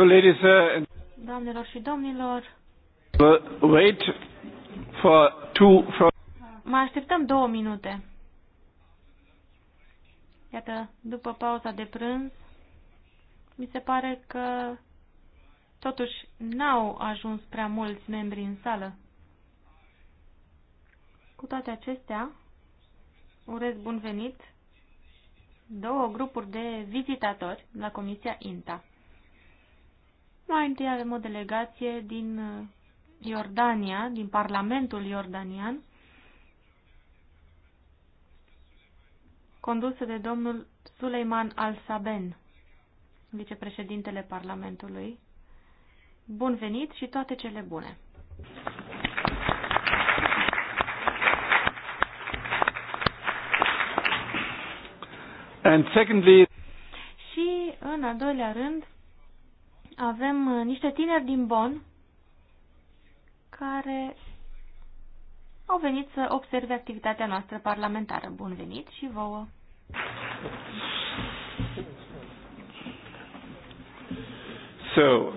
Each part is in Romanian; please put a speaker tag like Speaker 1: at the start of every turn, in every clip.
Speaker 1: So, ladies, uh,
Speaker 2: Doamnelor și domnilor,
Speaker 1: wait for two, for...
Speaker 2: Mă așteptăm două minute. Iată, după pauza de prânz, mi se pare că totuși n-au ajuns prea mulți membri în sală. Cu toate acestea, urez bun venit două grupuri de vizitatori la Comisia INTA. Mai întâi avem o delegație din uh, Iordania, din Parlamentul Iordanian, condusă de domnul Suleiman Al-Saben, vicepreședintele Parlamentului. Bun venit și toate cele bune!
Speaker 1: And secondly...
Speaker 2: Și, în al doilea rând, avem uh, niște tineri din Bonn care au venit să observe activitatea noastră parlamentară. Bun venit și vouă!
Speaker 1: So,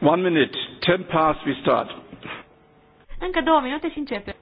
Speaker 1: one minute, ten past we start.
Speaker 2: Încă două minute și începe.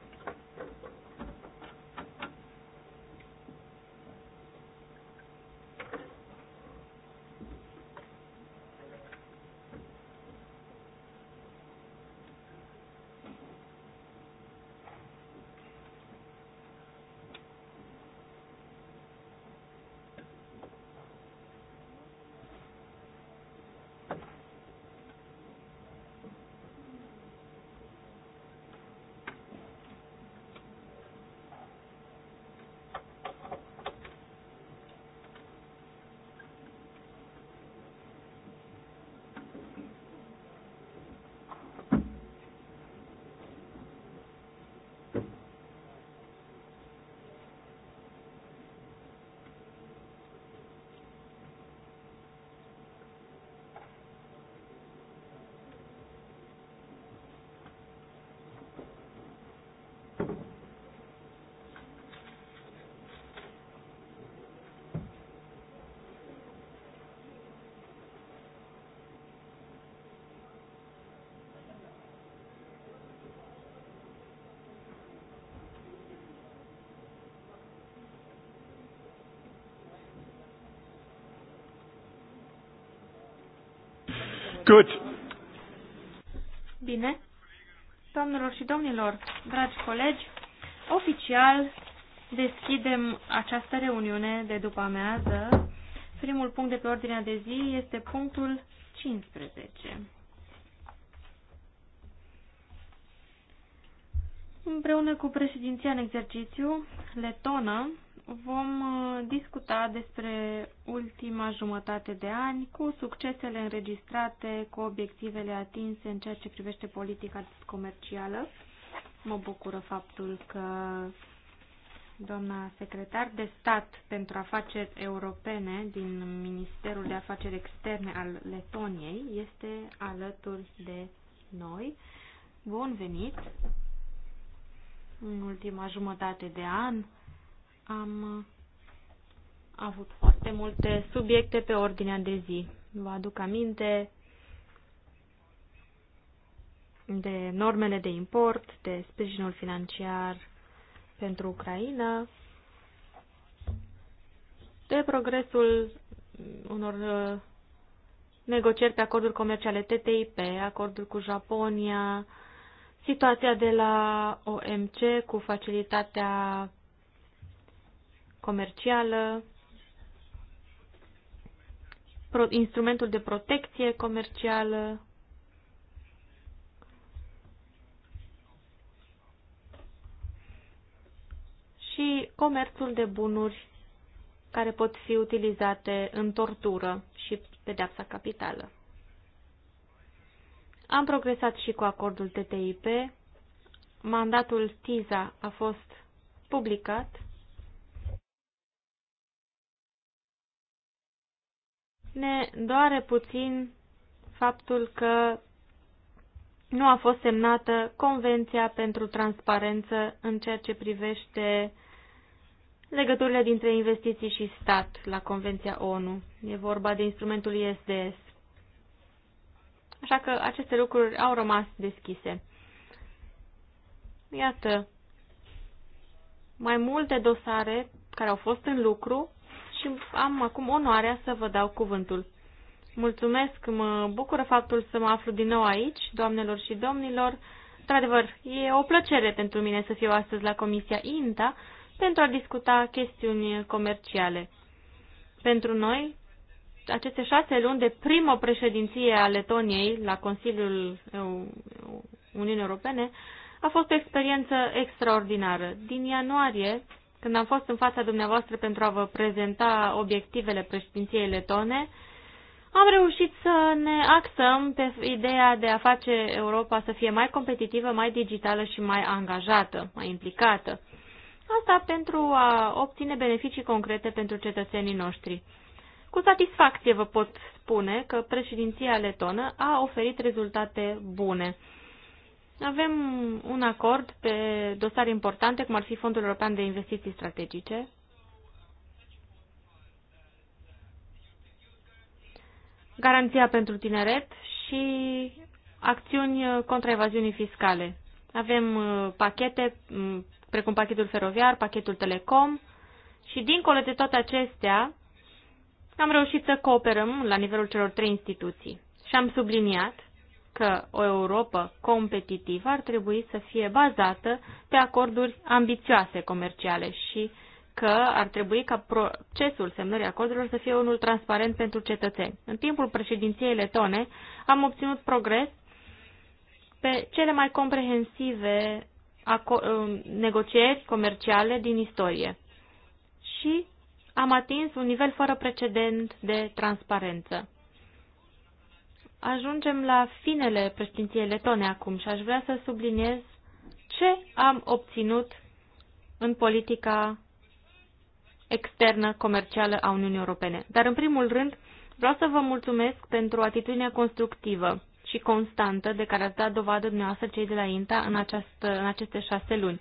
Speaker 2: Good. Bine. Doamnelor și domnilor, dragi colegi, oficial deschidem această reuniune de după amează. Primul punct de pe ordinea de zi este punctul 15. Împreună cu președinția în exercițiu, Letona, vom uh, discuta despre ultima jumătate de ani cu succesele înregistrate, cu obiectivele atinse în ceea ce privește politica comercială. Mă bucură faptul că doamna secretar de stat pentru afaceri europene din Ministerul de Afaceri Externe al Letoniei este alături de noi. Bun venit! În ultima jumătate de an am uh, avut foarte multe subiecte pe ordinea de zi. Vă aduc aminte de normele de import, de sprijinul financiar pentru Ucraina, de progresul unor uh, negocieri pe acorduri comerciale TTIP, acordul cu Japonia, situația de la OMC cu facilitatea comercială, instrumentul de protecție comercială, și comerțul de bunuri care pot fi utilizate în tortură și pedeapsa capitală. Am progresat și cu acordul TTIP. Mandatul TISA a fost publicat Ne doare puțin faptul că nu a fost semnată Convenția pentru Transparență în ceea ce privește legăturile dintre investiții și stat la Convenția ONU. E vorba de instrumentul ISDS. Așa că aceste lucruri au rămas deschise. Iată, mai multe dosare care au fost în lucru și am acum onoarea să vă dau cuvântul. Mulțumesc, mă bucură faptul să mă aflu din nou aici, doamnelor și domnilor. Într-adevăr, e o plăcere pentru mine să fiu astăzi la Comisia INTA pentru a discuta chestiuni comerciale. Pentru noi, aceste șase luni de primă președinție a Letoniei la Consiliul Uniunii Europene a fost o experiență extraordinară. Din ianuarie când am fost în fața dumneavoastră pentru a vă prezenta obiectivele președinției letone, am reușit să ne axăm pe ideea de a face Europa să fie mai competitivă, mai digitală și mai angajată, mai implicată. Asta pentru a obține beneficii concrete pentru cetățenii noștri. Cu satisfacție vă pot spune că președinția letonă a oferit rezultate bune. Avem un acord pe dosare importante, cum ar fi Fondul European de Investiții Strategice. Garanția pentru tineret și acțiuni contra evaziunii fiscale. Avem uh, pachete, mm, precum pachetul feroviar, pachetul telecom și dincolo de toate acestea, am reușit să cooperăm la nivelul celor trei instituții. Și am subliniat că o Europa competitivă ar trebui să fie bazată pe acorduri ambițioase comerciale și că ar trebui ca procesul semnării acordurilor să fie unul transparent pentru cetățeni. În timpul președinției letone am obținut progres pe cele mai comprehensive um, negocieri comerciale din istorie și am atins un nivel fără precedent de transparență ajungem la finele președinției letone acum și aș vrea să subliniez ce am obținut în politica externă comercială a Uniunii Europene. Dar, în primul rând, vreau să vă mulțumesc pentru atitudinea constructivă și constantă de care ați dat dovadă dumneavoastră cei de la INTA în, această, în aceste șase luni.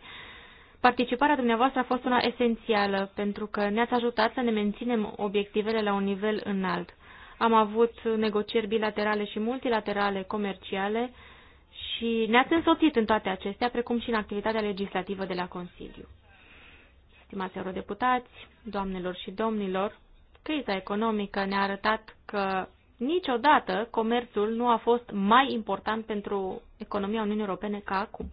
Speaker 2: Participarea dumneavoastră a fost una esențială pentru că ne-ați ajutat să ne menținem obiectivele la un nivel înalt am avut negocieri bilaterale și multilaterale comerciale și ne-ați însoțit în toate acestea, precum și în activitatea legislativă de la Consiliu. Stimați eurodeputați, doamnelor și domnilor, criza economică ne-a arătat că niciodată comerțul nu a fost mai important pentru economia Uniunii Europene ca acum.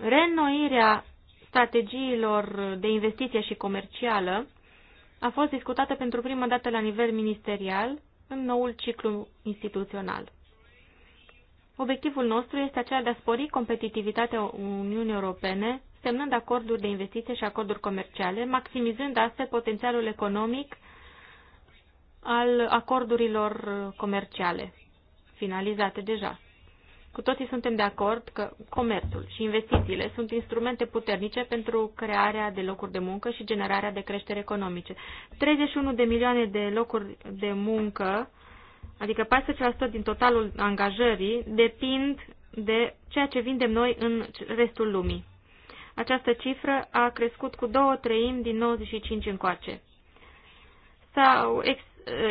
Speaker 2: Reînnoirea strategiilor de investiție și comercială a fost discutată pentru prima dată la nivel ministerial în noul ciclu instituțional. Obiectivul nostru este acela de a spori competitivitatea Uniunii Europene, semnând acorduri de investiție și acorduri comerciale, maximizând astfel potențialul economic al acordurilor comerciale, finalizate deja. Cu toții suntem de acord că comerțul și investițiile sunt instrumente puternice pentru crearea de locuri de muncă și generarea de creștere economice. 31 de milioane de locuri de muncă, adică 14% din totalul angajării, depind de ceea ce vindem noi în restul lumii. Această cifră a crescut cu două treimi din 95 încoace. Sau ex,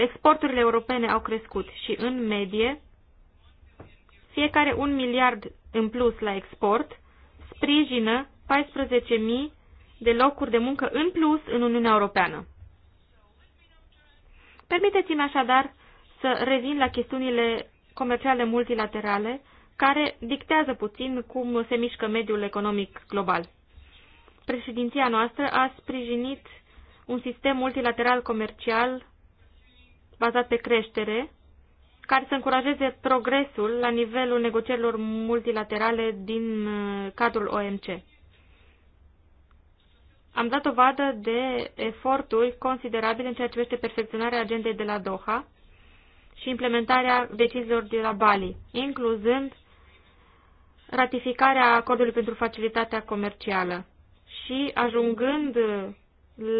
Speaker 2: exporturile europene au crescut și, în medie, fiecare un miliard în plus la export sprijină 14.000 de locuri de muncă în plus în Uniunea Europeană. Permiteți-mi așadar să revin la chestiunile comerciale multilaterale care dictează puțin cum se mișcă mediul economic global. Președinția noastră a sprijinit un sistem multilateral comercial bazat pe creștere, care să încurajeze progresul la nivelul negocierilor multilaterale din uh, cadrul OMC. Am dat o vadă de eforturi considerabile în ceea ce privește perfecționarea agendei de la Doha și implementarea deciziilor de la Bali, incluzând ratificarea acordului pentru facilitatea comercială și ajungând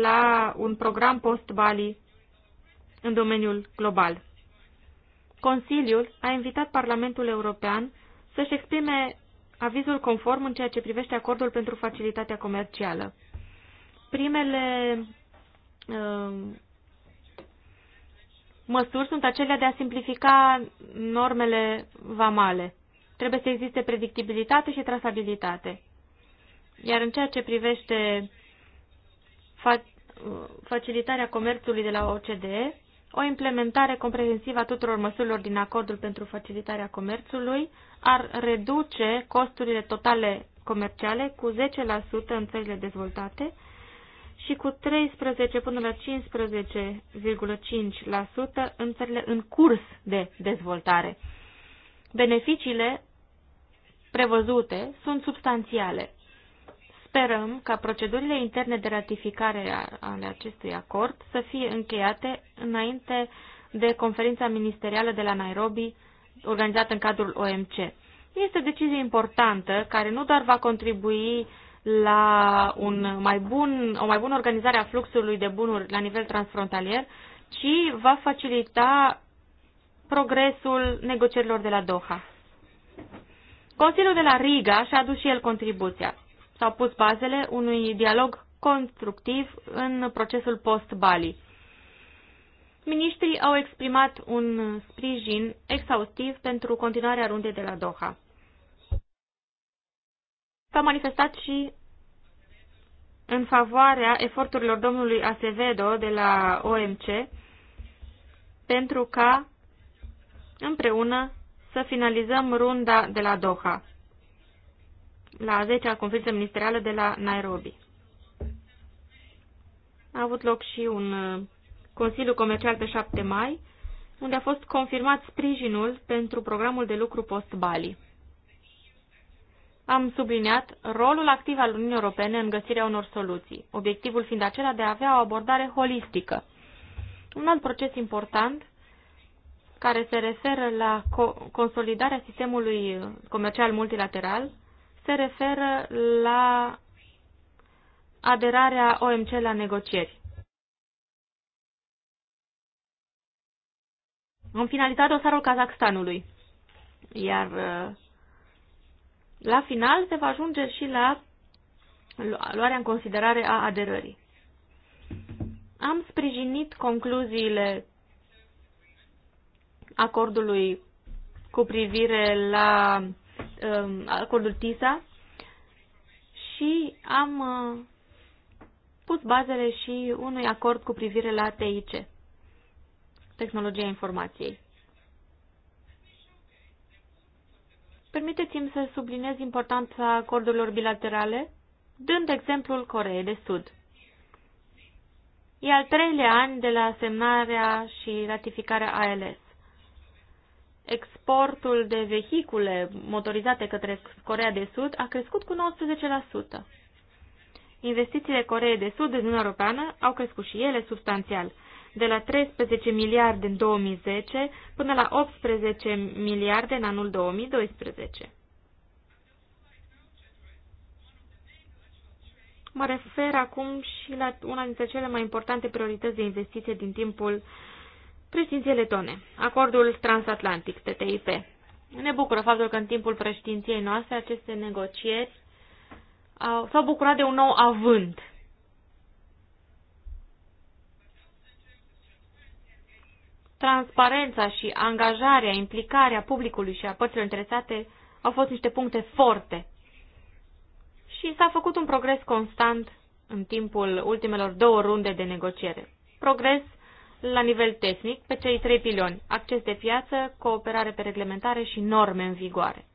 Speaker 2: la un program post-Bali în domeniul global. Consiliul a invitat Parlamentul European să-și exprime avizul conform în ceea ce privește acordul pentru facilitatea comercială. Primele uh, măsuri sunt acelea de a simplifica normele vamale. Trebuie să existe predictibilitate și trasabilitate. Iar în ceea ce privește fa facilitarea comerțului de la OCDE, o implementare comprehensivă a tuturor măsurilor din acordul pentru facilitarea comerțului ar reduce costurile totale comerciale cu 10% în țările dezvoltate și cu 13 până la 15,5% în țările în curs de dezvoltare. Beneficiile prevăzute sunt substanțiale sperăm ca procedurile interne de ratificare ale acestui acord să fie încheiate înainte de conferința ministerială de la Nairobi organizată în cadrul OMC. Este o decizie importantă care nu doar va contribui la un mai bun, o mai bună organizare a fluxului de bunuri la nivel transfrontalier, ci va facilita progresul negocierilor de la Doha. Consiliul de la Riga și-a adus și el contribuția s-au pus bazele unui dialog constructiv în procesul post-Bali. Ministrii au exprimat un sprijin exhaustiv pentru continuarea rundei de la Doha. s a manifestat și în favoarea eforturilor domnului Acevedo de la OMC pentru ca împreună să finalizăm runda de la Doha la 10-a conferință ministerială de la Nairobi. A avut loc și un uh, Consiliu Comercial pe 7 mai, unde a fost confirmat sprijinul pentru programul de lucru post-Bali. Am subliniat rolul activ al Uniunii Europene în găsirea unor soluții, obiectivul fiind acela de a avea o abordare holistică. Un alt proces important care se referă la co consolidarea sistemului comercial multilateral se referă la aderarea OMC la negocieri. în finalitate, dosarul Kazakhstanului, iar uh, la final se va ajunge și la luarea în considerare a aderării. Am sprijinit concluziile acordului cu privire la Um, acordul TISA și am uh, pus bazele și unui acord cu privire la TIC, tehnologia informației. Permiteți-mi să subliniez importanța acordurilor bilaterale, dând exemplul Coreei de Sud. E al treilea an de la semnarea și ratificarea ALS exportul de vehicule motorizate către Corea de Sud a crescut cu 19%. Investițiile Coreei de Sud în Uniunea Europeană au crescut și ele substanțial, de la 13 miliarde în 2010 până la 18 miliarde în anul 2012. Mă refer acum și la una dintre cele mai importante priorități de investiție din timpul uh, Președinției tone. acordul transatlantic, TTIP. Ne bucură faptul că în timpul președinției noastre aceste negocieri s-au bucurat de un nou avânt. Transparența și angajarea, implicarea publicului și a părților interesate au fost niște puncte forte. Și s-a făcut un progres constant în timpul ultimelor două runde de negociere. Progres la nivel tehnic pe cei trei piloni, acces de piață, cooperare pe reglementare și norme în vigoare.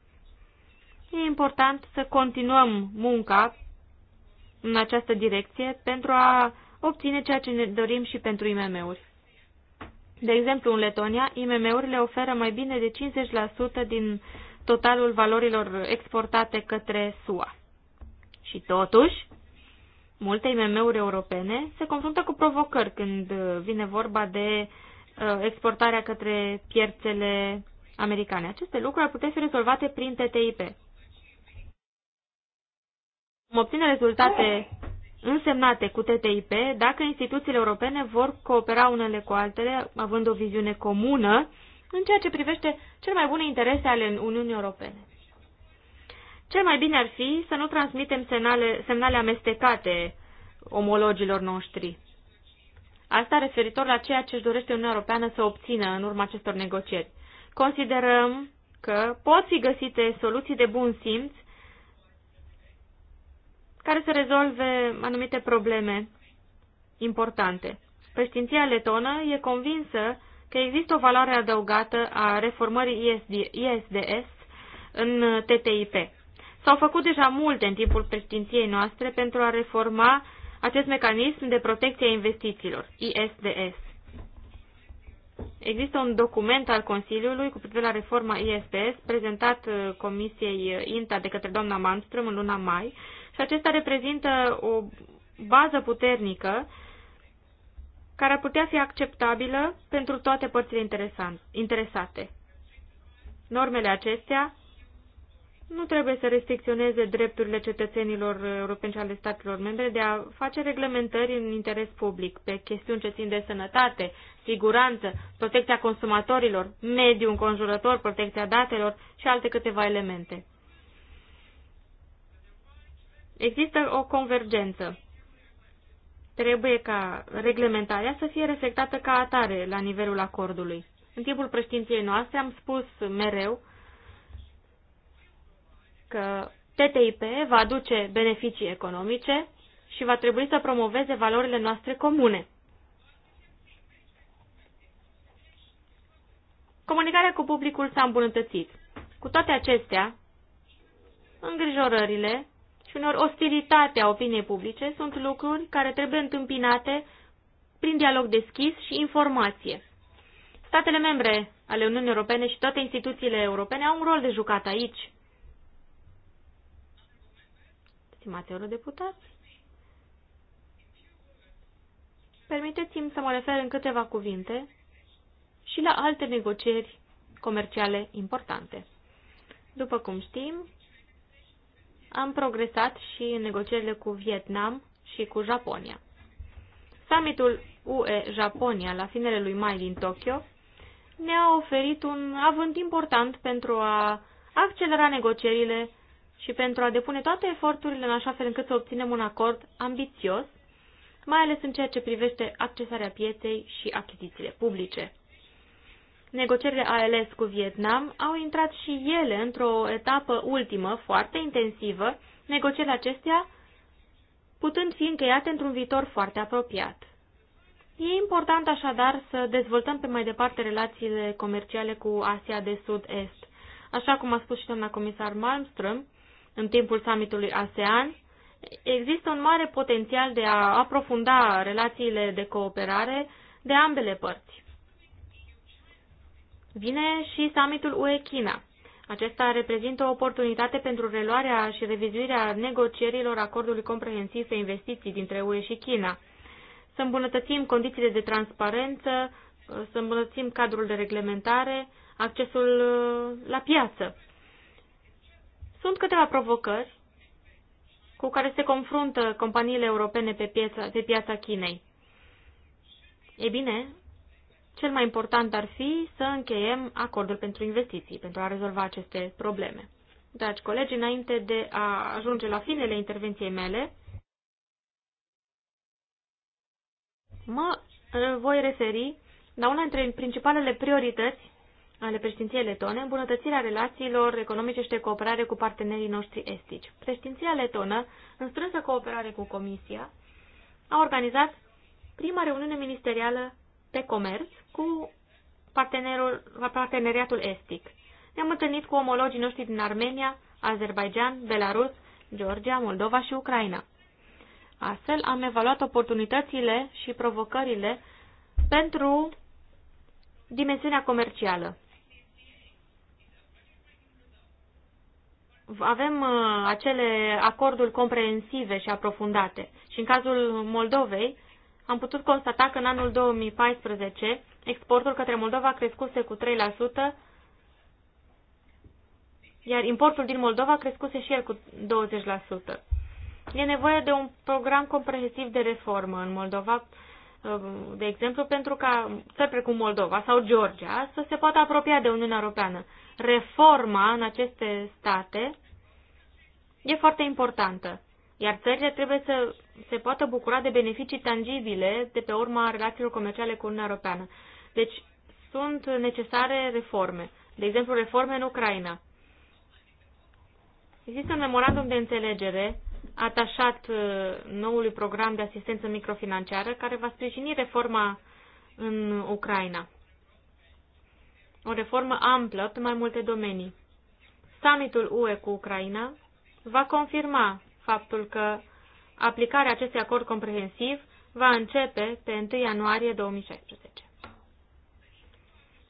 Speaker 2: E important să continuăm munca în această direcție pentru a obține ceea ce ne dorim și pentru IMM-uri. De exemplu, în Letonia, IMM-urile oferă mai bine de 50% din totalul valorilor exportate către SUA. Și totuși, Multe IMM-uri europene se confruntă cu provocări când vine vorba de uh, exportarea către piețele americane. Aceste lucruri ar putea fi rezolvate prin TTIP. Vom obține rezultate însemnate cu TTIP dacă instituțiile europene vor coopera unele cu altele, având o viziune comună în ceea ce privește cel mai bune interese ale Uniunii Europene. Cel mai bine ar fi să nu transmitem semnale, semnale amestecate omologilor noștri. Asta referitor la ceea ce își dorește Uniunea Europeană să obțină în urma acestor negocieri. Considerăm că pot fi găsite soluții de bun simț care să rezolve anumite probleme importante. Preștinția letonă e convinsă că există o valoare adăugată a reformării ISDS în TTIP. S-au făcut deja multe în timpul președinției noastre pentru a reforma acest mecanism de protecție a investițiilor, ISDS. Există un document al Consiliului cu privire la reforma ISDS prezentat uh, Comisiei uh, INTA de către doamna Malmström în luna mai și acesta reprezintă o bază puternică care ar putea fi acceptabilă pentru toate părțile interesate. Normele acestea nu trebuie să restricționeze drepturile cetățenilor europeni și ale statelor membre de a face reglementări în interes public pe chestiuni ce țin de sănătate, siguranță, protecția consumatorilor, mediu înconjurător, protecția datelor și alte câteva elemente. Există o convergență. Trebuie ca reglementarea să fie reflectată ca atare la nivelul acordului. În timpul preștinției noastre am spus mereu că TTIP va aduce beneficii economice și va trebui să promoveze valorile noastre comune. Comunicarea cu publicul s-a îmbunătățit. Cu toate acestea, îngrijorările și unor ostilitatea opiniei publice sunt lucruri care trebuie întâmpinate prin dialog deschis și informație. Statele membre ale Uniunii Europene și toate instituțiile europene au un rol de jucat aici stimați eurodeputați, permiteți-mi să mă refer în câteva cuvinte și la alte negocieri comerciale importante. După cum știm, am progresat și în negocierile cu Vietnam și cu Japonia. Summitul UE-Japonia la finele lui mai din Tokyo ne-a oferit un avânt important pentru a accelera negocierile și pentru a depune toate eforturile în așa fel încât să obținem un acord ambițios, mai ales în ceea ce privește accesarea pieței și achizițiile publice. Negocierile ALS cu Vietnam au intrat și ele într-o etapă ultimă, foarte intensivă, negocierile acestea putând fi încheiate într-un viitor foarte apropiat. E important așadar să dezvoltăm pe mai departe relațiile comerciale cu Asia de Sud-Est. Așa cum a spus și doamna comisar Malmström, în timpul summitului ASEAN, există un mare potențial de a aprofunda relațiile de cooperare de ambele părți. Vine și summitul UE-China. Acesta reprezintă o oportunitate pentru reluarea și revizuirea negocierilor acordului comprehensiv pe investiții dintre UE și China. Să îmbunătățim condițiile de transparență, să îmbunătățim cadrul de reglementare, accesul uh, la piață. Sunt câteva provocări cu care se confruntă companiile europene pe piața, pe piața Chinei. E bine, cel mai important ar fi să încheiem acordul pentru investiții, pentru a rezolva aceste probleme. Dragi colegi, înainte de a ajunge la finele intervenției mele, mă eh, voi referi la una dintre principalele priorități ale președinției letone, îmbunătățirea relațiilor economice și de cooperare cu partenerii noștri estici. Președinția letonă, în strânsă cooperare cu Comisia, a organizat prima reuniune ministerială pe comerț cu partenerul, parteneriatul estic. Ne-am întâlnit cu omologii noștri din Armenia, Azerbaijan, Belarus, Georgia, Moldova și Ucraina. Astfel, am evaluat oportunitățile și provocările pentru dimensiunea comercială. avem uh, acele acorduri comprehensive și aprofundate. Și în cazul Moldovei, am putut constata că în anul 2014 exportul către Moldova crescuse cu 3%, iar importul din Moldova crescuse și el cu 20%. E nevoie de un program comprehensiv de reformă în Moldova, uh, de exemplu, pentru ca țări precum Moldova sau Georgia să se poată apropia de Uniunea Europeană reforma în aceste state e foarte importantă, iar țările trebuie să se poată bucura de beneficii tangibile de pe urma relațiilor comerciale cu Uniunea Europeană. Deci sunt necesare reforme, de exemplu reforme în Ucraina. Există un memorandum de înțelegere atașat uh, noului program de asistență microfinanciară care va sprijini reforma în Ucraina o reformă amplă pe mai multe domenii. Summitul UE cu Ucraina va confirma faptul că aplicarea acestui acord comprehensiv va începe pe 1 ianuarie 2016.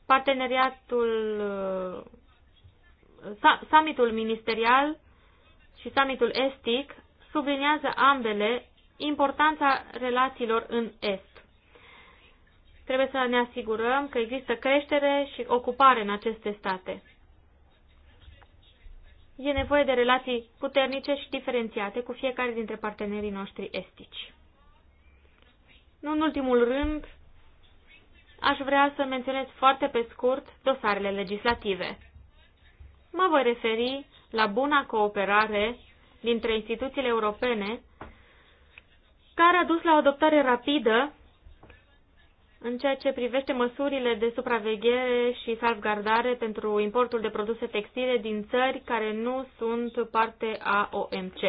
Speaker 2: Parteneriatul, uh, summitul ministerial și summitul estic subliniază ambele importanța relațiilor în Est. Trebuie să ne asigurăm că există creștere și ocupare în aceste state. E nevoie de relații puternice și diferențiate cu fiecare dintre partenerii noștri estici. Nu în ultimul rând, aș vrea să menționez foarte pe scurt dosarele legislative. Mă voi referi la buna cooperare dintre instituțiile europene, care a dus la o adoptare rapidă în ceea ce privește măsurile de supraveghere și salvgardare pentru importul de produse textile din țări care nu sunt parte a OMC.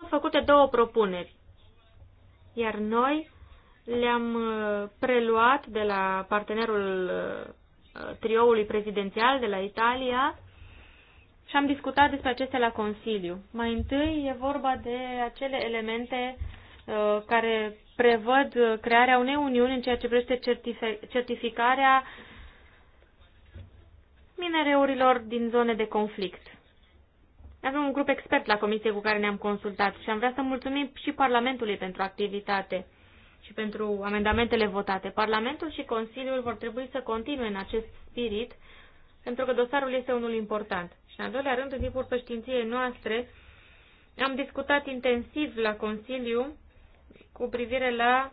Speaker 2: Au făcute două propuneri, iar noi le-am uh, preluat de la partenerul uh, uh, trioului prezidențial de la Italia și am discutat despre acestea la Consiliu. Mai întâi e vorba de acele elemente care prevăd uh, crearea unei uniuni în ceea ce privește certificarea minereurilor din zone de conflict. Avem un grup expert la comisie cu care ne-am consultat și am vrea să mulțumim și Parlamentului pentru activitate și pentru amendamentele votate. Parlamentul și Consiliul vor trebui să continue în acest spirit, pentru că dosarul este unul important. Și, în al doilea rând, în timpul președinției noastre, am discutat intensiv la Consiliu cu privire la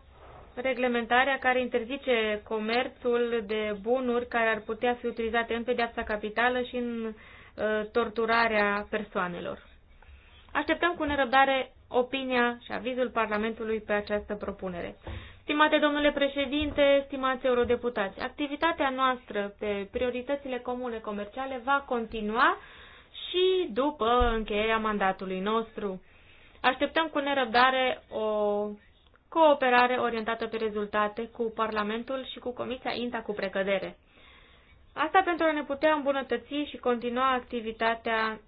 Speaker 2: reglementarea care interzice comerțul de bunuri care ar putea fi utilizate în pedeapsa capitală și în uh, torturarea persoanelor. Așteptăm cu nerăbdare opinia și avizul Parlamentului pe această propunere. Stimate domnule președinte, stimați eurodeputați, activitatea noastră pe prioritățile comune comerciale va continua și după încheierea mandatului nostru. Așteptăm cu nerăbdare o cooperare orientată pe rezultate cu Parlamentul și cu Comisia INTA cu precădere. Asta pentru a ne putea îmbunătăți și continua activitatea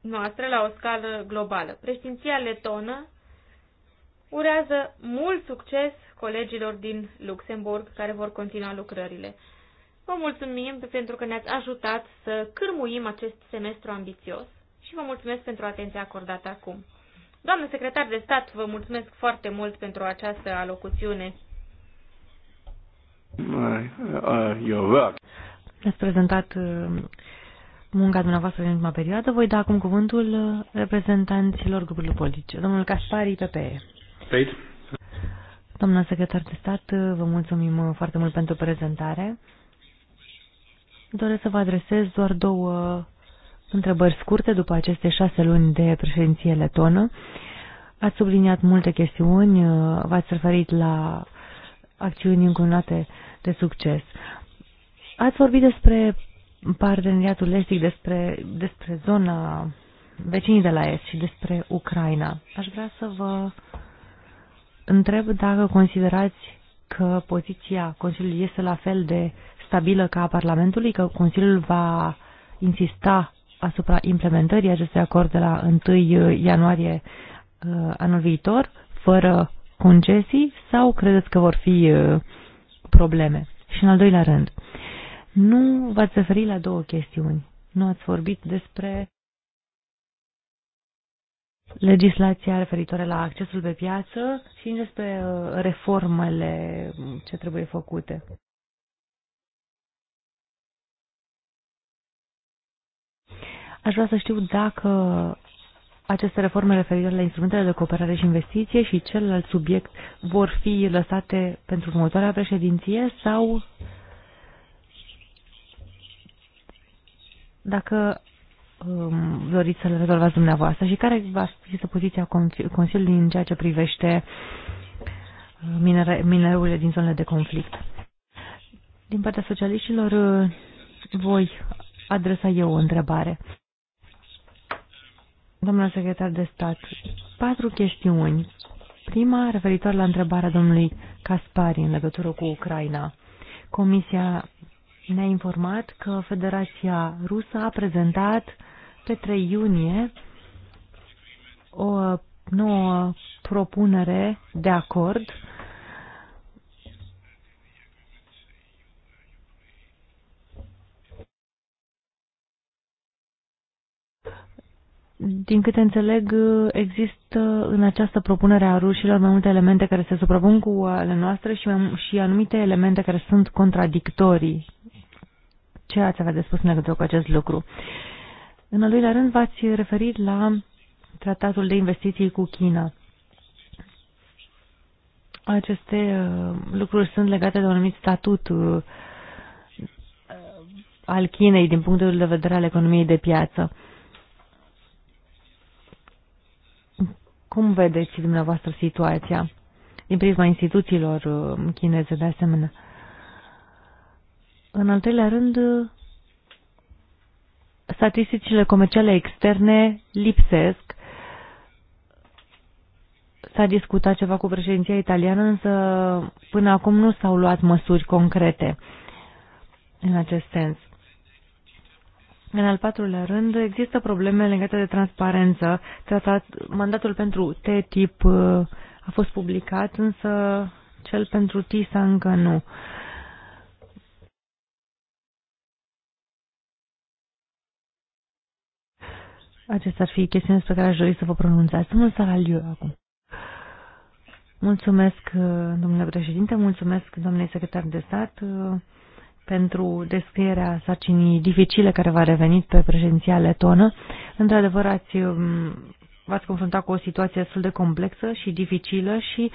Speaker 2: noastră la o scală globală. Președinția letonă urează mult succes colegilor din Luxemburg care vor continua lucrările. Vă mulțumim pentru că ne-ați ajutat să cârmuim acest semestru ambițios și vă mulțumesc pentru atenția acordată acum. Doamnă secretar de stat, vă mulțumesc foarte mult pentru această alocuțiune.
Speaker 1: Your work.
Speaker 3: Ați prezentat uh, munca dumneavoastră în ultima perioadă. Voi da acum cuvântul uh, reprezentanților grupurilor politice. Domnul Caspari, PPE. Peit. Doamna secretar de stat, uh, vă mulțumim foarte mult pentru
Speaker 4: prezentare.
Speaker 3: Doresc să vă adresez doar două întrebări scurte după aceste șase luni de președinție letonă. Ați subliniat multe chestiuni, uh, v-ați referit la acțiuni încununate de succes. Ați vorbit despre parteneriatul estic, despre, despre zona vecinii de la Est și despre Ucraina. Aș vrea să vă întreb dacă considerați că poziția Consiliului este la fel de stabilă ca a Parlamentului, că Consiliul va insista asupra implementării acestui acord de la 1 uh, ianuarie uh, anul viitor, fără concesii, sau credeți că vor fi uh, probleme? Și în al doilea rând, nu v-ați referit la două chestiuni. Nu ați vorbit despre legislația referitoare la accesul pe piață și despre reformele ce trebuie făcute. Aș vrea să știu dacă aceste reforme referitoare la instrumentele de cooperare și investiție și celălalt subiect vor fi lăsate pentru următoarea președinție sau dacă um, doriți să le rezolvați dumneavoastră și care va fi poziția Consiliului în ceea ce privește uh, minerurile din zonele de conflict. Din partea socialiștilor uh, voi adresa eu o întrebare. Domnul secretar de stat, patru chestiuni. Prima, referitor la întrebarea domnului Caspari în legătură cu Ucraina. Comisia ne-a informat că Federația Rusă a prezentat pe 3 iunie o nouă propunere de acord Din câte înțeleg, există în această propunere a rușilor mai multe elemente care se suprapun cu ale noastre și, și anumite elemente care sunt contradictorii. Ce ați avea de spus în legătură cu acest lucru? În al doilea rând, v-ați referit la tratatul de investiții cu China. Aceste uh, lucruri sunt legate de un anumit statut uh, al Chinei din punctul de vedere al economiei de piață. Cum vedeți dumneavoastră situația din prisma instituțiilor uh, chineze de asemenea? În al treilea rând, statisticile comerciale externe lipsesc. S-a discutat ceva cu președinția italiană, însă până acum nu s-au luat măsuri concrete în acest sens. În al patrulea rând, există probleme legate de transparență. Tratat, mandatul pentru T-tip uh, a fost publicat, însă cel pentru TISA încă nu. Acestea ar fi chestiuni despre care aș dori să vă pronunțați. Domnul Saraliu acum. Mulțumesc, uh, domnule președinte, mulțumesc, domnule secretar de stat. Uh, pentru descrierea sarcinii dificile care va reveni pe președinția letonă. Într-adevăr, ați, um, v-ați confruntat cu o situație destul de complexă și dificilă și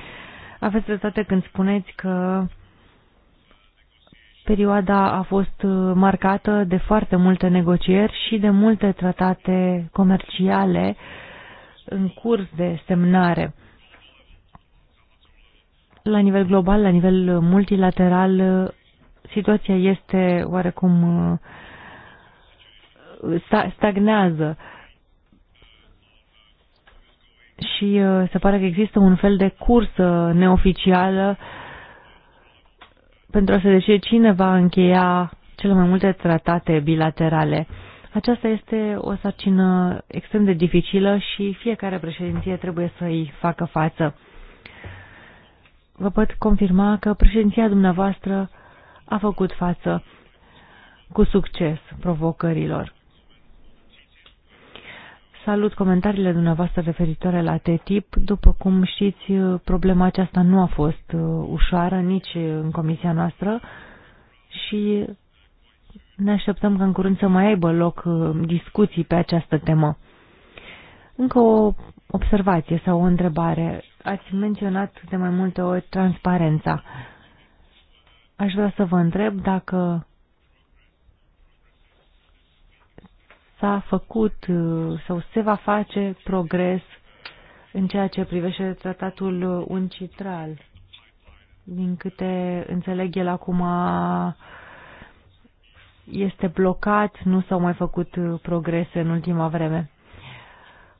Speaker 3: aveți dreptate când spuneți că perioada a fost marcată de foarte multe negocieri și de multe tratate comerciale în curs de semnare. La nivel global, la nivel multilateral, situația este oarecum uh, stagnează și uh, se pare că există un fel de cursă neoficială pentru a se decide cine va încheia cele mai multe tratate bilaterale. Aceasta este o sarcină extrem de dificilă și fiecare președinție trebuie să-i facă față. Vă pot confirma că președinția dumneavoastră a făcut față cu succes provocărilor. Salut comentariile dumneavoastră referitoare la TTIP. După cum știți, problema aceasta nu a fost uh, ușoară nici în comisia noastră și ne așteptăm că în curând să mai aibă loc uh, discuții pe această temă. Încă o observație sau o întrebare. Ați menționat de mai multe ori transparența. Aș vrea să vă întreb dacă s-a făcut uh, sau se va face progres în ceea ce privește tratatul uncitral. Din câte înțeleg el acum este blocat, nu s-au mai făcut uh, progrese în ultima vreme.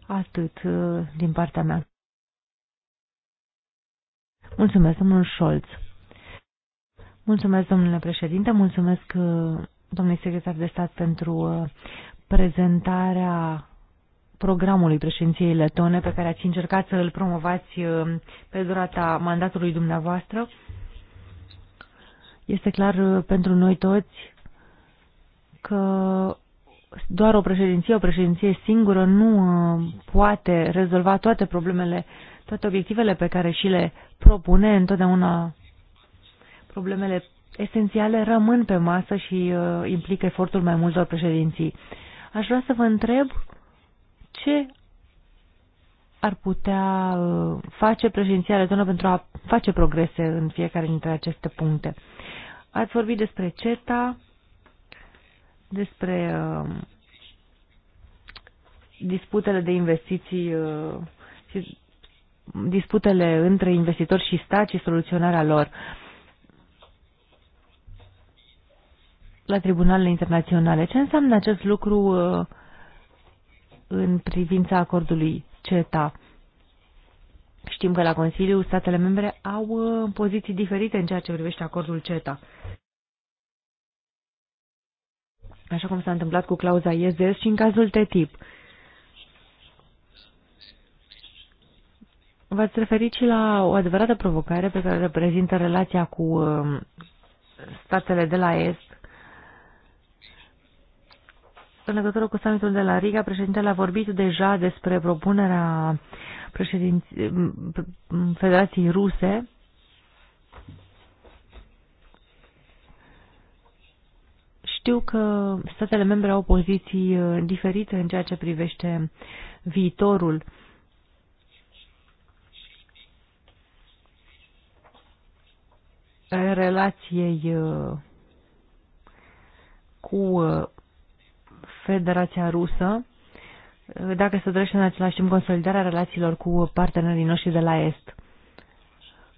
Speaker 3: Atât uh, din partea mea. Mulțumesc, domnul Scholz. Mulțumesc, domnule președinte, mulțumesc uh, domnului secretar de stat pentru uh, prezentarea programului președinției letone pe care ați încercat să îl promovați uh, pe durata mandatului dumneavoastră. Este clar pentru noi toți că doar o președinție, o președinție singură nu poate rezolva toate problemele, toate obiectivele pe care și le propune. Întotdeauna problemele esențiale rămân pe masă și uh, implică efortul mai multor președinții. Aș vrea să vă întreb ce ar putea uh, face președinția rezonă pentru a face progrese în fiecare dintre aceste puncte. Ați vorbit despre CETA, despre uh, disputele de investiții uh, și disputele între investitori și stat și soluționarea lor. Uh, la tribunalele internaționale. Ce înseamnă acest lucru uh, în privința acordului CETA? Știm că la Consiliu statele membre au uh, poziții diferite în ceea ce privește acordul CETA. Așa cum s-a întâmplat cu clauza IEZES și în cazul TTIP. V-ați referit și la o adevărată provocare pe care reprezintă relația cu uh, statele de la Est în legătură cu summitul de la Riga, președintele a vorbit deja despre propunerea Federației Ruse Știu că statele membre au poziții uh, diferite în ceea ce privește viitorul. relației uh, cu uh, Federația Rusă, dacă se dorește în același timp consolidarea relațiilor cu partenerii noștri de la Est.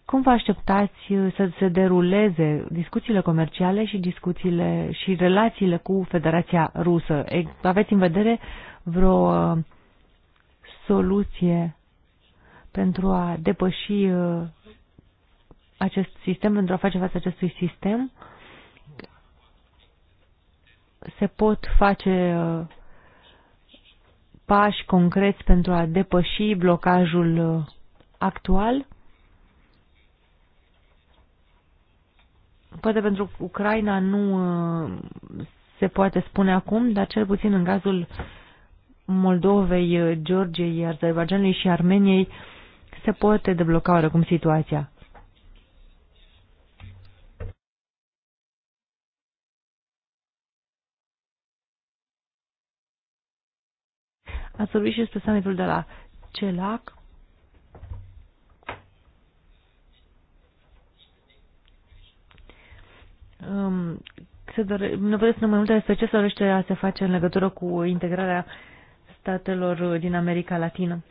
Speaker 3: Cum vă așteptați uh, să se deruleze discuțiile comerciale și discuțiile și relațiile cu Federația Rusă? Aveți în vedere vreo uh, soluție pentru a depăși uh, acest sistem, pentru a face față acestui sistem? Uh, se pot face uh, pași concreți pentru a depăși blocajul uh, actual? Poate pentru Ucraina nu uh, se poate spune acum, dar cel puțin în cazul Moldovei, Georgiei, Azerbaijanului și Armeniei se poate debloca oricum situația. a sorbit și despre summitul de la CELAC. Um, se dore, ne vreau să mai multe despre ce se dorește a se face în legătură cu integrarea statelor din America Latină.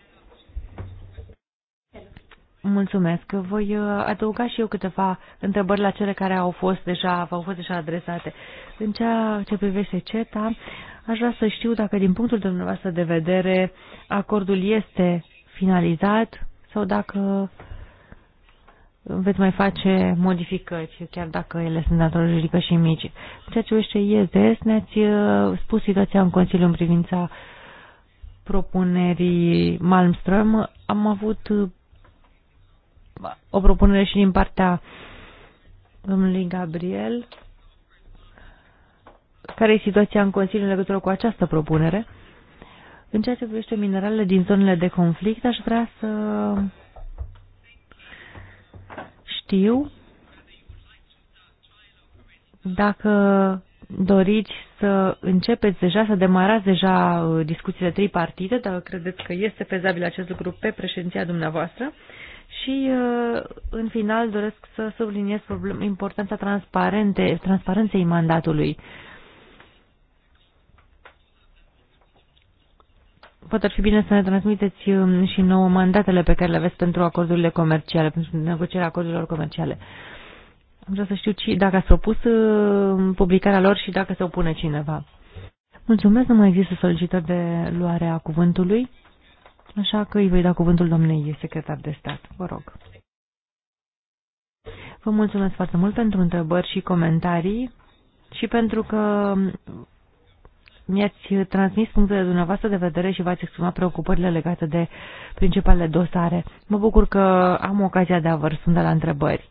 Speaker 3: Mulțumesc. Voi uh, adăuga și eu câteva întrebări la cele care au fost deja, au fost deja adresate. În ceea ce privește CETA, Aș vrea să știu dacă din punctul dumneavoastră de vedere acordul este finalizat sau dacă veți mai face modificări, chiar dacă ele sunt natură juridică și mici. Ceea ce vește ISDS, ne-ați uh, spus situația în Consiliu în privința propunerii Malmström. Am avut uh, o propunere și din partea domnului Gabriel care e situația în Consiliu în legătură cu această propunere? În ceea ce privește mineralele din zonele de conflict, aș vrea să știu dacă doriți să începeți deja, să demarați deja uh, discuțiile tripartite, dacă credeți că este fezabil acest lucru pe președinția dumneavoastră. Și, uh, în final, doresc să subliniez importanța transparente, transparenței mandatului poate ar fi bine să ne transmiteți um, și nouă mandatele pe care le aveți pentru acordurile comerciale, pentru negocierea acordurilor comerciale. Am vrea să știu ci, dacă ați propus um, publicarea lor și dacă se opune cineva. Mulțumesc, nu mai există solicitări de luare a cuvântului, așa că îi voi da cuvântul domnei secretar de stat. Vă rog. Vă mulțumesc foarte mult pentru întrebări și comentarii și pentru că mi-ați transmis punctele dumneavoastră de vedere și v-ați exprimat preocupările legate de principalele dosare. Mă bucur că am ocazia de a vă răspunde la întrebări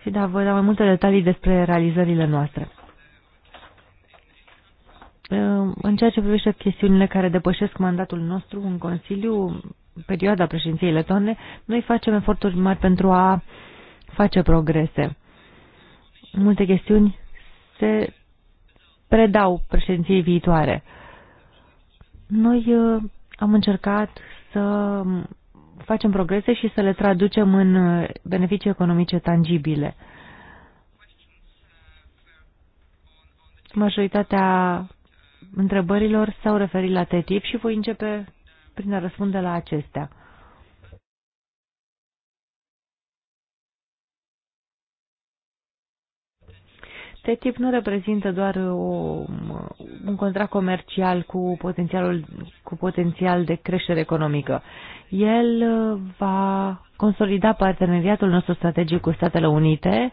Speaker 3: și de a vă da mai multe detalii despre realizările noastre. În ceea ce privește chestiunile care depășesc mandatul nostru în Consiliu, perioada președinției letone, noi facem eforturi mari pentru a face progrese. Multe chestiuni se predau președinției viitoare. Noi uh, am încercat să facem progrese și să le traducem în uh, beneficii economice tangibile. Majoritatea întrebărilor s-au referit la TTIP și voi începe prin a răspunde la acestea. tip nu reprezintă doar o, un contract comercial cu, potențialul, cu potențial de creștere economică. El uh, va consolida parteneriatul nostru strategic cu Statele Unite,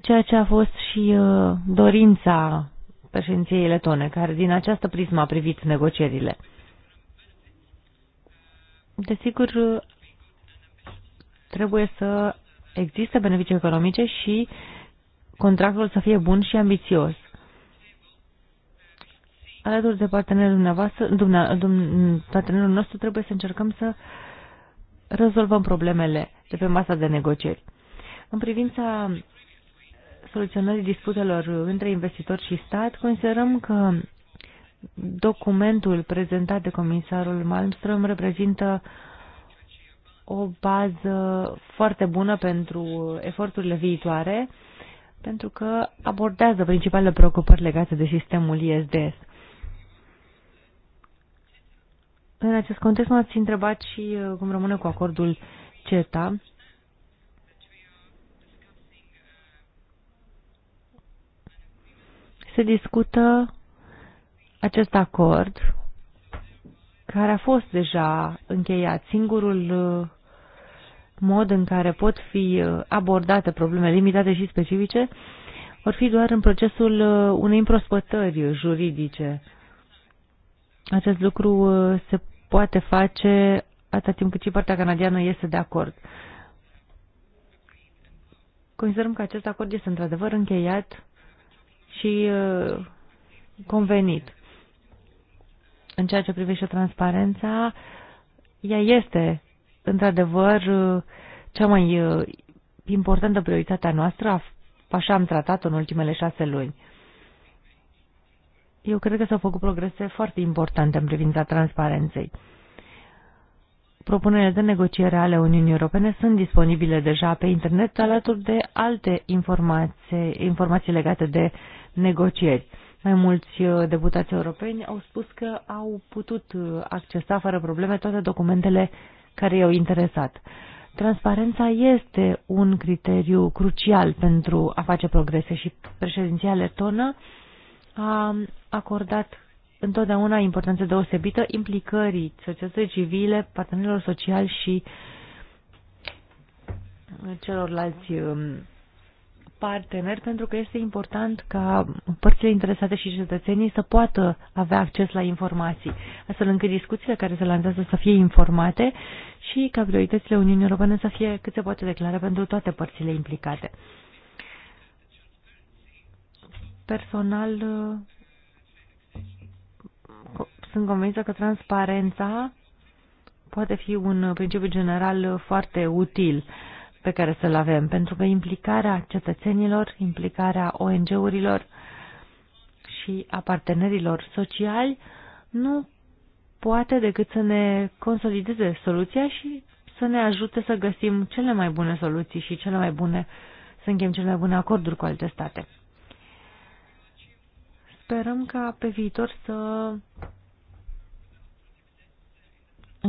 Speaker 3: ceea ce a fost și uh, dorința președinției letone, care din această prismă a privit negocierile. Desigur, uh, trebuie să există beneficii economice și uh, contractul să fie bun și ambițios. Alături de partenerul, dumneavoastră, dumne, dumne, partenerul nostru trebuie să încercăm să rezolvăm problemele de pe masa de negocieri. În privința soluționării disputelor între investitor și stat, considerăm că documentul prezentat de comisarul Malmström reprezintă o bază foarte bună pentru eforturile viitoare pentru că abordează principalele preocupări legate de sistemul ISDS. În acest context m-ați întrebat și uh, cum rămâne cu acordul CETA. Se discută acest acord care a fost deja încheiat. Singurul uh, mod în care pot fi uh, abordate probleme limitate și specifice vor fi doar în procesul uh, unei împrospătări juridice. Acest lucru uh, se poate face atât timp cât și partea canadiană este de acord. Considerăm că acest acord este într-adevăr încheiat și convenit. În ceea ce privește transparența, ea este într-adevăr, cea mai uh, importantă prioritate a noastră, așa am tratat-o în ultimele șase luni. Eu cred că s-au făcut progrese foarte importante în privința transparenței. Propunerile de negociere ale Uniunii Europene sunt disponibile deja pe internet alături de alte informații, informații legate de negocieri. Mai mulți uh, deputați europeni au spus că au putut uh, accesa fără probleme toate documentele care i-au interesat. Transparența este un criteriu crucial pentru a face progrese și președinția letonă a acordat întotdeauna importanță deosebită implicării societății civile, partenerilor sociali și celorlalți um, parteneri pentru că este important ca părțile interesate și cetățenii să poată avea acces la informații, astfel încât discuțiile care se lansează să fie informate și ca prioritățile Uniunii Europene să fie cât se poate declara pentru toate părțile implicate. Personal, sunt convinsă că transparența poate fi un principiu general foarte util pe care să-l avem, pentru că implicarea cetățenilor, implicarea ONG-urilor și a partenerilor sociali nu poate decât să ne consolideze soluția și să ne ajute să găsim cele mai bune soluții și cele mai bune, să închem cele mai bune acorduri cu alte state. Sperăm ca pe viitor să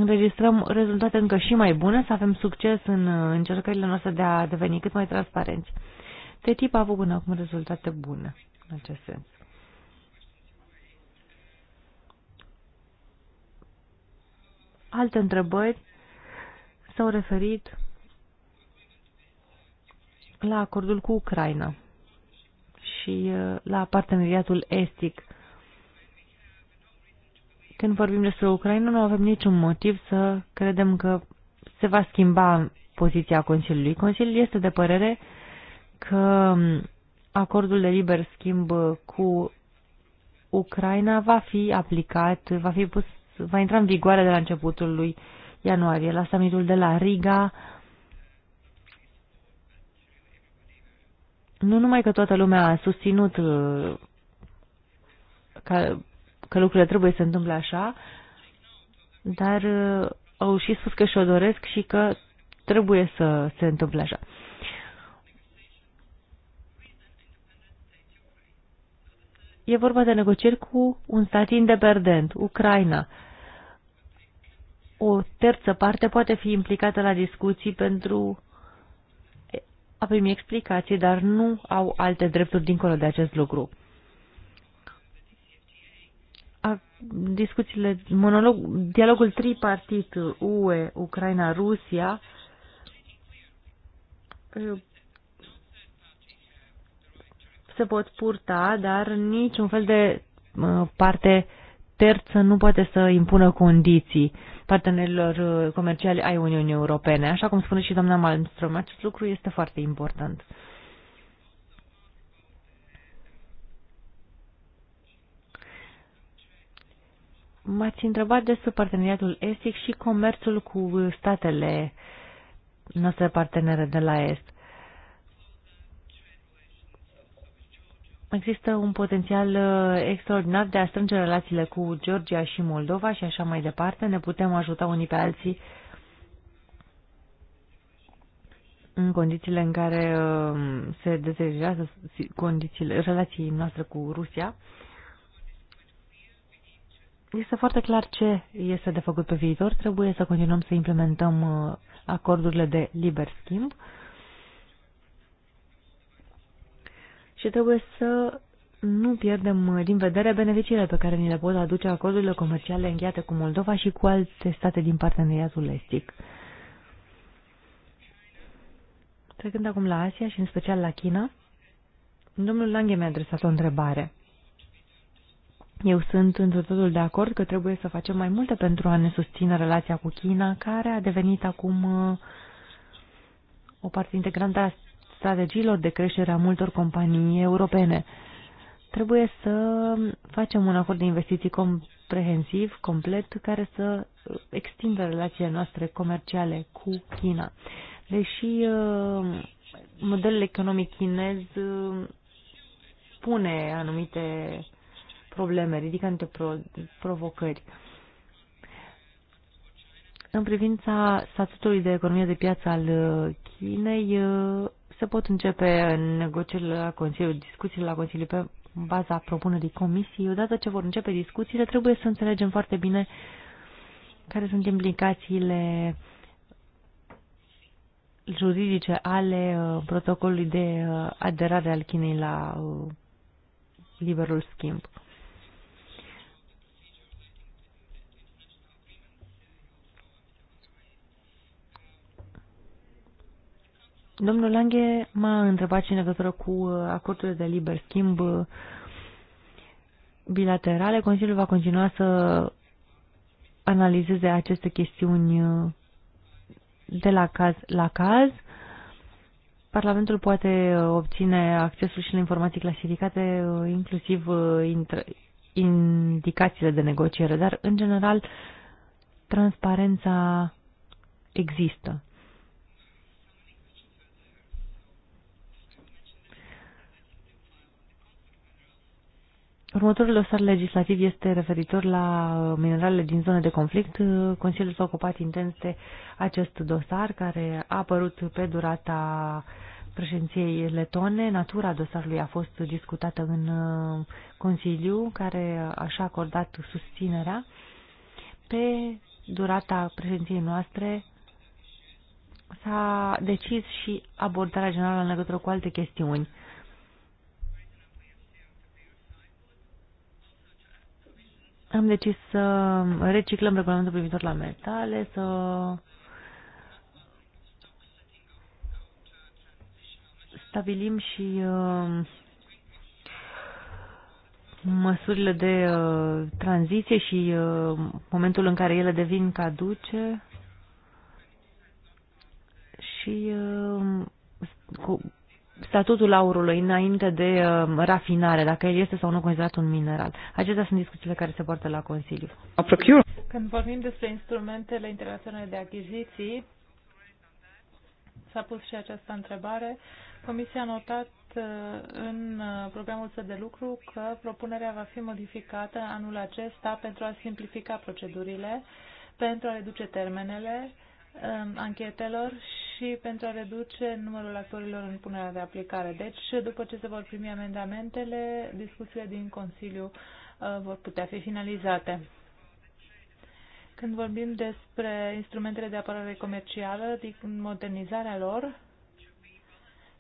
Speaker 3: înregistrăm rezultate încă și mai bune, să avem succes în uh, încercările noastre de a deveni cât mai transparenți. tip a avut până acum rezultate bune în acest sens. Alte întrebări s-au referit la acordul cu Ucraina și uh, la parteneriatul estic când vorbim despre Ucraina, nu avem niciun motiv să credem că se va schimba poziția Consiliului. Consiliul este de părere că acordul de liber schimb cu Ucraina va fi aplicat, va fi pus, va intra în vigoare de la începutul lui ianuarie, la summitul de la Riga. Nu numai că toată lumea a susținut uh, ca că lucrurile trebuie să se întâmple așa, dar uh, au și spus că și-o doresc și că trebuie să se întâmple așa. E vorba de negocieri cu un stat independent, Ucraina. O terță parte poate fi implicată la discuții pentru a primi explicații, dar nu au alte drepturi dincolo de acest lucru. discuțiile, monolog, dialogul tripartit UE, Ucraina, Rusia, se pot purta, dar niciun fel de parte terță nu poate să impună condiții partenerilor uh, comerciali ai Uniunii Europene. Așa cum spune și doamna Malmström, acest lucru este foarte important. M-ați întrebat despre parteneriatul estic și comerțul cu statele noastre partenere de la est. Există un potențial uh, extraordinar de a strânge relațiile cu Georgia și Moldova și așa mai departe. Ne putem ajuta unii pe alții în condițiile în care uh, se deteriorează condițiile, relații noastre cu Rusia. Este foarte clar ce este de făcut pe viitor. Trebuie să continuăm să implementăm uh, acordurile de liber schimb și trebuie să nu pierdem uh, din vedere beneficiile pe care ni le pot aduce acordurile comerciale încheiate cu Moldova și cu alte state din parteneriatul estic. Trecând acum la Asia și în special la China, domnul Lange mi-a adresat o întrebare. Eu sunt într totul de acord că trebuie să facem mai multe pentru a ne susține relația cu China, care a devenit acum uh, o parte integrantă a strategiilor de creștere a multor companii europene. Trebuie să facem un acord de investiții comprehensiv, complet, care să extindă relațiile noastre comerciale cu China. Deși uh, modelul economic chinez uh, pune anumite probleme, ridică niște pro provocări. În privința statutului de economie de piață al uh, Chinei, uh, se pot începe negocierile la Consiliu, discuțiile la Consiliu pe baza propunerii comisiei. Odată ce vor începe discuțiile, trebuie să înțelegem foarte bine care sunt implicațiile juridice ale uh, protocolului de aderare al Chinei la liberul schimb. Domnul Lange m-a întrebat și în legătură cu uh, acordurile de liber schimb uh, bilaterale. Consiliul va continua să analizeze aceste chestiuni uh, de la caz la caz. Parlamentul poate obține accesul și la informații clasificate, inclusiv indicațiile de negociere, dar, în general, transparența există. Următorul dosar legislativ este referitor la uh, mineralele din zone de conflict. Uh, Consiliul s-a ocupat intens de acest dosar care a apărut pe durata președinției letone. Natura dosarului a fost discutată în uh, Consiliu, care așa a acordat susținerea. Pe durata președinției noastre s-a decis și abordarea generală în legătură cu alte chestiuni Am decis să reciclăm regulamentul privitor la metale, să stabilim și uh, măsurile de uh, tranziție și uh, momentul în care ele devin caduce și statutul aurului înainte de uh, rafinare, dacă el este sau nu considerat un mineral. Acestea sunt discuțiile care se poartă la Consiliu. Când vorbim despre instrumentele internaționale de achiziții, s-a pus și această întrebare. Comisia a notat uh, în uh, programul său de lucru că propunerea va fi modificată anul acesta pentru a simplifica procedurile, pentru a reduce termenele Um, anchetelor și pentru a reduce numărul actorilor în punerea de aplicare. Deci, după ce se vor primi amendamentele, discuțiile din Consiliu uh, vor putea fi finalizate. Când vorbim despre instrumentele de apărare comercială, modernizarea lor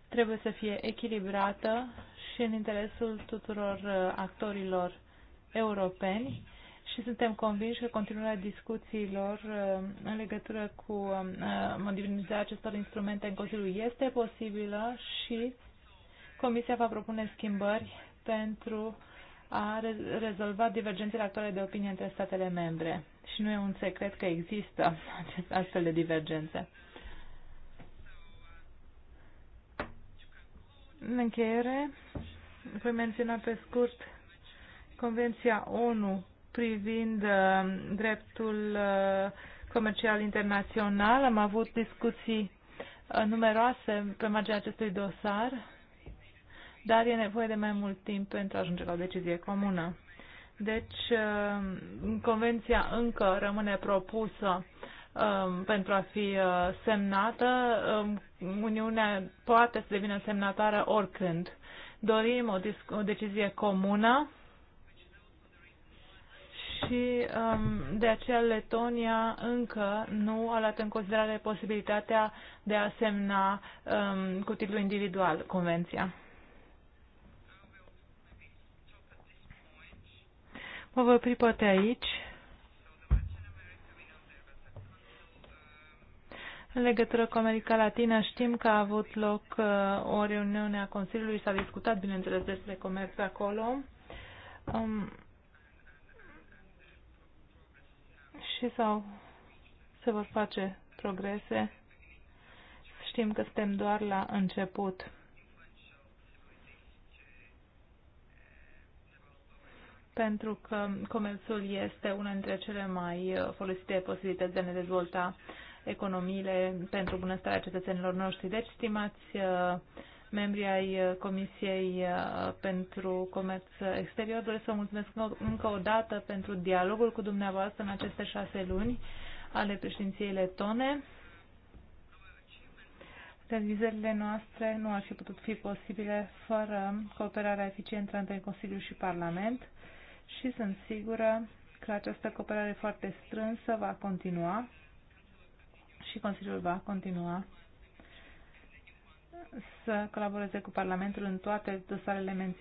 Speaker 3: trebuie să fie echilibrată și în interesul tuturor uh, actorilor europeni și suntem convinși că continuarea discuțiilor uh, în legătură cu um, uh, modernizarea acestor instrumente în Consiliu este posibilă și Comisia va propune schimbări pentru a rezolva divergențele actuale de opinie între statele membre. Și nu e un secret că există astfel de divergențe. În încheiere, voi menționa pe scurt Convenția ONU privind uh, dreptul uh, comercial internațional. Am avut discuții uh, numeroase pe marginea acestui dosar, dar e nevoie de mai mult timp pentru a ajunge la o decizie comună. Deci, convenția încă rămâne propusă um, pentru a fi semnată. Um, Uniunea poate să devină semnatară oricând. Dorim o, o decizie comună și um, de aceea Letonia încă nu a luat în considerare posibilitatea de a semna um, cu titlu individual convenția. Mă voi opri poate aici. În legătură cu America Latina știm că a avut loc uh, o reuniune a Consiliului, s-a discutat, bineînțeles, despre comerț acolo. Um, și sau se vor face progrese. Știm că suntem doar la început. pentru că comerțul este una dintre cele mai folosite posibilități de a ne dezvolta economiile pentru bunăstarea cetățenilor noștri. Deci, stimați uh, membri ai uh, Comisiei uh, pentru Comerț Exterior. Doresc să mulțumesc încă o dată pentru dialogul cu dumneavoastră în aceste șase luni ale președinției letone. Realizările noastre nu ar fi putut fi posibile fără cooperarea eficientă între Consiliu și Parlament și sunt sigură că această cooperare foarte strânsă va continua și Consiliul va continua să colaboreze cu Parlamentul în toate dosarele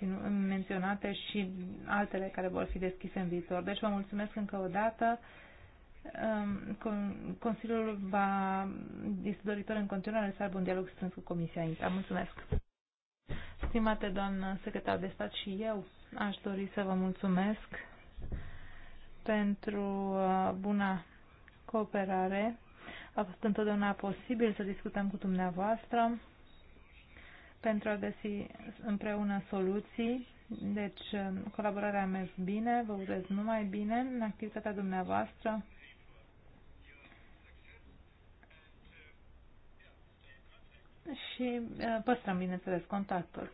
Speaker 3: menționate și altele care vor fi deschise în viitor. Deci vă mulțumesc încă o dată. Um, Consiliul va, este doritor în continuare să aibă un dialog strâns cu Comisia INTA. Mulțumesc! Stimate doamnă secretar de stat și eu aș dori să vă mulțumesc pentru uh, buna cooperare. A fost întotdeauna posibil să discutăm cu dumneavoastră pentru a găsi împreună soluții. Deci, um, colaborarea a mers bine, vă urez numai bine în activitatea dumneavoastră. Și uh, păstrăm, bineînțeles, contactul.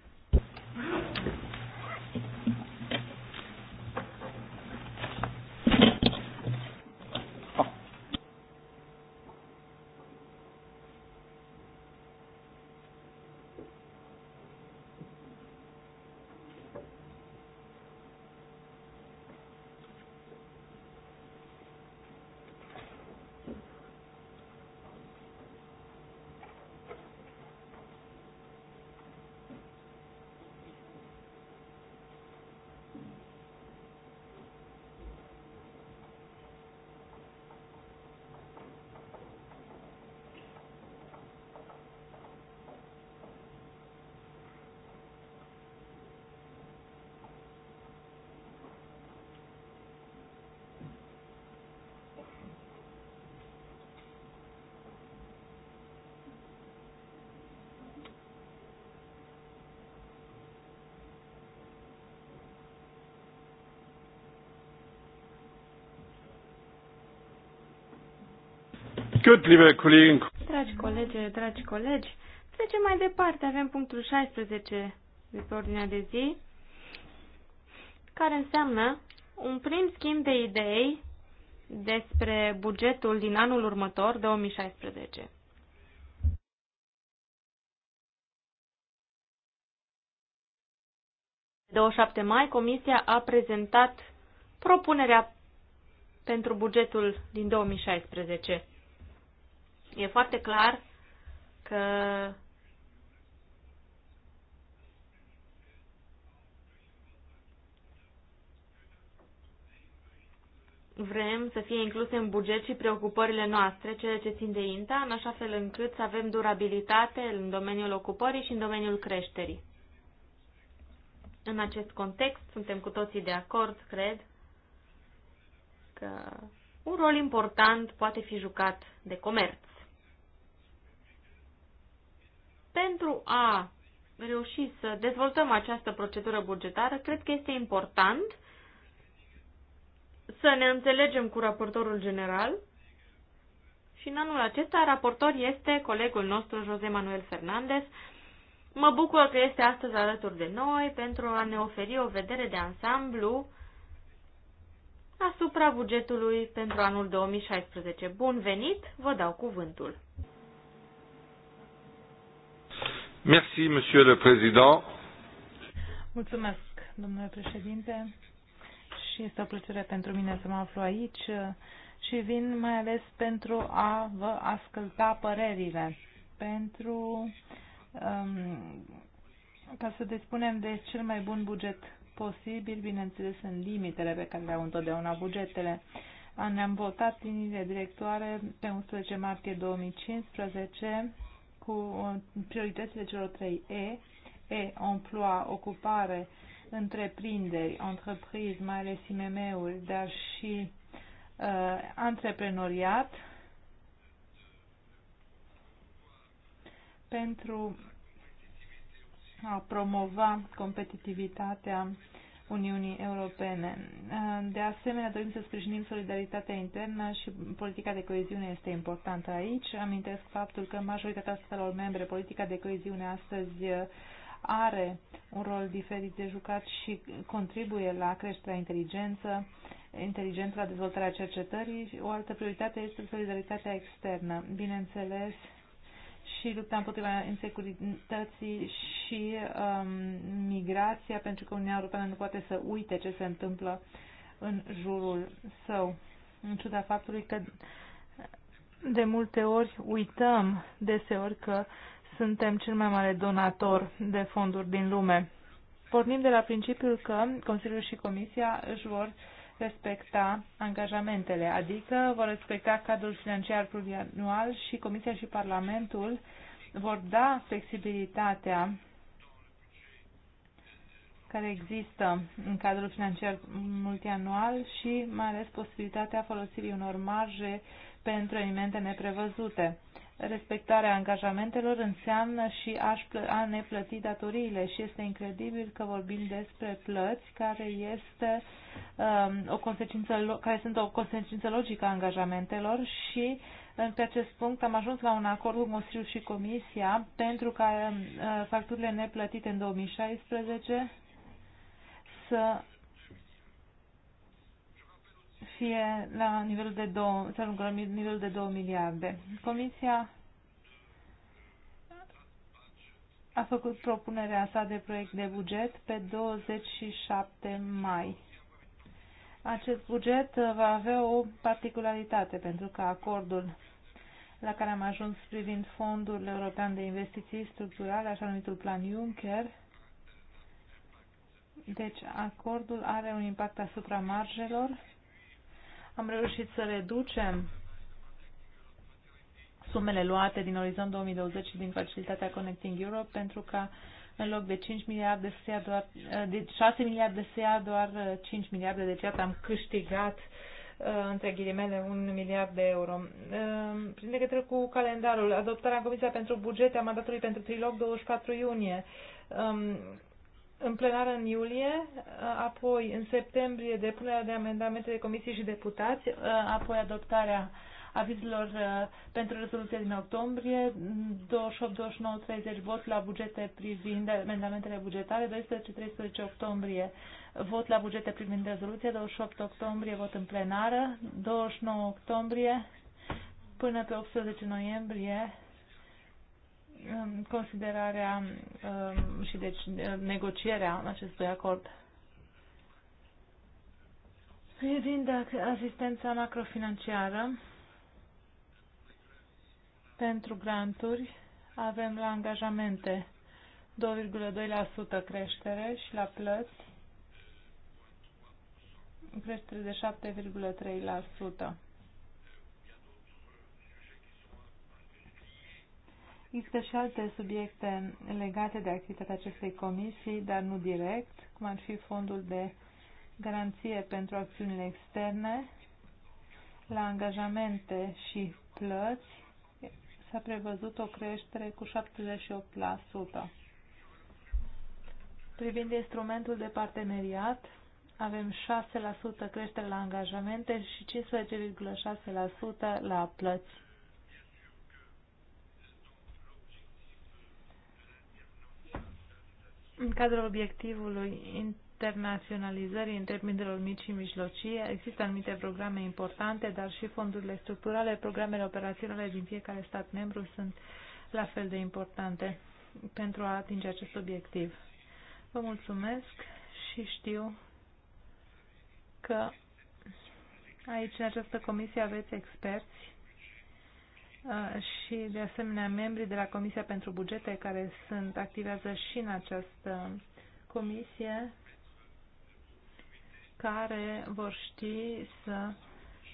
Speaker 1: Gut, liebe Kollegen.
Speaker 2: Dragi colegi, dragi colegi, trecem mai departe. Avem punctul 16 de pe ordinea de zi, care înseamnă un prim schimb de idei despre bugetul din anul următor, 2016. Pe 27 mai, Comisia a prezentat propunerea pentru bugetul din 2016. E foarte clar că vrem să fie incluse în buget și preocupările noastre, cele ce țin de INTA, în așa fel încât să avem durabilitate în domeniul ocupării și în domeniul creșterii. În acest context, suntem cu toții de acord, cred, că un rol important poate fi jucat de comerț. Pentru a reuși să dezvoltăm această procedură bugetară, cred că este important să ne înțelegem cu raportorul general și în anul acesta raportor este colegul nostru José Manuel Fernández. Mă bucur că este astăzi alături de noi pentru a ne oferi o vedere de ansamblu asupra bugetului pentru anul 2016. Bun venit, vă dau cuvântul.
Speaker 1: Merci, Monsieur le Président.
Speaker 3: Mulțumesc, domnule președinte, și este o plăcere pentru mine să mă aflu aici și vin mai ales pentru a vă asculta părerile, pentru um, ca să dispunem de cel mai bun buget posibil, bineînțeles în limitele pe care le au întotdeauna bugetele. Ne-am votat liniile directoare pe 11 martie 2015 cu uh, prioritățile celor trei E, E, emploi, ocupare, întreprinderi, entreprise, mai ales IMM-uri, dar și uh, antreprenoriat, pentru a promova competitivitatea Uniunii Europene. De asemenea, dorim să sprijinim solidaritatea internă și politica de coeziune este importantă aici. Amintesc faptul că majoritatea statelor membre, politica de coeziune astăzi are un rol diferit de jucat și contribuie la creșterea inteligență, inteligența la dezvoltarea cercetării. O altă prioritate este solidaritatea externă. Bineînțeles, și lupta împotriva insecurității și um, migrația, pentru că Uniunea Europeană nu poate să uite ce se întâmplă în jurul său. În ciuda faptului că de multe ori uităm deseori că suntem cel mai mare donator de fonduri din lume. Pornim de la principiul că Consiliul și Comisia își vor uh, respecta angajamentele, adică vor respecta cadrul financiar plurianual și Comisia și Parlamentul vor da flexibilitatea care există în cadrul financiar multianual și mai ales posibilitatea folosirii unor marje pentru elemente neprevăzute respectarea angajamentelor înseamnă și a, ne plăti datoriile și este incredibil că vorbim despre plăți care este um, o consecință care sunt o consecință logică a angajamentelor și pe acest punct am ajuns la un acord cu Consiliul și Comisia pentru ca um, uh, facturile neplătite în 2016 să fie la nivelul de 2, să ajungă la nivelul de 2 miliarde. Comisia a făcut propunerea sa de proiect de buget pe 27 mai. Acest buget uh, va avea o particularitate pentru că acordul la care am ajuns privind fondul european de investiții structurale, așa numitul plan Juncker, deci acordul are un impact asupra marjelor am reușit să reducem sumele luate din Orizont 2020 și din facilitatea Connecting Europe pentru ca în loc de 5 miliarde să ia doar, eh, de 6 miliarde să ia doar 5 eh, miliarde, deci iată am câștigat eh, între ghilimele 1 miliard de euro. Prin legătură cu calendarul, adoptarea în Comisia pentru Bugete a mandatului pentru trilog 24 iunie ehm, în plenară în iulie, uh, apoi în septembrie depunerea de amendamente de comisii și deputați, uh, apoi adoptarea avizelor uh, pentru rezoluție din octombrie, 28, 29, 30 vot la bugete privind amendamentele bugetare, 12-13 octombrie vot la bugete privind rezoluție, 28 octombrie vot în plenară, 29 octombrie până pe 18 noiembrie considerarea um, și deci negocierea acestui acord. Privind asistența macrofinanciară pentru granturi, avem la angajamente 2,2% creștere și la plăți creștere de 7,3%. Există și alte subiecte legate de activitatea acestei comisii, dar nu direct, cum ar fi fondul de garanție pentru acțiunile externe, la angajamente și plăți, s-a prevăzut o creștere cu 78%. Privind instrumentul de parteneriat, avem 6% creștere la angajamente și 15,6% la plăți. În cadrul obiectivului internaționalizării întreprinderilor mici și mijlocii, există anumite programe importante, dar și fondurile structurale, programele operaționale din fiecare stat membru sunt la fel de importante pentru a atinge acest obiectiv. Vă mulțumesc și știu că aici, în această comisie, aveți experți și de asemenea membrii de la Comisia pentru Bugete care sunt activează și în această comisie care vor ști să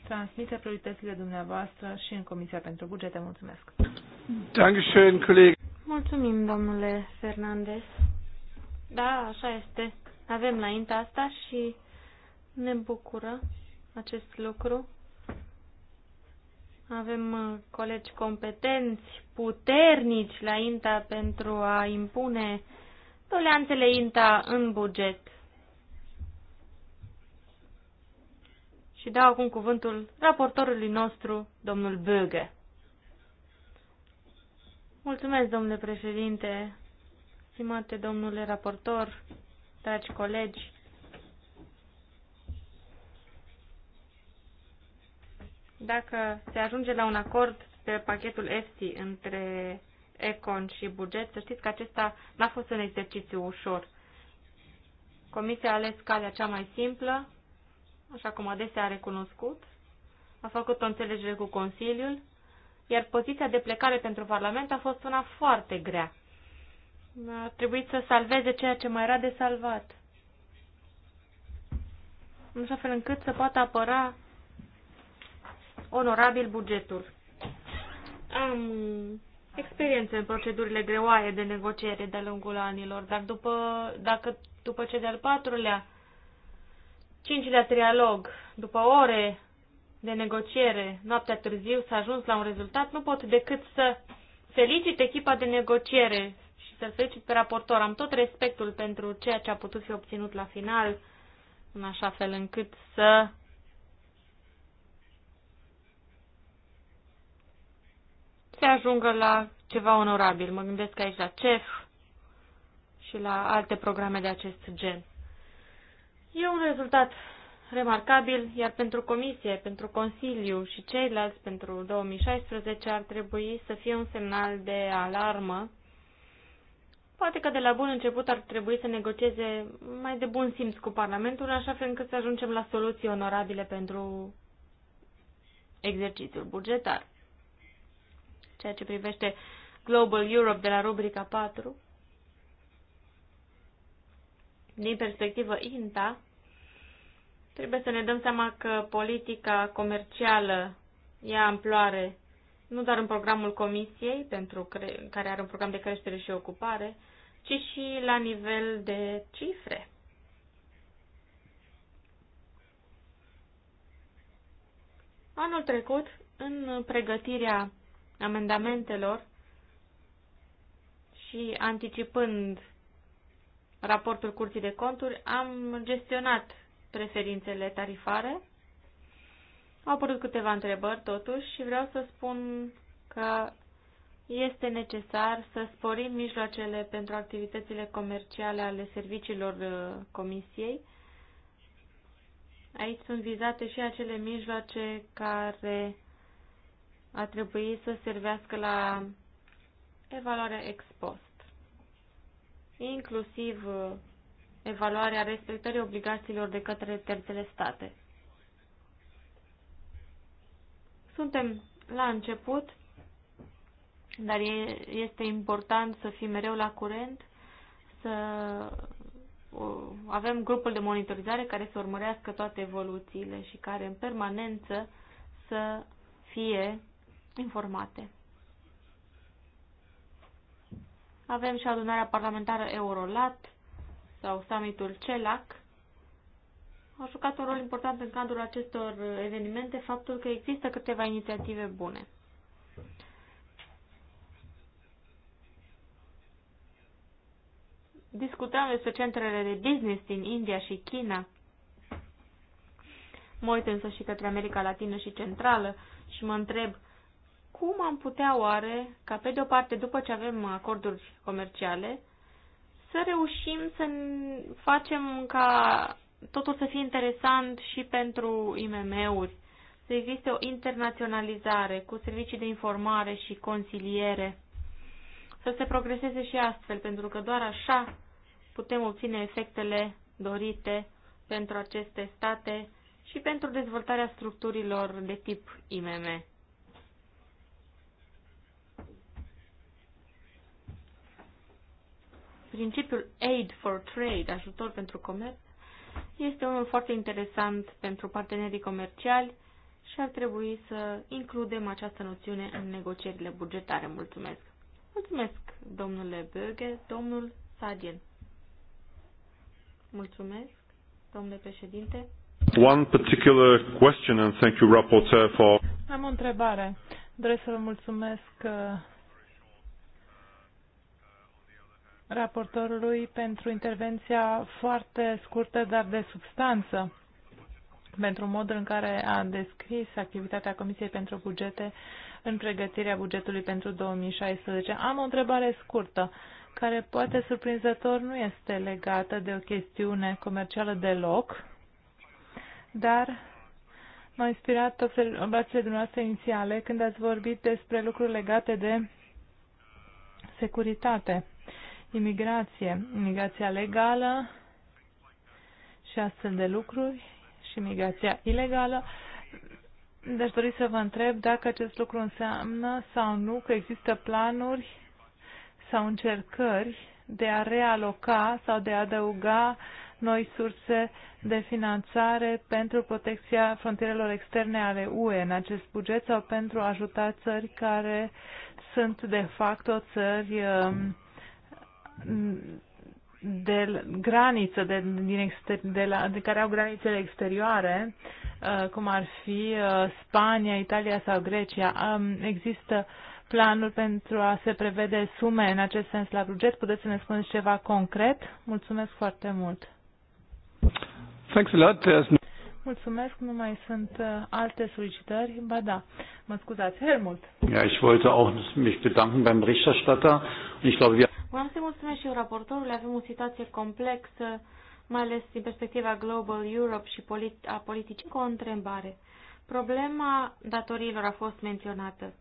Speaker 3: transmită prioritățile dumneavoastră și în Comisia pentru Bugete. Mulțumesc!
Speaker 4: Dankeschön, coleg.
Speaker 2: Mulțumim, domnule Fernandez. Da, așa este. Avem la asta și ne bucură acest lucru. Avem uh, colegi competenți, puternici la INTA pentru a impune toleanțele INTA în buget. Și dau acum cuvântul raportorului nostru, domnul Böge. Mulțumesc, domnule președinte, stimate domnule raportor, dragi colegi. Dacă se ajunge la un acord pe pachetul EFSI între Econ și buget, să știți că acesta n-a fost un exercițiu ușor. Comisia a ales calea cea mai simplă, așa cum adesea a recunoscut, a făcut o înțelegere cu Consiliul, iar poziția de plecare pentru Parlament a fost una foarte grea. A trebuit să salveze ceea ce mai era de salvat. În așa fel încât să poată apăra onorabil bugetul. Am experiență în procedurile greoaie de negociere de-a lungul anilor, dar după, dacă după ce de-al patrulea, cincilea trialog, după ore de negociere, noaptea târziu s-a ajuns la un rezultat, nu pot decât să felicit echipa de negociere și să felicit pe raportor. Am tot respectul pentru ceea ce a putut fi obținut la final, în așa fel încât să se ajungă la ceva onorabil. Mă gândesc aici la CEF și la alte programe de acest gen. E un rezultat remarcabil, iar pentru Comisie, pentru Consiliu și ceilalți pentru 2016 ar trebui să fie un semnal de alarmă. Poate că de la bun început ar trebui să negocieze mai de bun simț cu Parlamentul, așa fel încât să ajungem la soluții onorabile pentru exercițiul bugetar ceea ce privește Global Europe de la rubrica 4. Din perspectivă INTA, trebuie să ne dăm seama că politica comercială ia amploare nu doar în programul Comisiei, pentru care are un program de creștere și ocupare, ci și la nivel de cifre. Anul trecut, în pregătirea amendamentelor și anticipând raportul Curții de Conturi, am gestionat preferințele tarifare. Au apărut câteva întrebări, totuși, și vreau să spun că este necesar să sporim mijloacele pentru activitățile comerciale ale serviciilor uh, Comisiei. Aici sunt vizate și acele mijloace care a trebui să servească la evaluarea ex post, inclusiv uh, evaluarea respectării obligațiilor de către terțele state. Suntem la început, dar este important să fim mereu la curent, să avem grupul de monitorizare care să urmărească toate evoluțiile și care în permanență să fie informate. Avem și adunarea parlamentară Eurolat sau summitul CELAC. A jucat un rol important în cadrul acestor evenimente faptul că există câteva inițiative bune. Discutăm despre centrele de business din India și China. Mă uit însă și către America Latină și Centrală și mă întreb cum am putea oare, ca pe de o parte, după ce avem acorduri comerciale, să reușim să facem ca totul să fie interesant și pentru IMM-uri, să existe o internaționalizare cu servicii de informare și consiliere, să se progreseze și astfel, pentru că doar așa putem obține efectele dorite pentru aceste state și pentru dezvoltarea structurilor de tip IMM. Principiul Aid for Trade, ajutor pentru comerț, este unul foarte interesant pentru partenerii comerciali și ar trebui să includem această noțiune în negocierile bugetare. Mulțumesc! Mulțumesc, domnule Böge, domnul Sadien. Mulțumesc, domnule președinte.
Speaker 1: One particular question and thank you, rapporteur, for...
Speaker 3: Am o întrebare. Doresc să vă mulțumesc uh, raportorului pentru intervenția foarte scurtă, dar de substanță, pentru modul în care a descris activitatea Comisiei pentru Bugete în pregătirea bugetului pentru 2016. Am o întrebare scurtă, care poate surprinzător nu este legată de o chestiune comercială deloc, dar m-a inspirat observațiile dumneavoastră inițiale când ați vorbit despre lucruri legate de securitate imigrație, imigrația legală și astfel de lucruri și imigrația ilegală. Deci dori să vă întreb dacă acest lucru înseamnă sau nu că există planuri sau încercări de a realoca sau de a adăuga noi surse de finanțare pentru protecția frontierelor externe ale UE în acest buget sau pentru a ajuta țări care sunt de o țări um, de graniță, de, din exter, de, la, de care au granițele exterioare, uh, cum ar fi uh, Spania, Italia sau Grecia. Um, există planul pentru a se prevede sume în acest sens la buget? Puteți să ne spuneți ceva concret? Mulțumesc foarte mult! Thanks a lot. Mulțumesc, nu mai sunt uh, alte solicitări. Ba da, mă scuzați, Helmut.
Speaker 1: Ja, ich wollte auch mich bedanken beim Berichterstatter. Ich glaube, wir
Speaker 2: Vreau să mulțumesc și eu raportorului, avem o situație complexă, mai ales din perspectiva Global Europe și polit a politicii. Cu o întrebare. Problema datoriilor a fost menționată.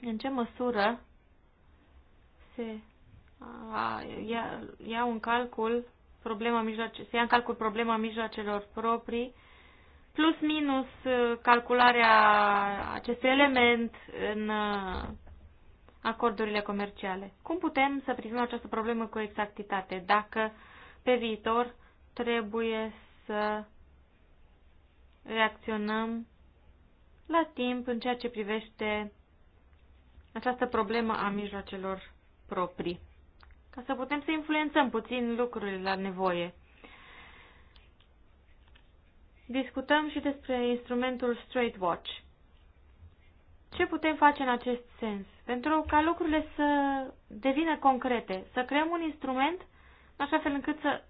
Speaker 2: În ce măsură se a, ia, ia un calcul problema mijloace, se ia în calcul problema mijloacelor proprii plus minus uh, calcularea acestui element în uh, acordurile comerciale. Cum putem să privim această problemă cu exactitate dacă pe viitor trebuie să reacționăm la timp în ceea ce privește această problemă a mijloacelor proprii, ca să putem să influențăm puțin lucrurile la nevoie. Discutăm și despre instrumentul Straight Watch – ce putem face în acest sens? Pentru ca lucrurile să devină concrete, să creăm un instrument așa fel încât să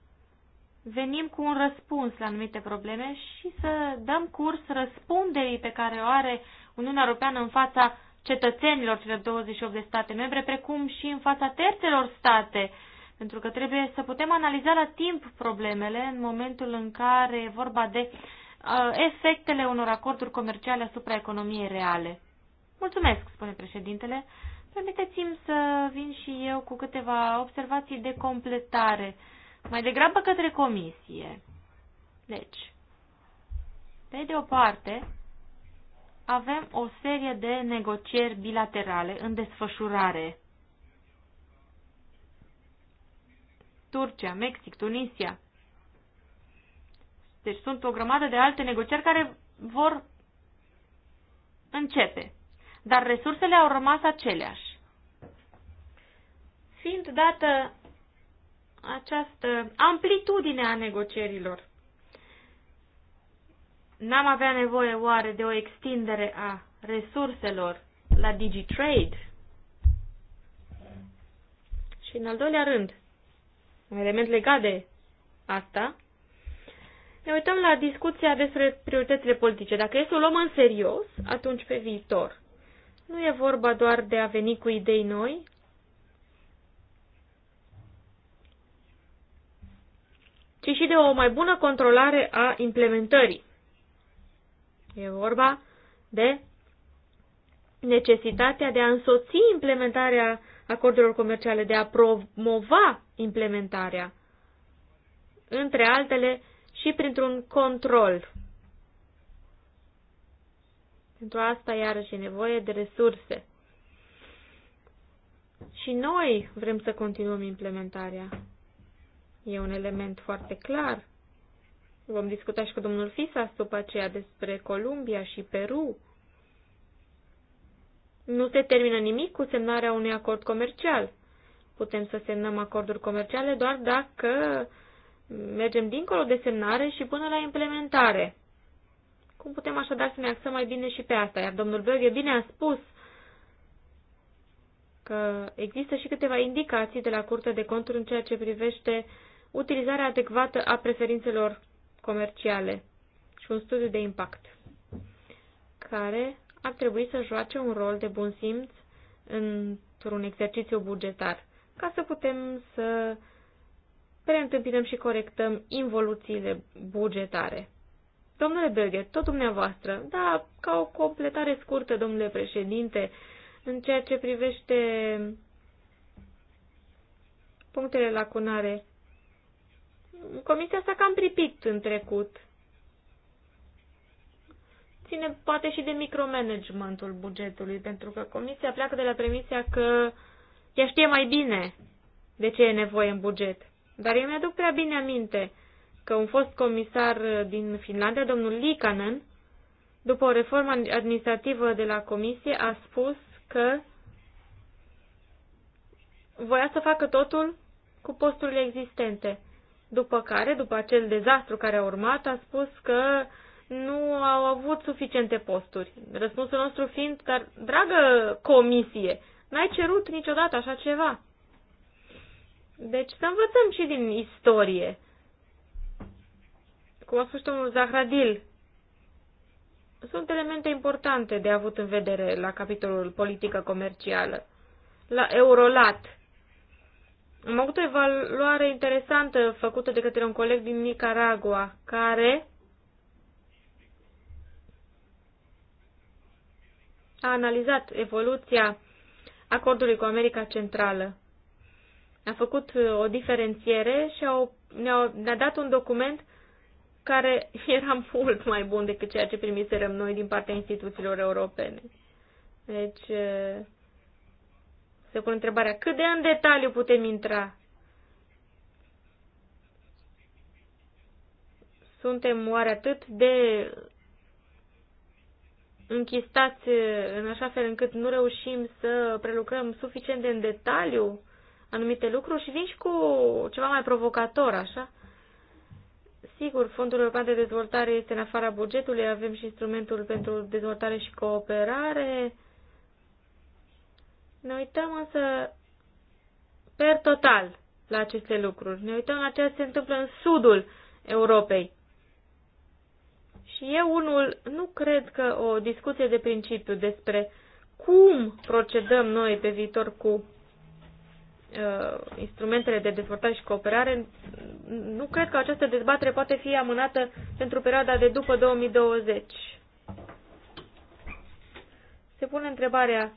Speaker 2: venim cu un răspuns la anumite probleme și să dăm curs răspunderii pe care o are Uniunea Europeană în fața cetățenilor celor 28 de state membre, precum și în fața terțelor state, pentru că trebuie să putem analiza la timp problemele în momentul în care e vorba de uh, efectele unor acorduri comerciale asupra economiei reale. Mulțumesc, spune președintele. Permiteți-mi să vin și eu cu câteva observații de completare, mai degrabă către comisie. Deci, pe de o parte, avem o serie de negocieri bilaterale în desfășurare. Turcia, Mexic, Tunisia. Deci sunt o grămadă de alte negocieri care vor începe dar resursele au rămas aceleași. Fiind dată această amplitudine a negocierilor, n-am avea nevoie oare de o extindere a resurselor la DigiTrade? Și în al doilea rând, un element legat de asta, ne uităm la discuția despre prioritățile politice. Dacă e să o luăm în serios, atunci pe viitor nu e vorba doar de a veni cu idei noi, ci și de o mai bună controlare a implementării. E vorba de necesitatea de a însoți implementarea acordurilor comerciale, de a promova implementarea, între altele și printr-un control. Pentru asta, iarăși, e nevoie de resurse. Și noi vrem să continuăm implementarea. E un element foarte clar. Vom discuta și cu domnul Fisa după aceea despre Columbia și Peru. Nu se termină nimic cu semnarea unui acord comercial. Putem să semnăm acorduri comerciale doar dacă mergem dincolo de semnare și până la implementare. Cum putem așadar să ne axăm mai bine și pe asta? Iar domnul Böge bine a spus că există și câteva indicații de la Curtea de Conturi în ceea ce privește utilizarea adecvată a preferințelor comerciale și un studiu de impact, care ar trebui să joace un rol de bun simț într-un exercițiu bugetar, ca să putem să preîntâmpinăm și corectăm involuțiile bugetare. Domnule Berger, tot dumneavoastră, da, ca o completare scurtă, domnule președinte, în ceea ce privește punctele lacunare. Comisia s-a cam pripit în trecut. Ține poate și de micromanagementul bugetului, pentru că comisia pleacă de la premisia că ea știe mai bine de ce e nevoie în buget. Dar eu mi-aduc prea bine aminte că un fost comisar din Finlandia, domnul Likanen, după o reformă administrativă de la comisie, a spus că voia să facă totul cu posturile existente. După care, după acel dezastru care a urmat, a spus că nu au avut suficiente posturi. Răspunsul nostru fiind, dar, dragă comisie, n-ai cerut niciodată așa ceva. Deci să învățăm și din istorie cum a spus domnul Zahradil, sunt elemente importante de avut în vedere la capitolul politică comercială, la Eurolat. Am avut o evaluare interesantă făcută de către un coleg din Nicaragua, care a analizat evoluția acordului cu America Centrală. A făcut o diferențiere și ne-a ne dat un document care era mult mai bun decât ceea ce primiserăm noi din partea instituțiilor europene. Deci, se pune întrebarea cât de în detaliu putem intra. Suntem oare atât de închistați în așa fel încât nu reușim să prelucrăm suficient de în detaliu anumite lucruri și vin și cu ceva mai provocator, așa. Sigur, Fondul European de Dezvoltare este în afara bugetului, avem și instrumentul pentru dezvoltare și cooperare. Ne uităm însă per total la aceste lucruri. Ne uităm la ce se întâmplă în sudul Europei. Și eu unul nu cred că o discuție de principiu despre cum procedăm noi pe viitor cu Uh, instrumentele de dezvoltare și cooperare, nu cred că această dezbatere poate fi amânată pentru perioada de după 2020. Se pune întrebarea,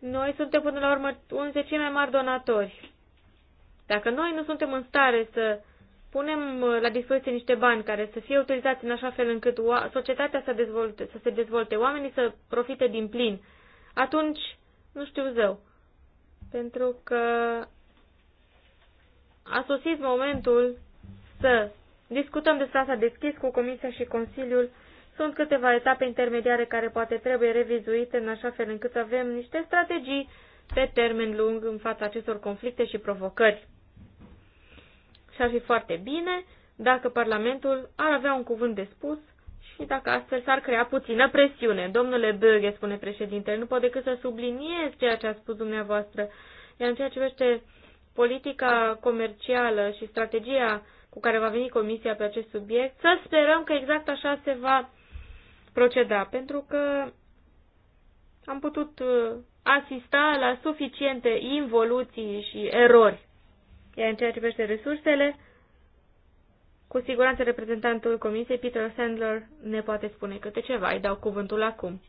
Speaker 2: noi suntem până la urmă unul cei mai mari donatori. Dacă noi nu suntem în stare să punem la dispoziție niște bani care să fie utilizați în așa fel încât societatea să, dezvolte, să se dezvolte, oamenii să profite din plin, atunci, nu știu zău, pentru că a sosit momentul să discutăm despre asta deschis cu Comisia și Consiliul. Sunt câteva etape intermediare care poate trebuie revizuite în așa fel încât să avem niște strategii pe termen lung în fața acestor conflicte și provocări. Și ar fi foarte bine dacă Parlamentul ar avea un cuvânt de spus și dacă astfel s-ar crea puțină presiune. Domnule Böge, spune președintele, nu pot decât să subliniez ceea ce a spus dumneavoastră. Iar în ceea ce vește politica comercială și strategia cu care va veni Comisia pe acest subiect, să sperăm că exact așa se va proceda, pentru că am putut uh, asista la suficiente involuții și erori. Iar în ceea ce privește resursele, cu siguranță reprezentantul Comisiei, Peter Sandler, ne poate spune câte ceva. Îi dau cuvântul acum.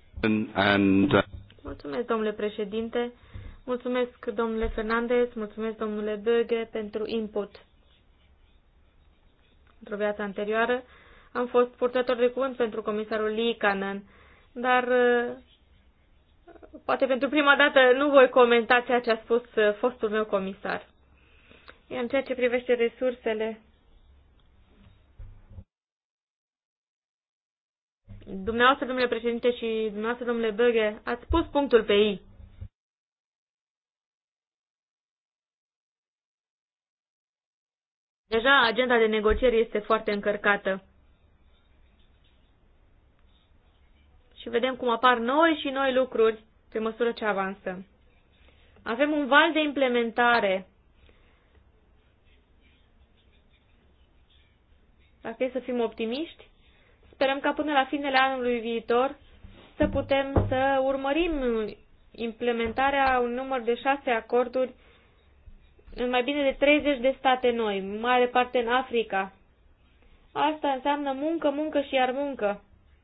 Speaker 4: And, uh...
Speaker 2: Mulțumesc, domnule președinte. Mulțumesc, domnule Fernandez. Mulțumesc, domnule Böge, pentru input. Într-o viață anterioară am fost purtător de cuvânt pentru comisarul Liikanen, dar uh, poate pentru prima dată nu voi comenta ceea ce a spus uh, fostul meu comisar. Iar în ceea ce privește resursele Dumneavoastră, domnule președinte, și dumneavoastră, domnule Băghe, ați pus punctul pe I. Deja agenda de negocieri este foarte încărcată. Și vedem cum apar noi și noi lucruri pe măsură ce avansăm. Avem un val de implementare. Dacă e să fim optimiști, Sperăm ca până la finele anului viitor să putem să urmărim implementarea un număr de șase acorduri în mai bine de 30 de state noi, în mare parte în Africa. Asta înseamnă muncă, muncă și iar muncă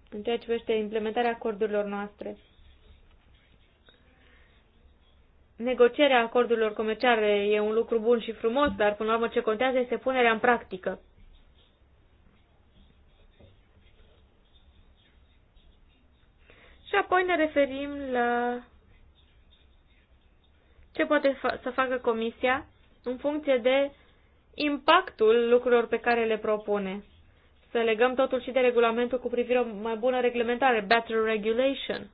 Speaker 2: în ceea ce privește implementarea acordurilor noastre. Negocierea acordurilor comerciale e un lucru bun și frumos, dar până la urmă ce contează este punerea în practică. Și apoi ne referim la ce poate fa să facă comisia în funcție de impactul lucrurilor pe care le propune. Să legăm totul și de regulamentul cu privire o mai bună reglementare, better regulation.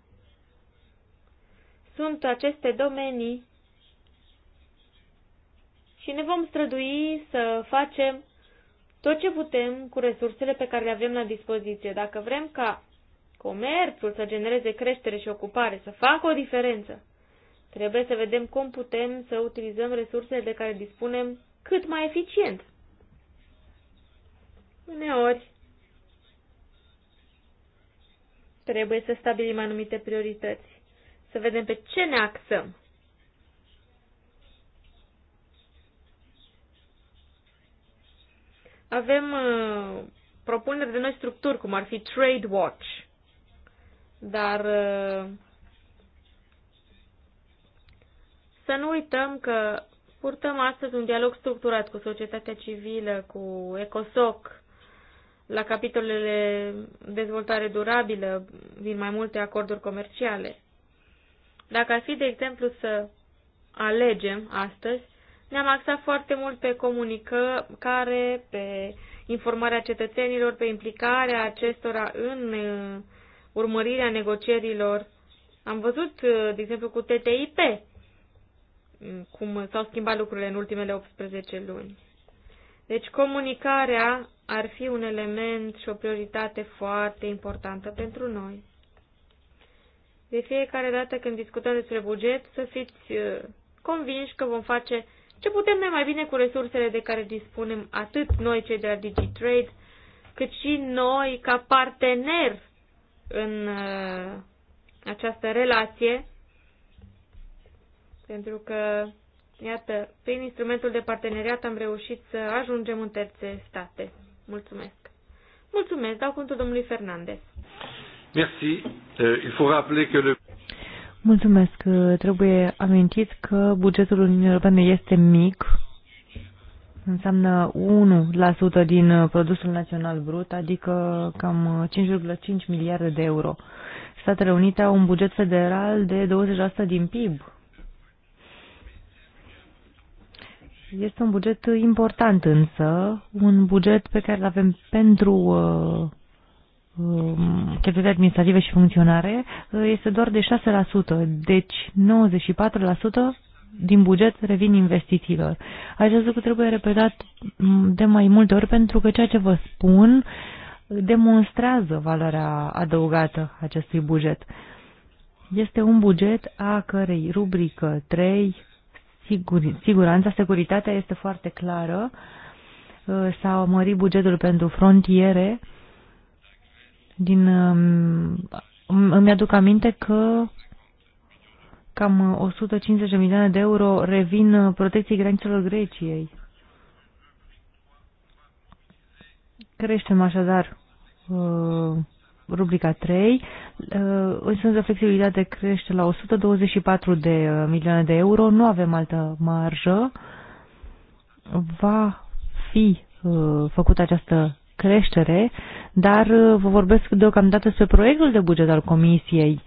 Speaker 2: Sunt aceste domenii și ne vom strădui să facem tot ce putem cu resursele pe care le avem la dispoziție. Dacă vrem ca comerțul să genereze creștere și ocupare, să facă o diferență. Trebuie să vedem cum putem să utilizăm resursele de care dispunem cât mai eficient. Uneori, trebuie să stabilim anumite priorități, să vedem pe ce ne axăm. Avem uh, propuneri de noi structuri, cum ar fi Trade Watch, dar să nu uităm că purtăm astăzi un dialog structurat cu societatea civilă, cu ECOSOC, la capitolele dezvoltare durabilă din mai multe acorduri comerciale. Dacă ar fi, de exemplu, să alegem astăzi, ne-am axat foarte mult pe comunicare, pe informarea cetățenilor, pe implicarea acestora în urmărirea negocierilor. Am văzut, uh, de exemplu, cu TTIP, mm, cum s-au schimbat lucrurile în ultimele 18 luni. Deci comunicarea ar fi un element și o prioritate foarte importantă pentru noi. De fiecare dată când discutăm despre buget, să fiți uh, convinși că vom face ce putem noi mai bine cu resursele de care dispunem atât noi cei de la DigiTrade, cât și noi ca partener în uh, această relație, pentru că, iată, prin instrumentul de parteneriat am reușit să ajungem în terțe state. Mulțumesc! Mulțumesc, dau cuvântul domnului Fernandez.
Speaker 1: Merci. Euh, il faut rappeler que le...
Speaker 3: Mulțumesc. Trebuie amintit că bugetul Uniunii Europene este mic, înseamnă 1% din uh, produsul național brut, adică cam 5,5 uh, miliarde de euro. Statele Unite au un buget federal de 20% din PIB. Este un buget important însă, un buget pe care îl avem pentru uh, uh, cheltuieli administrative și funcționare, uh, este doar de 6%, deci 94% din buget revin investițiilor. Acest lucru trebuie repetat de mai multe ori pentru că ceea ce vă spun demonstrează valoarea adăugată acestui buget. Este un buget a cărei rubrică 3, sigur, siguranța, securitatea este foarte clară. S-a mărit bugetul pentru frontiere. Din, îmi aduc aminte că cam 150 uh, de milioane de euro revin uh, protecției granițelor Greciei. Creștem așadar uh, rubrica 3, însă de flexibilitate crește la 124 de milioane de euro, nu avem altă marjă, va fi făcută această creștere, dar vă vorbesc deocamdată despre proiectul de buget al Comisiei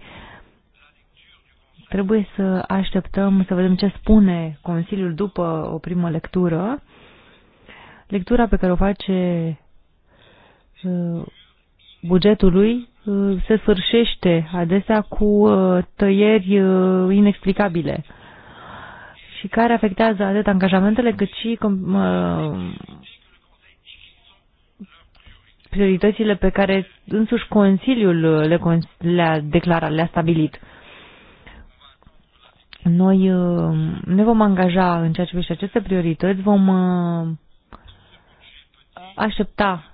Speaker 3: Trebuie să așteptăm să vedem ce spune Consiliul după o primă lectură. Lectura pe care o face uh, bugetului uh, se sfârșește adesea cu uh, tăieri inexplicabile și care afectează atât angajamentele cât și prioritățile pe care însuși Consiliul le, a declarat, le-a stabilit. Noi uh, ne vom angaja în ceea ce privește aceste priorități, vom uh, aștepta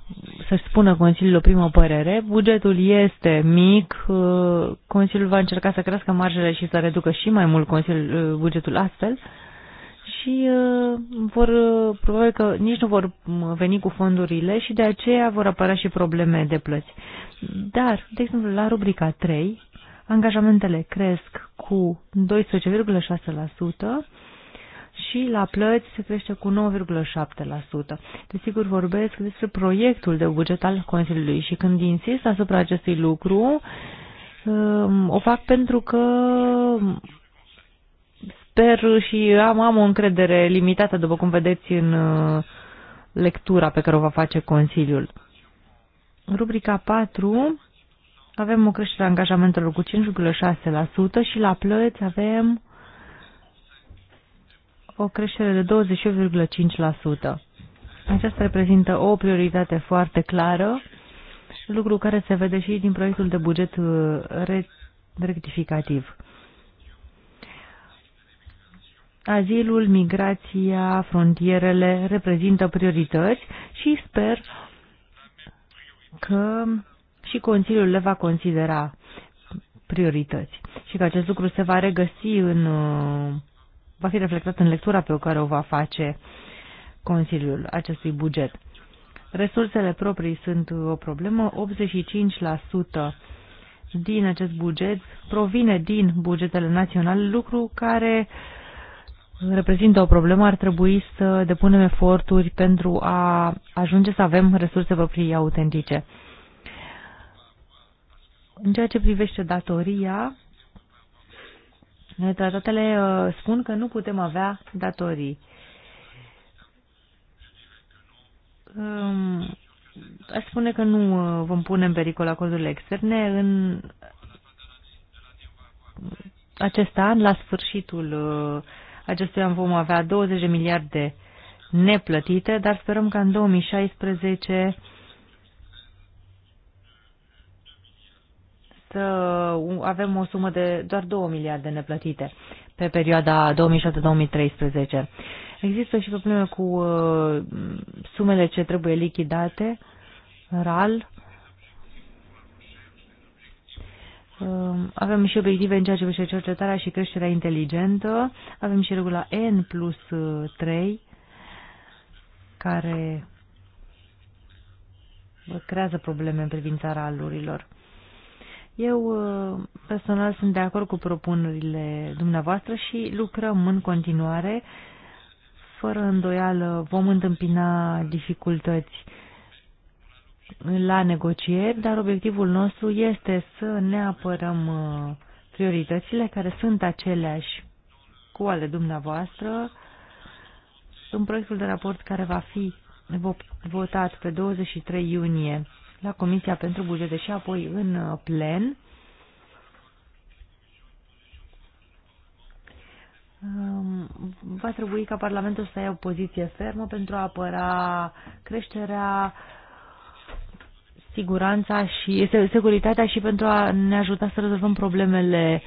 Speaker 3: să-și spună Consiliul o primă părere. Bugetul este mic, uh, Consiliul va încerca să crească marjele și să reducă și mai mult Consiliul, bugetul astfel și vor, probabil că nici nu vor veni cu fondurile și de aceea vor apărea și probleme de plăți. Dar, de exemplu, la rubrica 3 angajamentele cresc cu 12,6% și la plăți se crește cu 9,7%. Desigur, vorbesc despre proiectul de buget al Consiliului și când insist asupra acestui lucru, um, o fac pentru că sper și am, am o încredere limitată, după cum vedeți în uh, lectura pe care o va face Consiliul. Rubrica 4 avem o creștere a angajamentelor cu 5,6% și la plăți avem o creștere de 28,5%. Aceasta reprezintă o prioritate foarte clară, lucru care se vede și din proiectul de buget uh, rectificativ. Azilul, migrația, frontierele reprezintă priorități și sper că și Consiliul le va considera priorități și că acest lucru se va regăsi în, uh, va fi reflectat în lectura pe care o va face Consiliul acestui buget. Resursele proprii sunt o problemă. 85% din acest buget provine din bugetele naționale, lucru care reprezintă o problemă. Ar trebui să depunem eforturi pentru a ajunge să avem resurse proprii autentice. În ceea ce privește datoria, tratatele uh, spun că nu putem avea datorii. Um, aș spune că nu uh, vom pune în pericol acordurile externe. În acest an, la sfârșitul uh, acestui an vom avea 20 de miliarde neplătite, dar sperăm ca în 2016 avem o sumă de doar 2 miliarde neplătite pe perioada 2007-2013. Există și probleme cu uh, sumele ce trebuie lichidate, RAL. Um, avem și obiective în ceea ce privește cercetarea și creșterea inteligentă. Avem și regula N plus 3, uh, care creează probleme în privința ralurilor. Eu uh, personal sunt de acord cu propunerile dumneavoastră și lucrăm în continuare. Fără îndoială vom întâmpina dificultăți la negocieri, dar obiectivul nostru este să ne apărăm uh, prioritățile care sunt aceleași cu ale dumneavoastră în proiectul de raport care va fi votat pe 23 iunie la Comisia pentru Bugete și apoi în uh, plen. Um, va trebui ca Parlamentul să ia o poziție fermă pentru a apăra creșterea, siguranța și securitatea și pentru a ne ajuta să rezolvăm problemele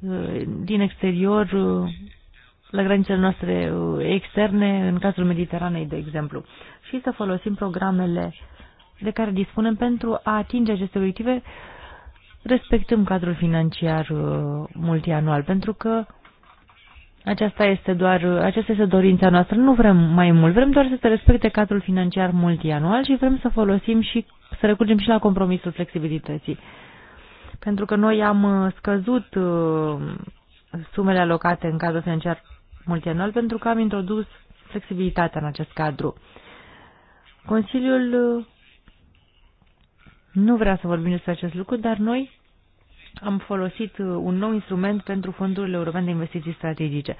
Speaker 3: uh, din exterior uh, la granițele noastre externe, în cazul Mediteranei, de exemplu, și să folosim programele uh, de care dispunem pentru a atinge aceste obiective respectăm cadrul financiar uh, multianual, pentru că aceasta este doar, uh, aceasta este dorința noastră. Nu vrem mai mult, vrem doar să se respecte cadrul financiar multianual și vrem să folosim și să recurgem și la compromisul flexibilității. Pentru că noi am uh, scăzut sumele alocate în cadrul financiar multianual pentru că am introdus flexibilitatea în acest cadru. Consiliul nu vreau să vorbim despre acest lucru, dar noi am folosit uh, un nou instrument pentru fondurile europene de investiții strategice.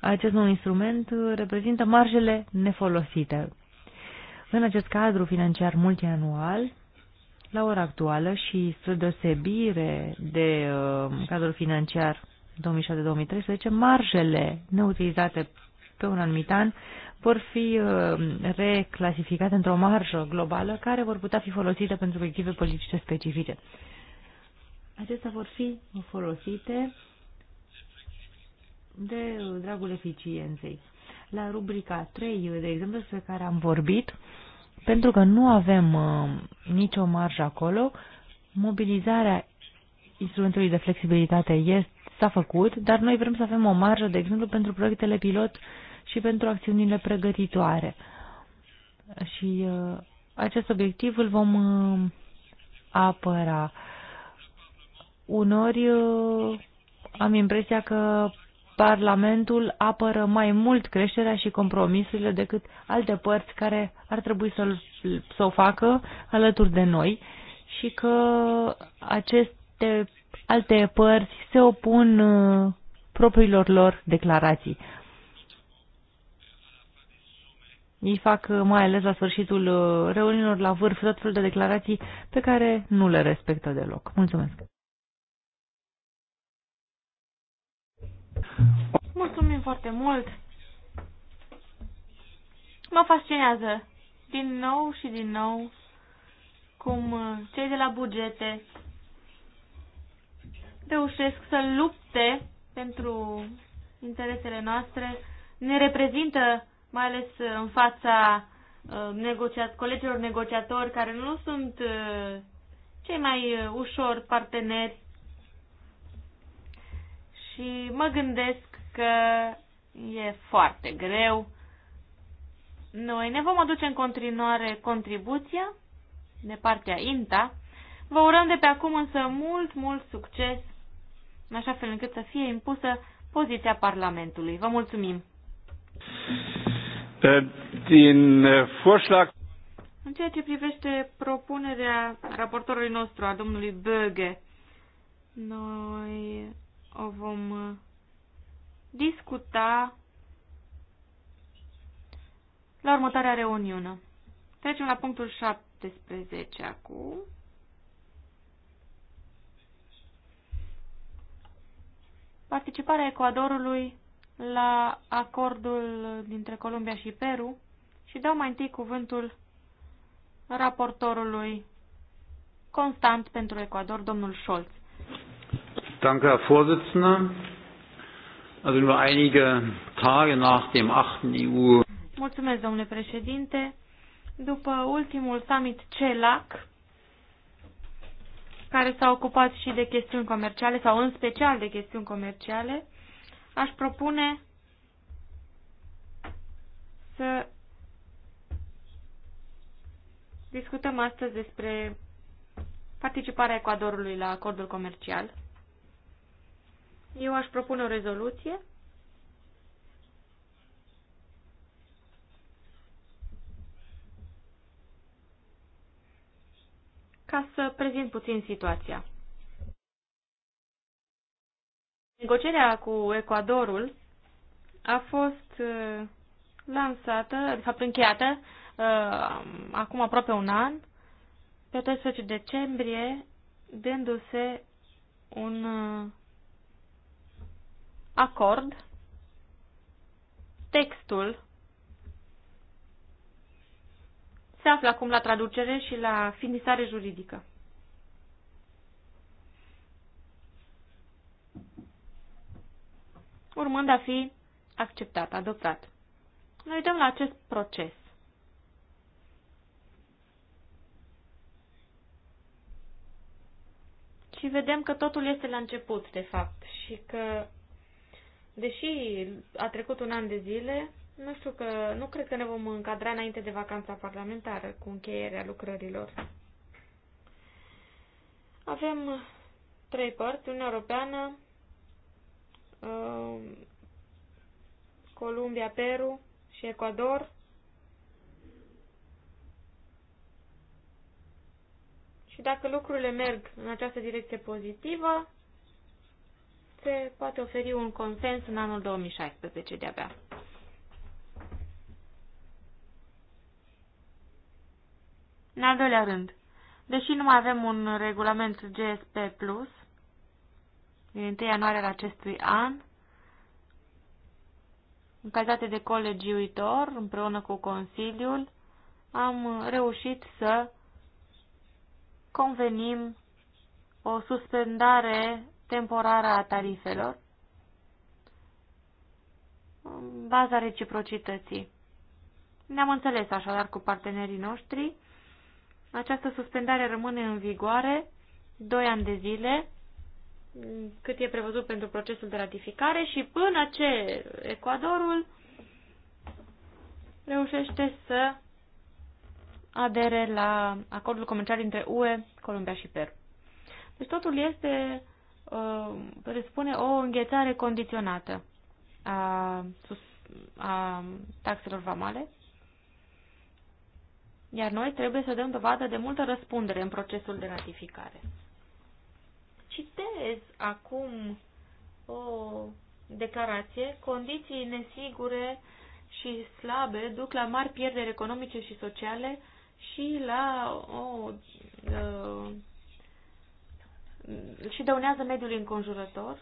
Speaker 3: Acest nou instrument uh, reprezintă marjele nefolosite. În acest cadru financiar multianual, la ora actuală și spre deosebire de uh, cadrul financiar 2007-2013, marjele neutilizate pe un anumit an vor fi uh, reclasificate într-o marjă globală care vor putea fi folosite pentru obiective politice specifice. Acestea vor fi folosite de uh, dragul eficienței. La rubrica 3, uh, de exemplu, despre care am vorbit, pentru că nu avem uh, nicio marjă acolo, mobilizarea instrumentului de flexibilitate s-a făcut, dar noi vrem să avem o marjă, de exemplu, pentru proiectele pilot uh, și pentru acțiunile pregătitoare. Și uh, acest obiectiv îl vom uh, apăra. Unori uh, am impresia că Parlamentul apără mai mult creșterea și compromisurile decât alte părți care ar trebui să, să o facă alături de noi și că aceste alte părți se opun propriilor lor declarații. Ei fac uh, mai ales la sfârșitul uh, reuniunilor la vârf tot felul de declarații pe care nu le respectă deloc. Mulțumesc!
Speaker 2: Mulțumim foarte mult! Mă fascinează din nou și din nou cum uh, cei de la bugete reușesc să lupte pentru interesele noastre, ne reprezintă mai ales uh, în fața uh, negociat, colegilor negociatori care nu sunt uh, cei mai ușor parteneri. Și mă gândesc că e foarte greu. Noi ne vom aduce în continuare contribuția de partea INTA. Vă urăm de pe acum însă mult, mult succes, în așa fel încât să fie impusă poziția Parlamentului. Vă mulțumim!
Speaker 1: Äh, din äh,
Speaker 2: În ceea ce privește propunerea raportorului nostru, a domnului Böge, noi o vom uh, discuta la următoarea reuniune. Trecem la punctul 17 acum. Participarea Ecuadorului la acordul dintre Columbia și Peru și dau mai întâi cuvântul raportorului constant pentru Ecuador, domnul Scholz.
Speaker 1: Danke, Herr Vorsitzender. Also da nur einige Tage nach dem 8. EU.
Speaker 2: Mulțumesc, domnule președinte. După ultimul summit CELAC, care s-a ocupat și de chestiuni comerciale, sau în special de chestiuni comerciale, aș propune să discutăm astăzi despre participarea Ecuadorului la acordul comercial. Eu aș propune o rezoluție ca să prezint puțin situația. Negocierea cu Ecuadorul a fost uh, lansată, de adică fapt încheiată, uh, acum aproape un an, pe 13 decembrie, dându-se un uh, acord. Textul se află acum la traducere și la finisare juridică. urmând a fi acceptat, adoptat. Ne uităm la acest proces. Și vedem că totul este la început, de fapt, și că, deși a trecut un an de zile, nu știu că, nu cred că ne vom încadra înainte de vacanța parlamentară cu încheierea lucrărilor. Avem trei părți, Uniunea Europeană, Ehm, Columbia, Peru și Ecuador. Și dacă lucrurile merg în această direcție pozitivă, se poate oferi un consens în anul 2016 de-abia. În al doilea rând, deși nu mai avem un regulament GSP+, plus din 1 ianuarie al acestui an, în calitate de uitor, împreună cu Consiliul, am reușit să convenim o suspendare temporară a tarifelor în baza reciprocității. Ne-am înțeles așadar cu partenerii noștri. Această suspendare rămâne în vigoare 2 ani de zile cât e prevăzut pentru procesul de ratificare și până ce Ecuadorul reușește să adere la acordul comercial între UE, Columbia și Peru. Deci totul este, uh, presupune o înghețare condiționată a, a taxelor vamale, iar noi trebuie să dăm dovadă de multă răspundere în procesul de ratificare citez acum o declarație, condiții nesigure și slabe duc la mari pierderi economice și sociale și la o uh, și dăunează mediul înconjurător.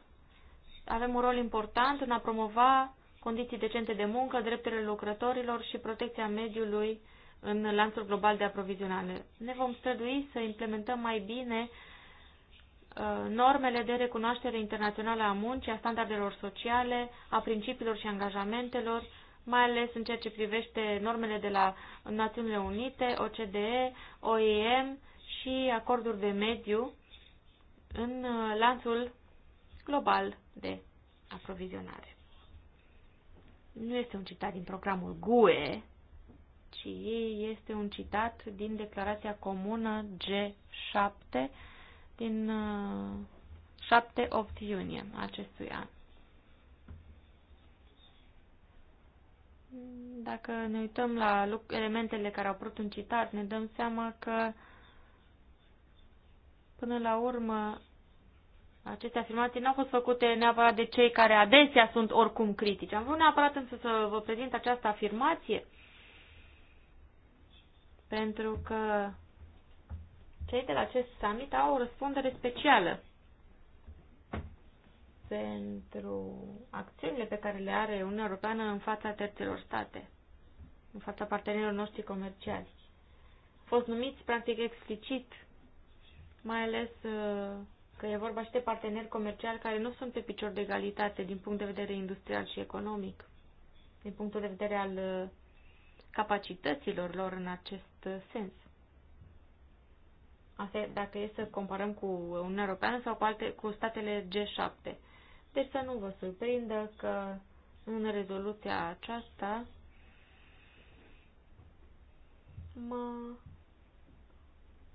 Speaker 2: Avem un rol important în a promova condiții decente de muncă, drepturile lucrătorilor și protecția mediului în lanțul global de aprovizionare. Ne vom strădui să implementăm mai bine Uh, normele de recunoaștere internațională a muncii, a standardelor sociale, a principiilor și angajamentelor, mai ales în ceea ce privește normele de la Națiunile Unite, OCDE, OIM și acorduri de mediu în uh, lanțul global de aprovizionare. Nu este un citat din programul GUE, ci este un citat din declarația comună G7 din 7-8 uh, iunie acestui an. Dacă ne uităm la elementele care au apărut în citat, ne dăm seama că până la urmă aceste afirmații n-au fost făcute neapărat de cei care adesea sunt oricum critici. Am vrut neapărat însă să vă prezint această afirmație pentru că cei de la acest summit au o răspundere specială pentru acțiunile pe care le are Uniunea Europeană în fața terțelor state, în fața partenerilor noștri comerciali. Au fost numiți practic explicit, mai ales uh, că e vorba și de parteneri comerciali care nu sunt pe picior de egalitate din punct de vedere industrial și economic, din punctul de vedere al uh, capacităților lor în acest uh, sens. Asta e dacă e să comparăm cu Uniunea Europeană sau cu, alte, cu statele G7. Deci să nu vă surprindă că în rezoluția aceasta mă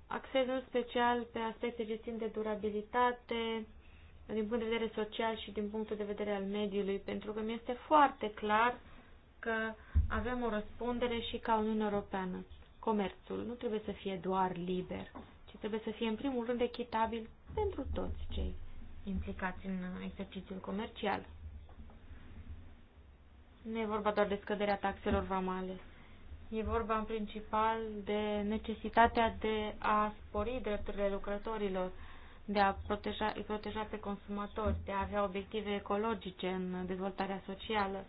Speaker 2: axez în special pe aspecte ce țin de durabilitate, din punct de vedere social și din punctul de vedere al mediului, pentru că mi este foarte clar că avem o răspundere și ca Uniunea Europeană. Comerțul nu trebuie să fie doar liber, ci trebuie să fie în primul rând echitabil pentru toți cei implicați în exercițiul comercial. Nu e vorba doar de scăderea taxelor vamale. E vorba în principal de necesitatea de a spori drepturile lucrătorilor, de a proteja, proteja pe consumatori, de a avea obiective ecologice în dezvoltarea socială.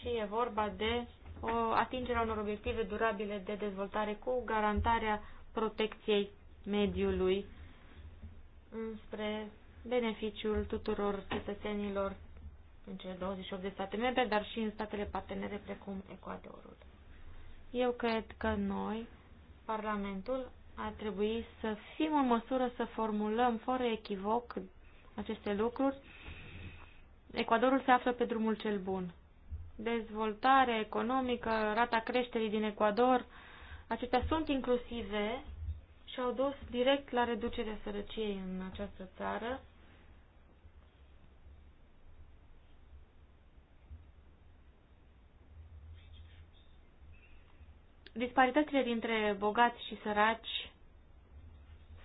Speaker 2: și e vorba de o atingerea unor obiective durabile de dezvoltare cu garantarea protecției mediului spre beneficiul tuturor cetățenilor în cele 28 de state membre, dar și în statele partenere precum Ecuadorul. Eu cred că noi, Parlamentul, ar trebui să fim în măsură să formulăm fără echivoc aceste lucruri. Ecuadorul se află pe drumul cel bun dezvoltare economică, rata creșterii din Ecuador, acestea sunt inclusive și au dus direct la reducerea sărăciei în această țară. Disparitățile dintre bogați și săraci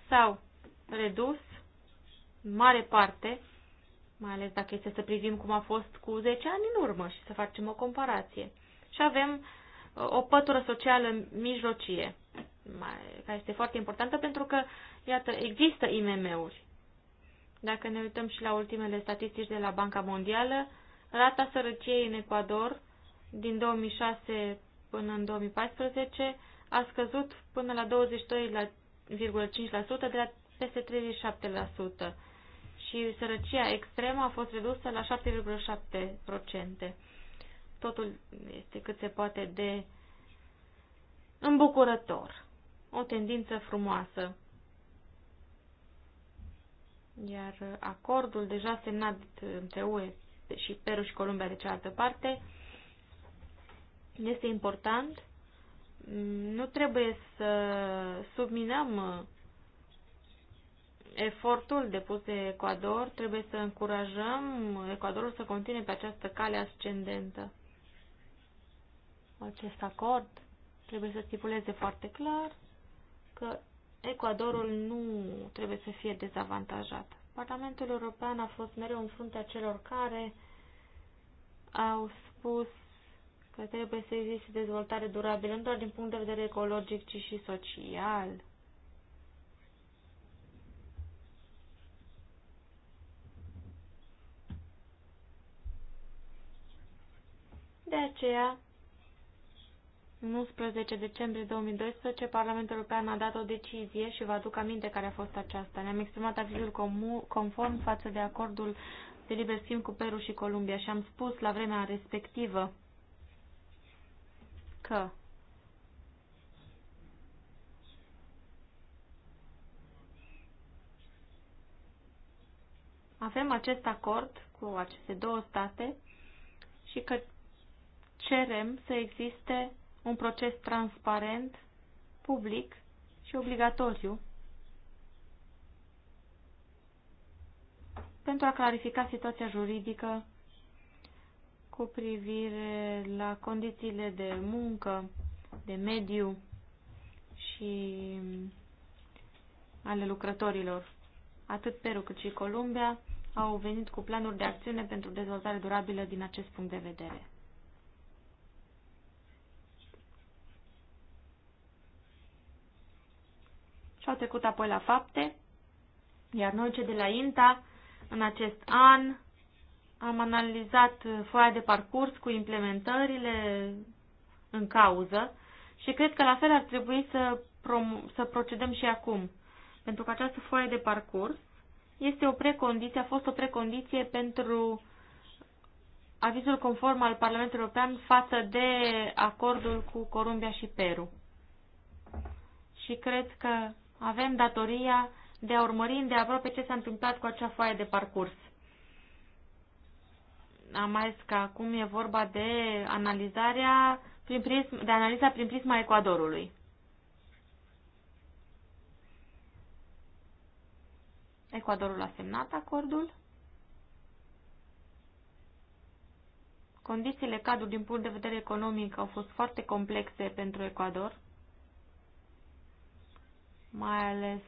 Speaker 2: s-au redus în mare parte mai ales dacă este să privim cum a fost cu 10 ani în urmă și să facem o comparație. Și avem uh, o pătură socială mijlocie, care este foarte importantă pentru că, iată, există IMM-uri. Dacă ne uităm și la ultimele statistici de la Banca Mondială, rata sărăciei în Ecuador din 2006 până în 2014 a scăzut până la 22,5% de la peste și sărăcia extremă a fost redusă la 7,7%. Totul este cât se poate de îmbucurător. O tendință frumoasă. Iar acordul deja semnat între UE și Peru și Columbia de cealaltă parte este important. Nu trebuie să subminăm efortul depus de Ecuador, trebuie să încurajăm Ecuadorul să continue pe această cale ascendentă. Acest acord trebuie să stipuleze foarte clar că Ecuadorul nu trebuie să fie dezavantajat. Parlamentul European a fost mereu în fruntea celor care au spus că trebuie să existe dezvoltare durabilă, nu doar din punct de vedere ecologic, ci și social. De aceea, în 11 decembrie 2012, Parlamentul European a dat o decizie și vă aduc aminte care a fost aceasta. Ne-am exprimat avizul conform față de acordul de liber schimb cu Peru și Columbia și am spus la vremea respectivă că avem acest acord cu aceste două state și că cerem să existe un proces transparent, public și obligatoriu pentru a clarifica situația juridică cu privire la condițiile de muncă, de mediu și ale lucrătorilor. Atât Peru cât și Columbia au venit cu planuri de acțiune pentru dezvoltare durabilă din acest punct de vedere. și au trecut apoi la fapte, iar noi ce de la INTA în acest an am analizat foaia de parcurs cu implementările în cauză și cred că la fel ar trebui să, să procedăm și acum, pentru că această foaie de parcurs este o precondiție, a fost o precondiție pentru avizul conform al Parlamentului European față de acordul cu Columbia și Peru. Și cred că avem datoria de a urmări de aproape ce s-a întâmplat cu acea foaie de parcurs. Am mai zis că acum e vorba de analizarea prin prism, de analiza prin prisma Ecuadorului. Ecuadorul a semnat acordul. Condițiile cadru din punct de vedere economic au fost foarte complexe pentru Ecuador mai ales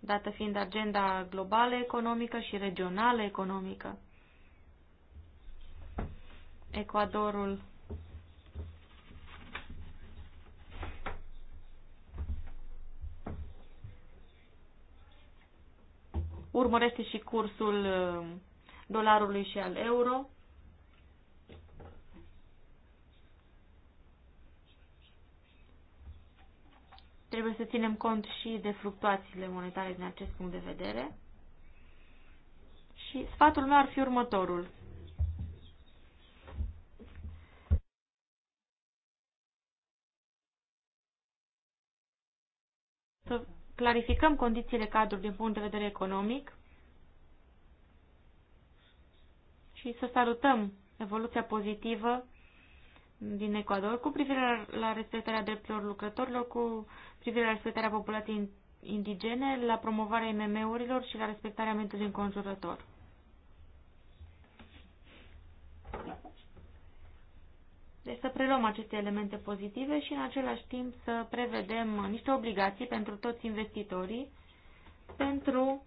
Speaker 2: dată fiind agenda globală economică și regională economică. Ecuadorul urmărește și cursul uh, dolarului și al euro. Trebuie să ținem cont și de fluctuațiile monetare din acest punct de vedere. Și sfatul meu ar fi următorul. Să clarificăm condițiile cadrului din punct de vedere economic și să salutăm evoluția pozitivă din Ecuador cu privire la respectarea drepturilor lucrătorilor, cu privire la respectarea populației indigene, la promovarea IMM-urilor și la respectarea mediului înconjurător. Deci să preluăm aceste elemente pozitive și în același timp să prevedem niște obligații pentru toți investitorii pentru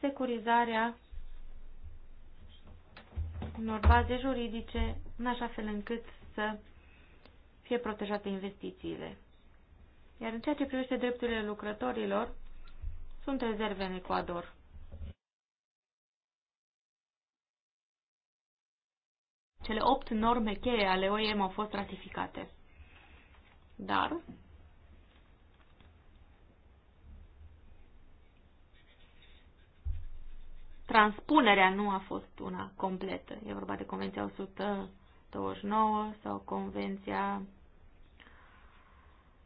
Speaker 2: securizarea unor baze juridice în așa fel încât să fie protejate investițiile. Iar în ceea ce privește drepturile lucrătorilor, sunt rezerve în Ecuador. Cele opt norme cheie ale OIM au fost ratificate. Dar transpunerea nu a fost una completă. E vorba de Convenția 129 sau Convenția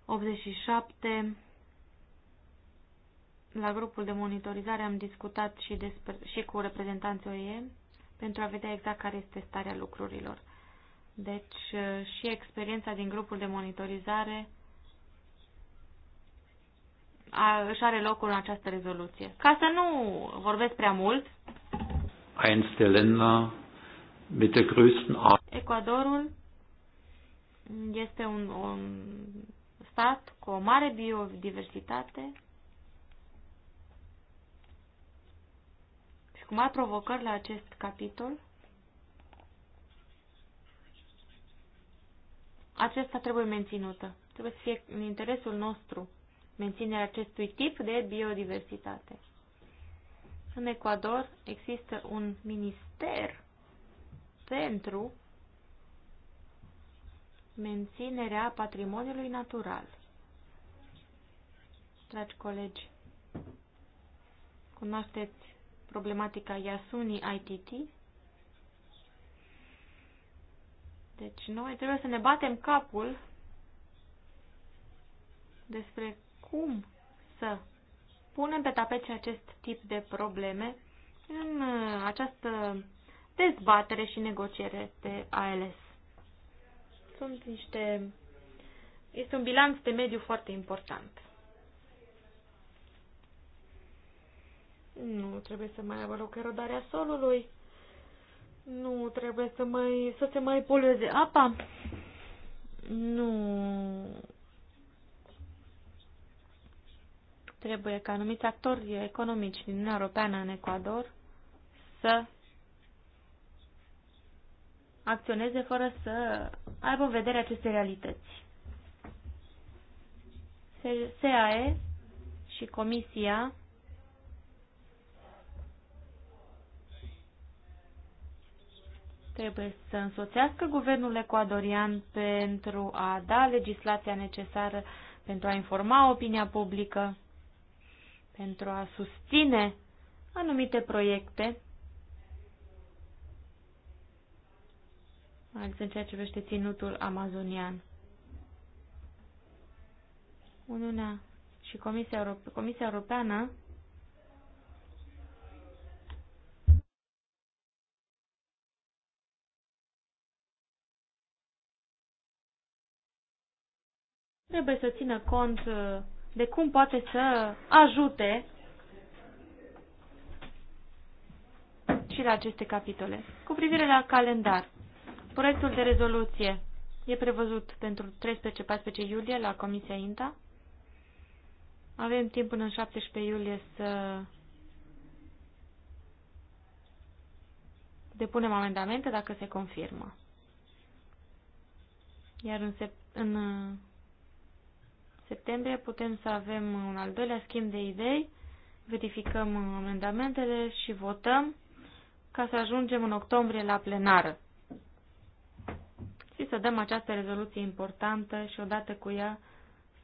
Speaker 2: 87. La grupul de monitorizare am discutat și, despre, și cu reprezentanții OIE pentru a vedea exact care este starea lucrurilor. Deci uh, și experiența din grupul de monitorizare a, își are locul în această rezoluție. Ca să nu vorbesc prea mult, Ecuadorul este un, un stat cu o mare biodiversitate și cu mari provocări la acest capitol. Acesta trebuie menținută. Trebuie să fie în interesul nostru menținerea acestui tip de biodiversitate. În Ecuador există un minister pentru menținerea patrimoniului natural. Dragi colegi, cunoașteți problematica Yasuni ITT? Deci noi trebuie să ne batem capul despre cum să punem pe tapet și acest tip de probleme în uh, această dezbatere și negociere pe ALS sunt niște... Este un bilanț de mediu foarte important. Nu trebuie să mai aibă loc erodarea solului. Nu trebuie să, mai, să se mai polueze apa. Nu trebuie ca anumiți actori economici din Uniunea Europeană în Ecuador să acționeze fără să aibă în vedere aceste realități. SAE și Comisia trebuie să însoțească guvernul ecuadorian pentru a da legislația necesară pentru a informa opinia publică, pentru a susține anumite proiecte mai ales în ceea ce vește ținutul amazonian. Uniunea și Comisia, Europe- Comisia Europeană trebuie să țină cont uh, de cum poate să ajute și la aceste capitole. Cu privire la calendar, Proiectul de rezoluție e prevăzut pentru 13-14 iulie la Comisia INTA. Avem timp până în 17 iulie să depunem amendamente dacă se confirmă. Iar în, sep- în uh, septembrie putem să avem un al doilea schimb de idei, verificăm uh, amendamentele și votăm ca să ajungem în octombrie la plenară și să dăm această rezoluție importantă și odată cu ea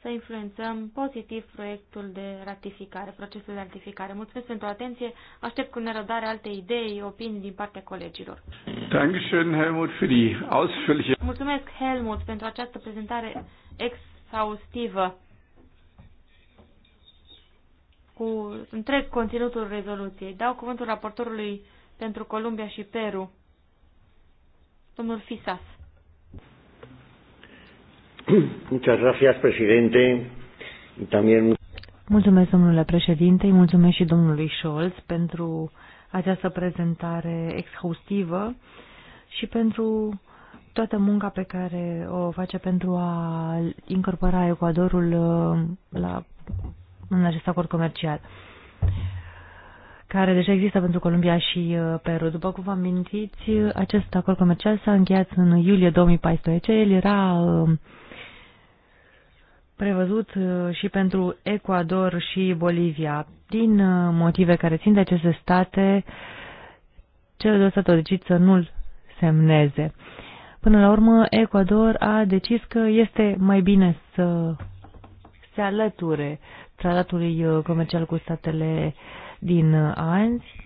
Speaker 2: să influențăm pozitiv proiectul de ratificare, procesul de ratificare. Mulțumesc pentru atenție. Aștept cu nerăbdare alte idei, opinii din partea colegilor.
Speaker 1: Dankeschön, Helmut, für die ausführliche...
Speaker 2: Mulțumesc, Helmut, pentru această prezentare exhaustivă cu întreg conținutul rezoluției. Dau cuvântul raportorului pentru Columbia și Peru, domnul Fisas.
Speaker 1: Muchas gracias, presidente. También...
Speaker 3: Mulțumesc, domnule președinte, mulțumesc și domnului Scholz pentru această prezentare exhaustivă și pentru toată munca pe care o face pentru a incorpora Ecuadorul uh, la, în acest acord comercial care deja există pentru Columbia și uh, Peru. După cum vă amintiți, acest acord comercial s-a încheiat în iulie 2014. El era uh, prevăzut uh, și pentru Ecuador și Bolivia. Din uh, motive care țin de aceste state, cel de stat a decis să nu-l semneze. Până la urmă, Ecuador a decis că este mai bine să se alăture tratatului uh, comercial cu statele din Anzi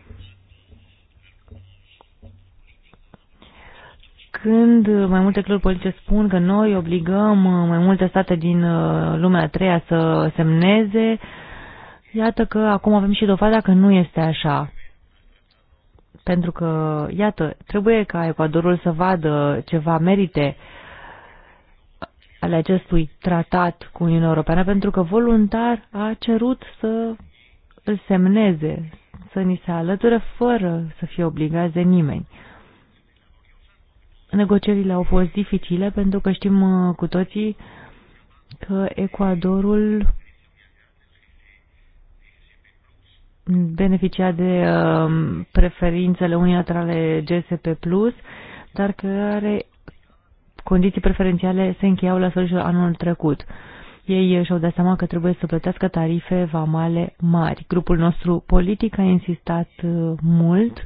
Speaker 3: când mai multe cluburi politice spun că noi obligăm uh, mai multe state din uh, lumea a treia să semneze, iată că acum avem și dovada că nu este așa. Pentru că, iată, trebuie ca Ecuadorul să vadă ceva merite ale acestui tratat cu Uniunea Europeană, pentru că voluntar a cerut să îl semneze, să ni se alăture fără să fie obligați de nimeni. Negocierile au fost dificile pentru că știm uh, cu toții că Ecuadorul beneficia de uh, preferințele unilaterale GSP+, dar care condiții preferențiale se încheiau la sfârșitul anului trecut. Ei și-au dat seama că trebuie să plătească tarife vamale mari. Grupul nostru politic a insistat uh, mult uh,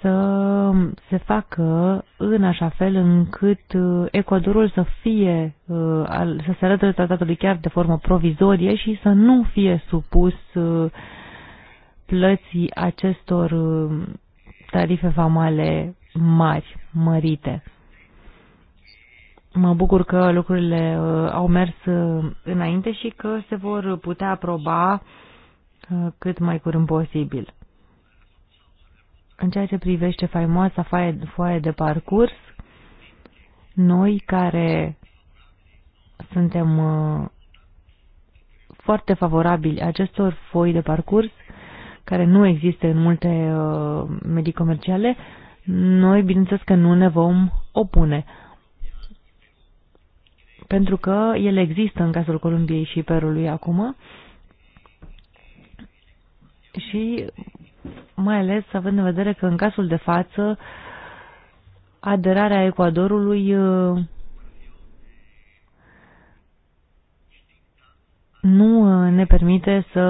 Speaker 3: să se facă în așa fel încât uh, Ecuadorul să fie, uh, să se arătă tratatului chiar de formă provizorie și să nu fie supus uh, plății acestor tarife famale mari, mărite. Mă bucur că lucrurile au mers înainte și că se vor putea aproba cât mai curând posibil. În ceea ce privește faimoasa foaie, de parcurs, noi care suntem uh, foarte favorabili acestor foi de parcurs, care nu există în multe uh, medii comerciale, noi bineînțeles că nu ne vom opune. Pentru că ele există în cazul Columbiei și Perului acum și mai ales având în vedere că în cazul de față aderarea Ecuadorului uh, nu uh, ne permite să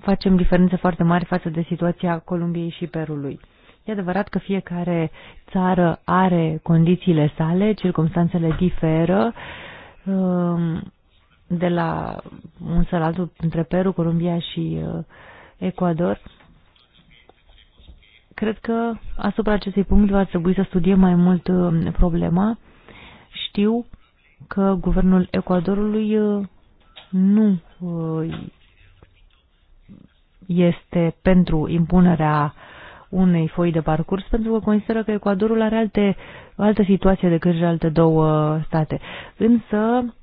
Speaker 3: facem diferențe foarte mari față de situația Columbiei și Perului. E adevărat că fiecare țară are condițiile sale, circumstanțele diferă uh, de la un săl altul între Peru, Columbia și Ecuador. Cred că asupra acestui punct va trebui să studiem mai mult uh, problema. Știu că guvernul Ecuadorului uh, nu uh, este pentru impunerea unei foi de parcurs, pentru că consideră că Ecuadorul are alte, altă situație decât și alte două state. Însă,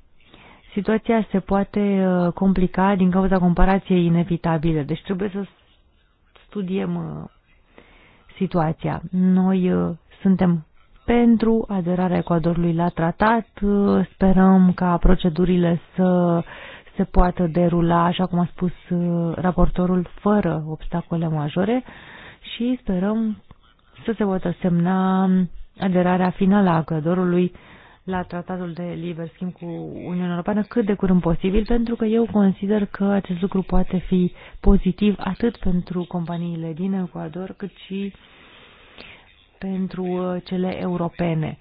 Speaker 3: situația se poate complica din cauza comparației inevitabile. Deci trebuie să studiem situația. Noi uh, suntem pentru aderarea Ecuadorului la tratat. Uh, sperăm ca procedurile să se poată derula, așa cum a spus uh, raportorul, fără obstacole majore și sperăm să se poată semna aderarea finală a Ecuadorului la tratatul de liber schimb cu Uniunea Europeană cât de curând posibil, pentru că eu consider că acest lucru poate fi pozitiv atât pentru companiile din Ecuador, cât și pentru uh, cele europene.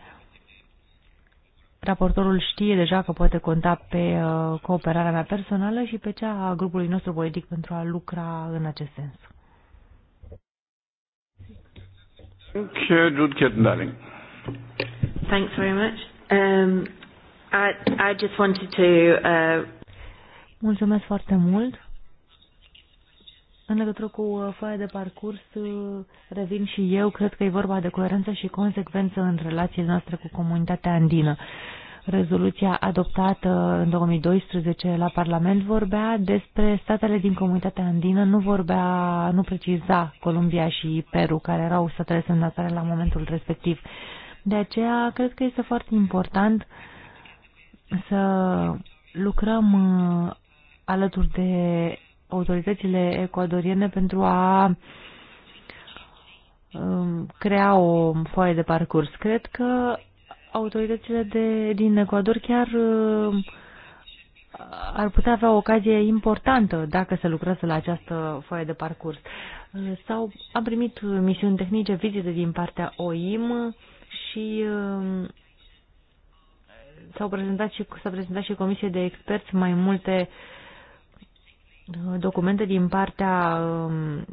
Speaker 3: Raportorul știe deja că poate conta pe uh, cooperarea mea personală și pe cea a grupului nostru politic pentru a lucra în acest sens.
Speaker 1: Thank you, Jude
Speaker 3: Thanks very much. Um, I, I just wanted to, uh... Mulțumesc foarte mult. În legătură cu uh, foaia de parcurs, uh, revin și eu, cred că e vorba de coerență și consecvență în relațiile noastre cu comunitatea andină. Rezoluția adoptată în 2012 la Parlament vorbea despre statele din comunitatea andină, nu vorbea, nu preciza Columbia și Peru, care erau statele semnatare la momentul respectiv. De aceea, cred că este foarte important să lucrăm uh, alături de autoritățile ecuadoriene pentru a um, crea o foaie de parcurs. Cred că autoritățile de, din Ecuador chiar uh, ar putea avea o ocazie importantă dacă se lucrează la această foaie de parcurs. Uh, sau am primit misiuni tehnice, vizite din partea OIM, și um, s-au prezentat și s-a prezentat și comisie de experți mai multe uh, documente din partea um,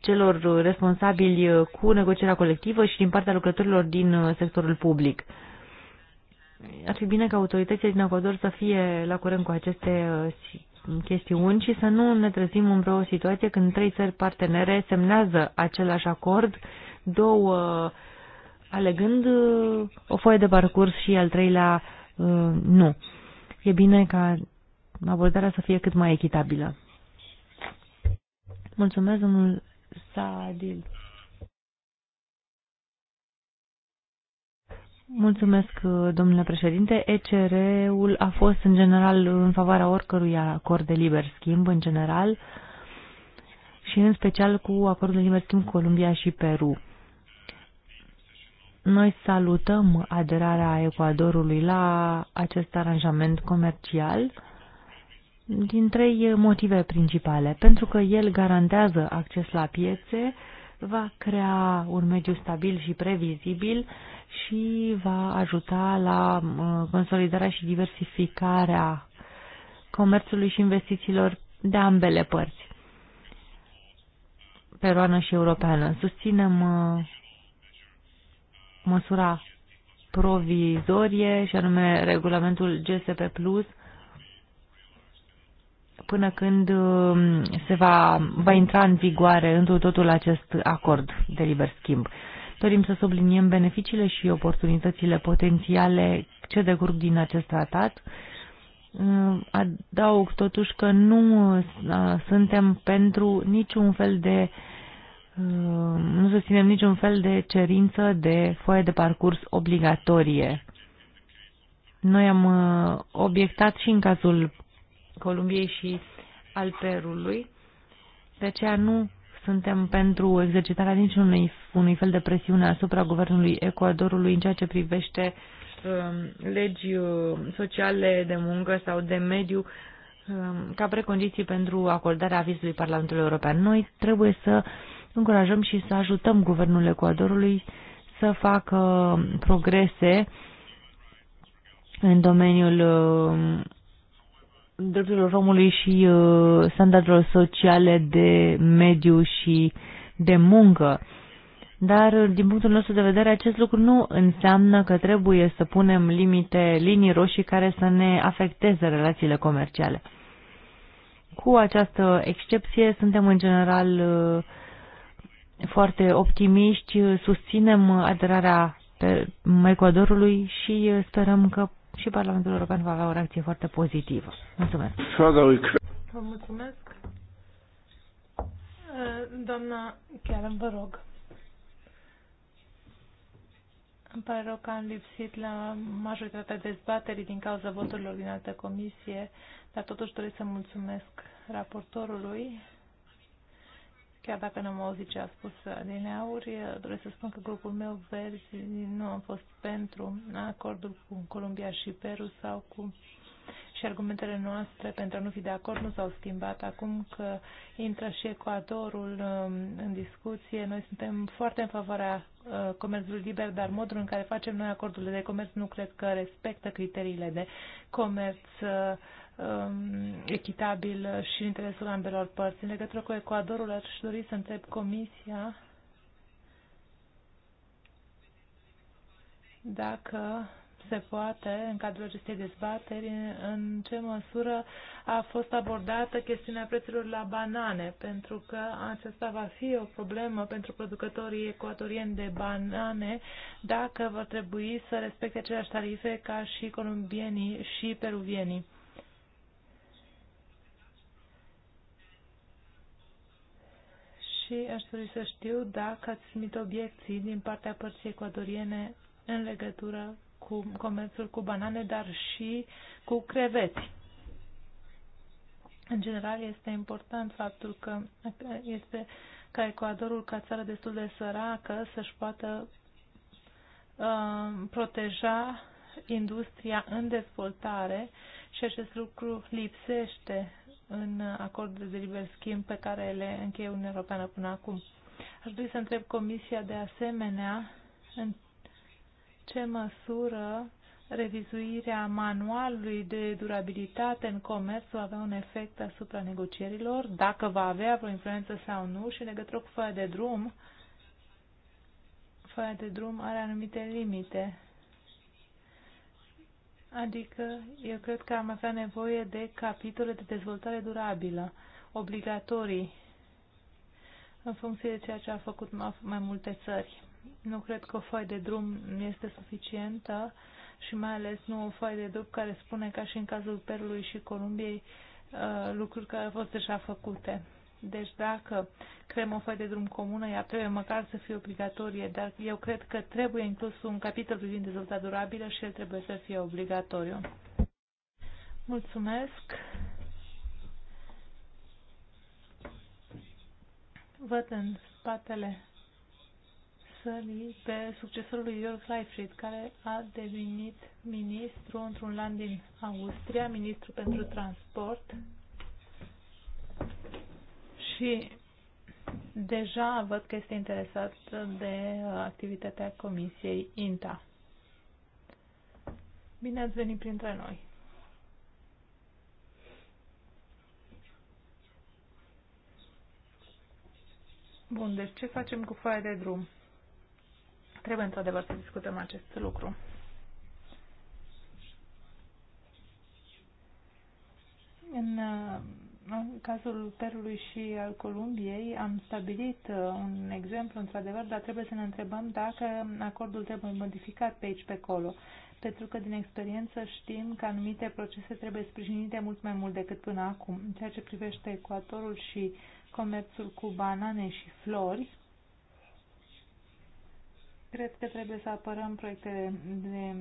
Speaker 3: celor responsabili cu negocierea colectivă și din partea lucrătorilor din uh, sectorul public. Ar fi bine ca autoritățile din Ecuador să fie la curent cu aceste uh, chestiuni și să nu ne trezim în o situație când trei țări partenere semnează același acord, două uh, alegând uh, o foaie de parcurs și al treilea uh, nu. E bine ca abordarea să fie cât mai echitabilă. Mulțumesc, domnul Sadil. Mulțumesc, uh, domnule președinte. ECR-ul a fost, în general, în favoarea oricărui acord de liber schimb, în general, și în special cu acordul de liber schimb cu Columbia și Peru. Noi salutăm aderarea Ecuadorului la acest aranjament comercial din trei motive principale. Pentru că el garantează acces la piețe, va crea un mediu stabil și previzibil și va ajuta la uh, consolidarea și diversificarea comerțului și investițiilor de ambele părți, peruană și europeană. Susținem uh, măsura provizorie și anume regulamentul GSP Plus până când um, se va, va intra în vigoare întru totul acest acord de liber schimb. Dorim să subliniem beneficiile și oportunitățile potențiale ce decurg din acest tratat. Uh, adaug totuși că nu uh, suntem pentru niciun fel de Uh, nu susținem niciun fel de cerință de foaie de parcurs obligatorie. Noi am uh, obiectat și în cazul Columbiei și al Perului, de aceea nu suntem pentru exercitarea niciunui unui fel de presiune asupra guvernului Ecuadorului în ceea ce privește um, legi uh, sociale de muncă sau de mediu um, ca precondiții pentru acordarea avizului Parlamentului European. Noi trebuie să uh, încurajăm și să ajutăm guvernul Ecuadorului să facă progrese în domeniul uh, drepturilor omului și uh, standardelor sociale de mediu și de muncă. Dar, din punctul nostru de vedere, acest lucru nu înseamnă că trebuie să punem limite, linii roșii care să ne afecteze relațiile comerciale. Cu această excepție, suntem în general uh, foarte optimiști, susținem aderarea pe Ecuadorului și sperăm că și Parlamentul European va avea o reacție foarte pozitivă. Mulțumesc.
Speaker 1: Vă
Speaker 4: mulțumesc. Doamna
Speaker 3: Chiar, vă rog. Îmi pare rău că am lipsit la majoritatea dezbaterii din cauza voturilor din altă comisie, dar totuși doresc să mulțumesc raportorului Chiar dacă nu am auzit ce a spus din auri, doresc să spun că grupul meu verzi nu a fost pentru acordul cu Columbia și Peru sau cu și argumentele noastre pentru a nu fi de acord nu s-au schimbat. Acum că intră și Ecuadorul um, în discuție, noi suntem foarte în favoarea uh, comerțului liber, dar modul în care facem noi acordurile de comerț nu cred că respectă criteriile de comerț uh, um, echitabil și în interesul ambelor părți. În legătură cu Ecuadorul, aș dori să întreb Comisia dacă se poate, în cadrul acestei dezbateri, în ce măsură a fost abordată chestiunea prețurilor la banane, pentru că aceasta va fi o problemă pentru producătorii ecuatorieni de banane dacă vor trebui să respecte aceleași tarife ca și colombienii și peruvienii. și aș dori să știu dacă ați primit obiecții din partea părții ecuadoriene în legătură cu comerțul cu banane, dar și cu creveți. În general, este important faptul că este ca Ecuadorul, ca țară destul de săracă, să-și poată uh, proteja industria în dezvoltare și acest lucru lipsește în acordurile de liber schimb pe care le încheie Uniunea Europeană până acum. Aș dori să întreb Comisia de asemenea în ce măsură revizuirea manualului de durabilitate în comerț va avea un efect asupra negocierilor, dacă va avea vreo influență sau nu și în legătură cu foaia de drum, foaia de drum are anumite limite Adică eu cred că am avea nevoie de capitole de dezvoltare durabilă, obligatorii, în funcție de ceea ce a făcut mai multe țări. Nu cred că o foaie de drum este suficientă și mai ales nu o foaie de drum care spune ca și în cazul Perului și Columbiei uh, lucruri care au fost deja făcute. Deci dacă creăm o foaie de drum comună, ea trebuie măcar să fie obligatorie, dar eu cred că trebuie inclus un capitol privind dezvoltarea durabilă și el trebuie să fie obligatoriu. Mulțumesc! Văd în spatele sălii pe succesorul lui Jörg Leifried, care a devenit ministru într-un land din Austria, ministru pentru transport și deja văd că este interesat de activitatea Comisiei INTA. Bine ați venit printre noi! Bun, deci ce facem cu foaia de drum? Trebuie într-adevăr să discutăm acest lucru. cazul Perului și al Columbiei am stabilit uh, un exemplu, într-adevăr, dar trebuie să ne întrebăm dacă acordul trebuie modificat pe aici, pe acolo. Pentru că, din experiență, știm că anumite procese trebuie sprijinite mult mai mult decât până acum. În ceea ce privește Ecuatorul și comerțul cu banane și flori, cred că trebuie să apărăm proiecte de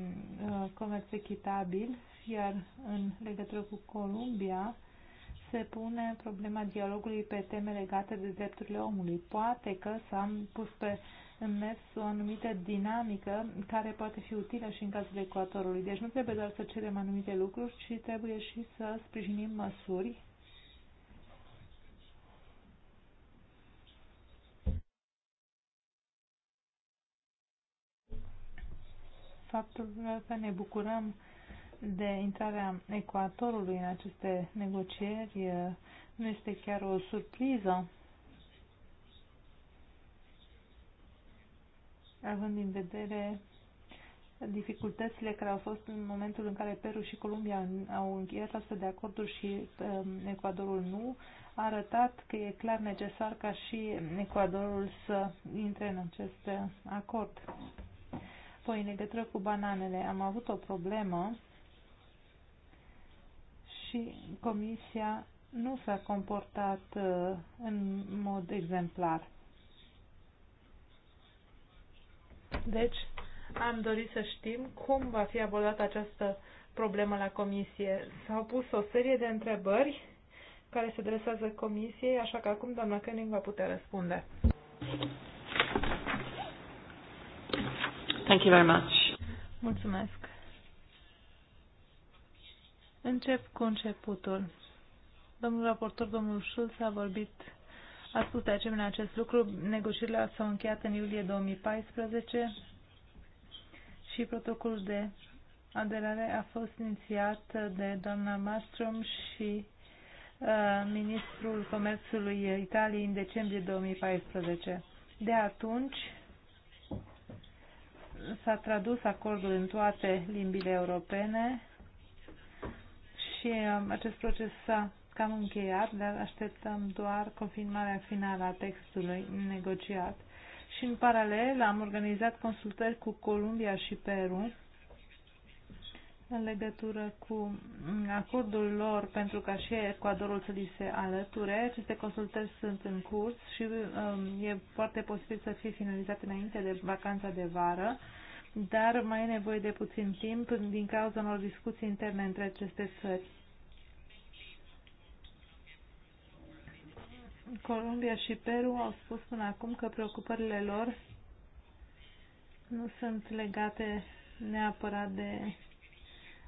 Speaker 3: uh, comerț echitabil, iar în legătură cu Columbia, se pune problema dialogului pe teme legate de drepturile omului. Poate că s-a pus pe în mers o anumită dinamică care poate fi utilă și în cazul Ecuatorului. Deci nu trebuie doar să cerem anumite lucruri, ci trebuie și să sprijinim măsuri faptul că ne bucurăm de intrarea Ecuatorului în aceste negocieri nu este chiar o surpriză, având în vedere dificultățile care au fost în momentul în care Peru și Columbia au încheiat astfel de acorduri și um, Ecuadorul nu, a arătat că e clar necesar ca și Ecuadorul să intre în acest acord. Păi, în legătură cu bananele, am avut o problemă și Comisia nu s-a comportat uh, în mod exemplar. Deci, am dorit să știm cum va fi abordată această problemă la comisie. S-au pus o serie de întrebări care se adresează comisiei, așa că acum doamna Koenig va putea răspunde. Thank you very much. Mulțumesc. Încep cu începutul. Domnul raportor, domnul Schulz, a vorbit, a spus de asemenea acest lucru. Negocierile s-au încheiat în iulie 2014 și protocolul de aderare a fost inițiat de doamna Mastrom și uh, ministrul comerțului Italiei în decembrie 2014. De atunci s-a tradus acordul în toate limbile europene și um, acest proces s-a cam încheiat, dar așteptăm doar confirmarea finală a textului negociat. Și în paralel am organizat consultări cu Columbia și Peru în legătură cu acordul lor pentru ca și Ecuadorul să li se alăture. Aceste consultări sunt în curs și um, e foarte posibil să fie finalizate înainte de vacanța de vară. Uh, dar mai e nevoie de puțin timp din cauza unor discuții interne între aceste țări. Columbia și Peru au spus până acum că preocupările lor nu sunt legate neapărat de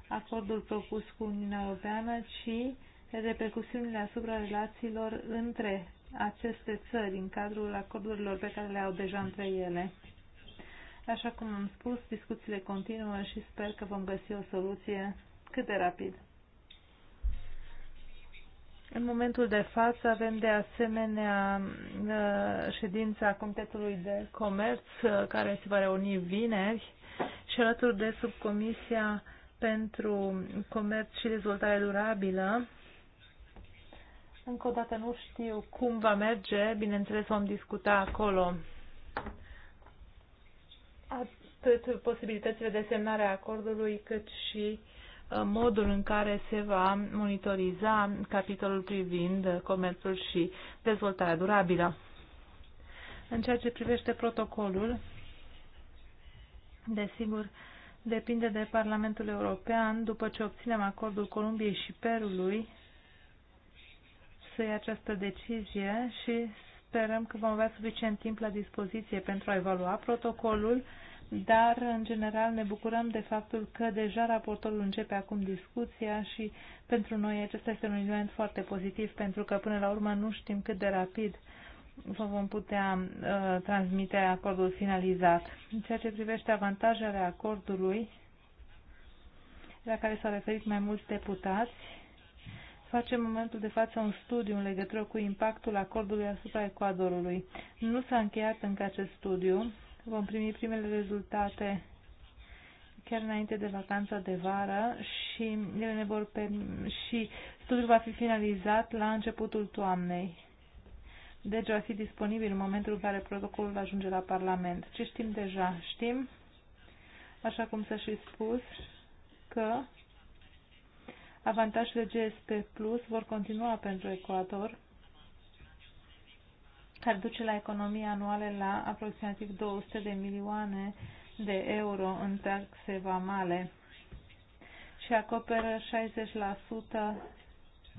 Speaker 3: acordul propus cu Uniunea Europeană, ci de repercusiunile asupra relațiilor între aceste țări în cadrul acordurilor pe care le au deja între ele. Așa cum am spus, discuțiile continuă și sper că vom găsi o soluție cât de rapid. În momentul de față avem de asemenea uh, ședința Comitetului de Comerț uh, care se va reuni vineri și alături de subcomisia pentru comerț și dezvoltare durabilă. Încă o dată nu știu cum va merge, bineînțeles vom discuta acolo atât posibilitățile de semnare a acordului, cât și uh, modul în care se va monitoriza capitolul privind comerțul și dezvoltarea durabilă. În ceea ce privește protocolul, desigur, depinde de Parlamentul European, după ce obținem acordul Columbiei și Perului, să ia această decizie și sperăm că vom avea suficient timp la dispoziție pentru a evalua protocolul dar în general ne bucurăm de faptul că deja raportorul începe acum discuția și pentru noi acesta este un element foarte pozitiv pentru că până la urmă nu știm cât de rapid vă vom putea uh, transmite acordul finalizat. În ceea ce privește avantajele acordului, la care s-au referit mai mulți deputați, face în momentul de față un studiu în legătură cu impactul acordului asupra Ecuadorului. Nu s-a încheiat încă acest studiu, vom primi primele rezultate chiar înainte de vacanța de vară și ele ne vor pe, și studiul va fi finalizat la începutul toamnei. Deci va fi disponibil în momentul în care protocolul ajunge la Parlament. Ce știm deja? Știm, așa cum s-a și spus, că avantajele GSP Plus vor continua pentru Ecuador care duce la economie anuale la aproximativ 200 de milioane de euro în taxe vamale și acoperă 60%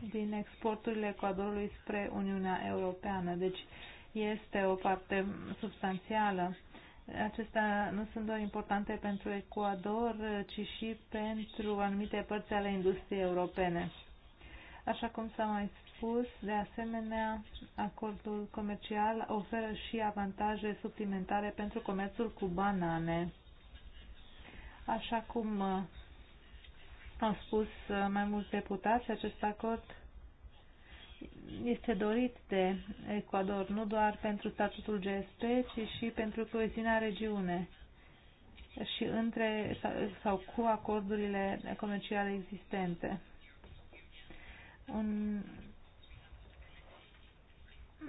Speaker 3: din exporturile Ecuadorului spre Uniunea Europeană. Deci este o parte substanțială. Acestea nu sunt doar importante pentru Ecuador, ci și pentru anumite părți ale industriei europene. Așa cum s-a mai spus, de asemenea, acordul comercial oferă și avantaje suplimentare pentru comerțul cu banane. Așa cum uh, au spus uh, mai mulți deputați, acest acord este dorit de Ecuador, nu doar pentru statutul GSP, ci și pentru coeziunea regiune și între sau cu acordurile comerciale existente. Un,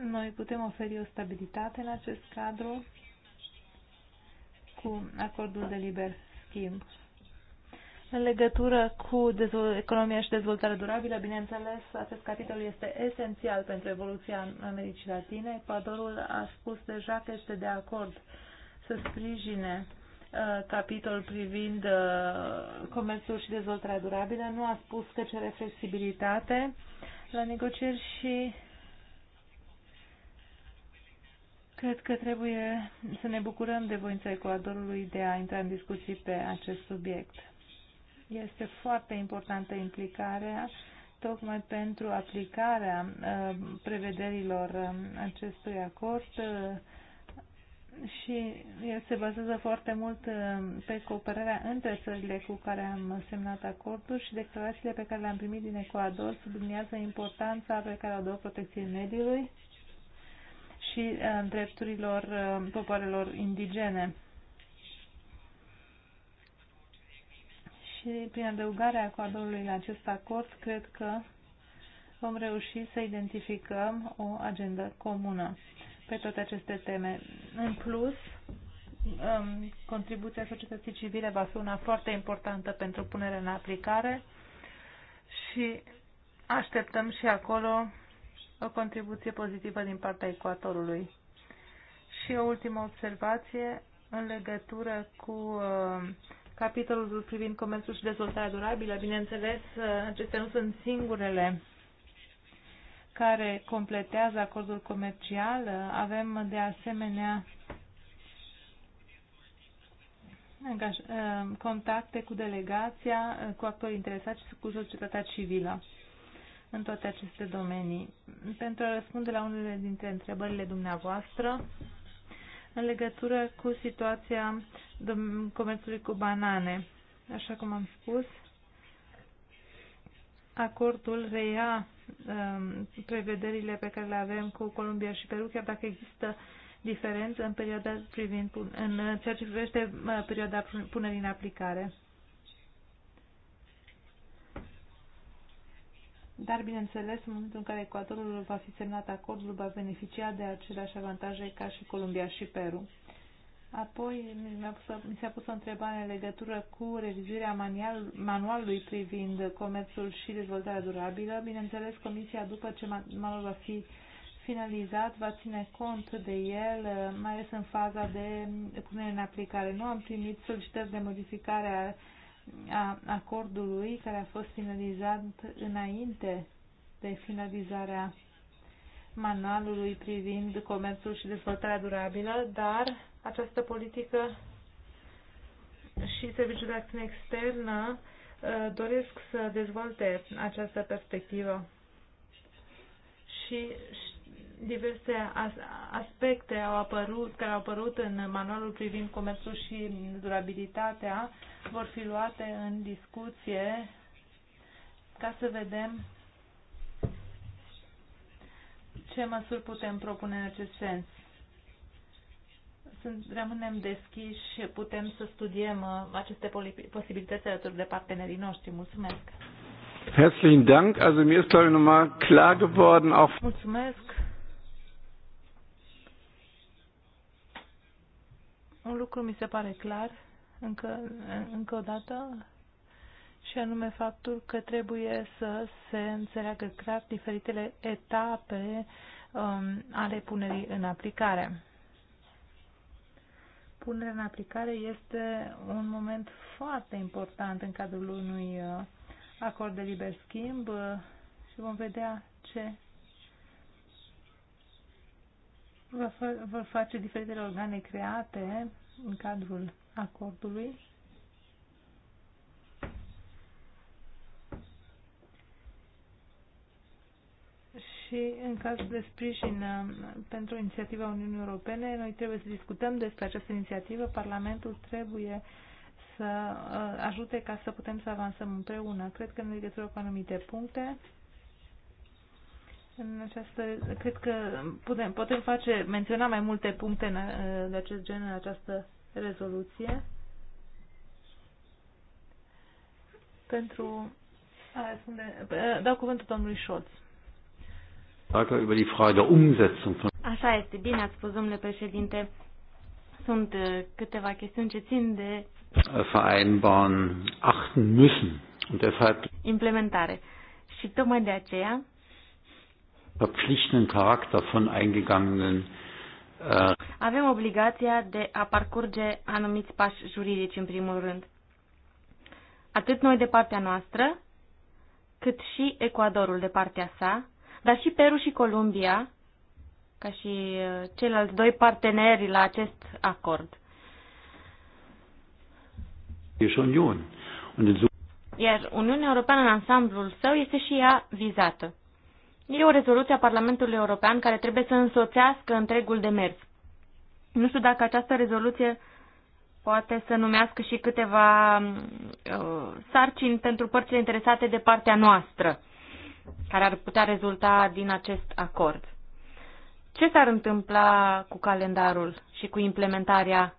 Speaker 3: noi putem oferi o stabilitate în acest cadru cu acordul de liber schimb. În legătură cu economia și dezvoltarea durabilă, bineînțeles, acest capitol este esențial pentru evoluția Americii Latine. Ecuadorul a spus deja că este de acord să sprijine uh, capitol privind uh, comerțul și dezvoltarea durabilă. Nu a spus că cere flexibilitate la negocieri și Cred că trebuie să ne bucurăm de voința Ecuadorului de a intra în discuții pe acest subiect. Este foarte importantă implicarea tocmai pentru aplicarea uh, prevederilor uh, acestui acord uh, și el se bazează foarte mult pe cooperarea între țările cu care am semnat acordul și declarațiile pe care le-am primit din Ecuador subliniază importanța pe care o dă protecției mediului și uh, drepturilor uh, popoarelor indigene. Și prin adăugarea acordului la acest acord, cred că vom reuși să identificăm o agendă comună pe toate aceste teme. În plus, um, contribuția societății civile va fi una foarte importantă pentru punerea în aplicare și așteptăm și acolo o contribuție pozitivă din partea Ecuatorului. Și o ultimă observație în legătură cu uh, capitolul privind comerțul și dezvoltarea durabilă. Bineînțeles, uh, acestea nu sunt singurele care completează acordul comercial. Avem de asemenea uh, contacte cu delegația, uh, cu actorii interesați și cu societatea civilă în toate aceste domenii. Pentru a răspunde la unele dintre întrebările dumneavoastră, în legătură cu situația comerțului cu banane, așa cum am spus, acordul reia um, prevederile pe care le avem cu Columbia și Peru, chiar dacă există diferențe în, perioada privind, în ceea ce privește uh, perioada punerii în aplicare. Dar, bineînțeles, în momentul în care Ecuadorul va fi semnat acordul, va beneficia de aceleași avantaje ca și Columbia și Peru. Apoi mi s-a pus o întrebare în legătură cu revizuirea manualului privind comerțul și dezvoltarea durabilă. Bineînțeles, Comisia, după ce manualul va fi finalizat, va ține cont de el, mai ales în faza de punere în aplicare. Nu am primit solicitări de modificare a a acordului care a fost finalizat înainte de finalizarea manualului privind comerțul și dezvoltarea durabilă, dar această politică și Serviciul de Acțiune Externă uh, doresc să dezvolte această perspectivă. Și diverse aspecte au apărut, care au apărut în manualul privind comerțul și durabilitatea vor fi luate în discuție ca să vedem ce măsuri putem propune în acest sens. Sunt, rămânem deschiși și putem să studiem uh, aceste posibilități alături de partenerii noștri. Mulțumesc!
Speaker 1: Herzlichen Dank. Also mir ist glaube ich nochmal klar geworden, auch
Speaker 3: Mulțumesc. un lucru mi se pare clar, încă, încă o dată, și anume faptul că trebuie să se înțeleagă clar diferitele etape um, ale punerii în aplicare. Punerea în aplicare este un moment foarte important în cadrul unui uh, acord de liber schimb uh, și vom vedea ce vor face diferitele organe create în cadrul acordului. Și în cazul de sprijin uh, pentru inițiativa Uniunii Europene, noi trebuie să discutăm despre această inițiativă. Parlamentul trebuie să uh, ajute ca să putem să avansăm împreună. Cred că în legătură cu anumite puncte în această, cred că putem, putem face, menționa mai multe puncte în, de acest gen în această rezoluție pentru a răspunde, dau cuvântul domnului Scholz.
Speaker 2: Așa este, bine ați spus, domnule președinte. Sunt uh, câteva chestiuni ce țin de
Speaker 1: vereinbaren achten müssen und deshalb
Speaker 2: implementare. Și tocmai de aceea
Speaker 1: verpflichtenden Charakter von eingegangenen äh,
Speaker 2: avem obligația de a parcurge anumiți pași juridici, în primul rând. Atât noi de partea noastră, cât și Ecuadorul de partea sa, dar și Peru și Columbia, ca și uh, ceilalți doi parteneri la acest acord. Iar Uniunea Europeană în ansamblul său este și ea vizată. E o rezoluție a Parlamentului European care trebuie să însoțească întregul demers. Nu știu dacă această rezoluție poate să numească și câteva uh, sarcini pentru părțile interesate de partea noastră, care ar putea rezulta din acest acord. Ce s-ar întâmpla cu calendarul și cu implementarea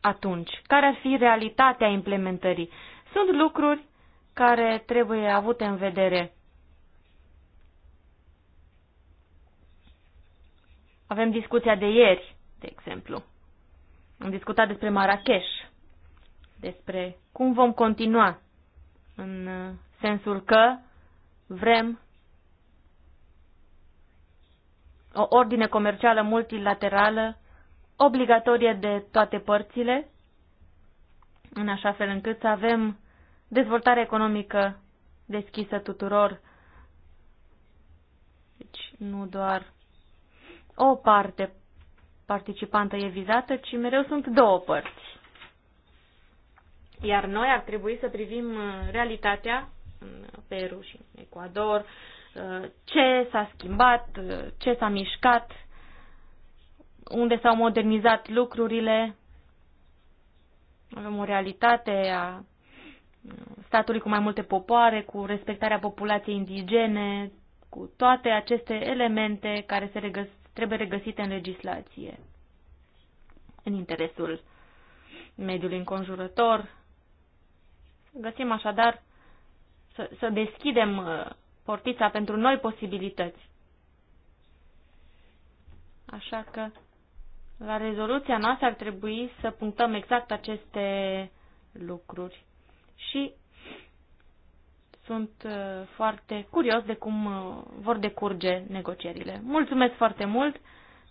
Speaker 2: atunci? Care ar fi realitatea implementării? Sunt lucruri care trebuie avute în vedere Avem discuția de ieri, de exemplu. Am discutat despre Marrakesh, despre cum vom continua în uh, sensul că vrem o ordine comercială multilaterală obligatorie de toate părțile, în așa fel încât să avem dezvoltare economică deschisă tuturor, deci nu doar o parte participantă e vizată, ci mereu sunt două părți. Iar noi ar trebui să privim uh, realitatea în Peru și în Ecuador, uh, ce s-a schimbat, uh, ce s-a mișcat, unde s-au modernizat lucrurile. Avem o realitate a statului cu mai multe popoare, cu respectarea populației indigene, cu toate aceste elemente care se regăsesc trebuie regăsite în legislație, în interesul mediului înconjurător. Găsim așadar să, să deschidem uh, portița pentru noi posibilități. Așa că la rezoluția noastră ar trebui să punctăm exact aceste lucruri. Și sunt uh, foarte curios de cum uh, vor decurge negocierile. Mulțumesc foarte mult!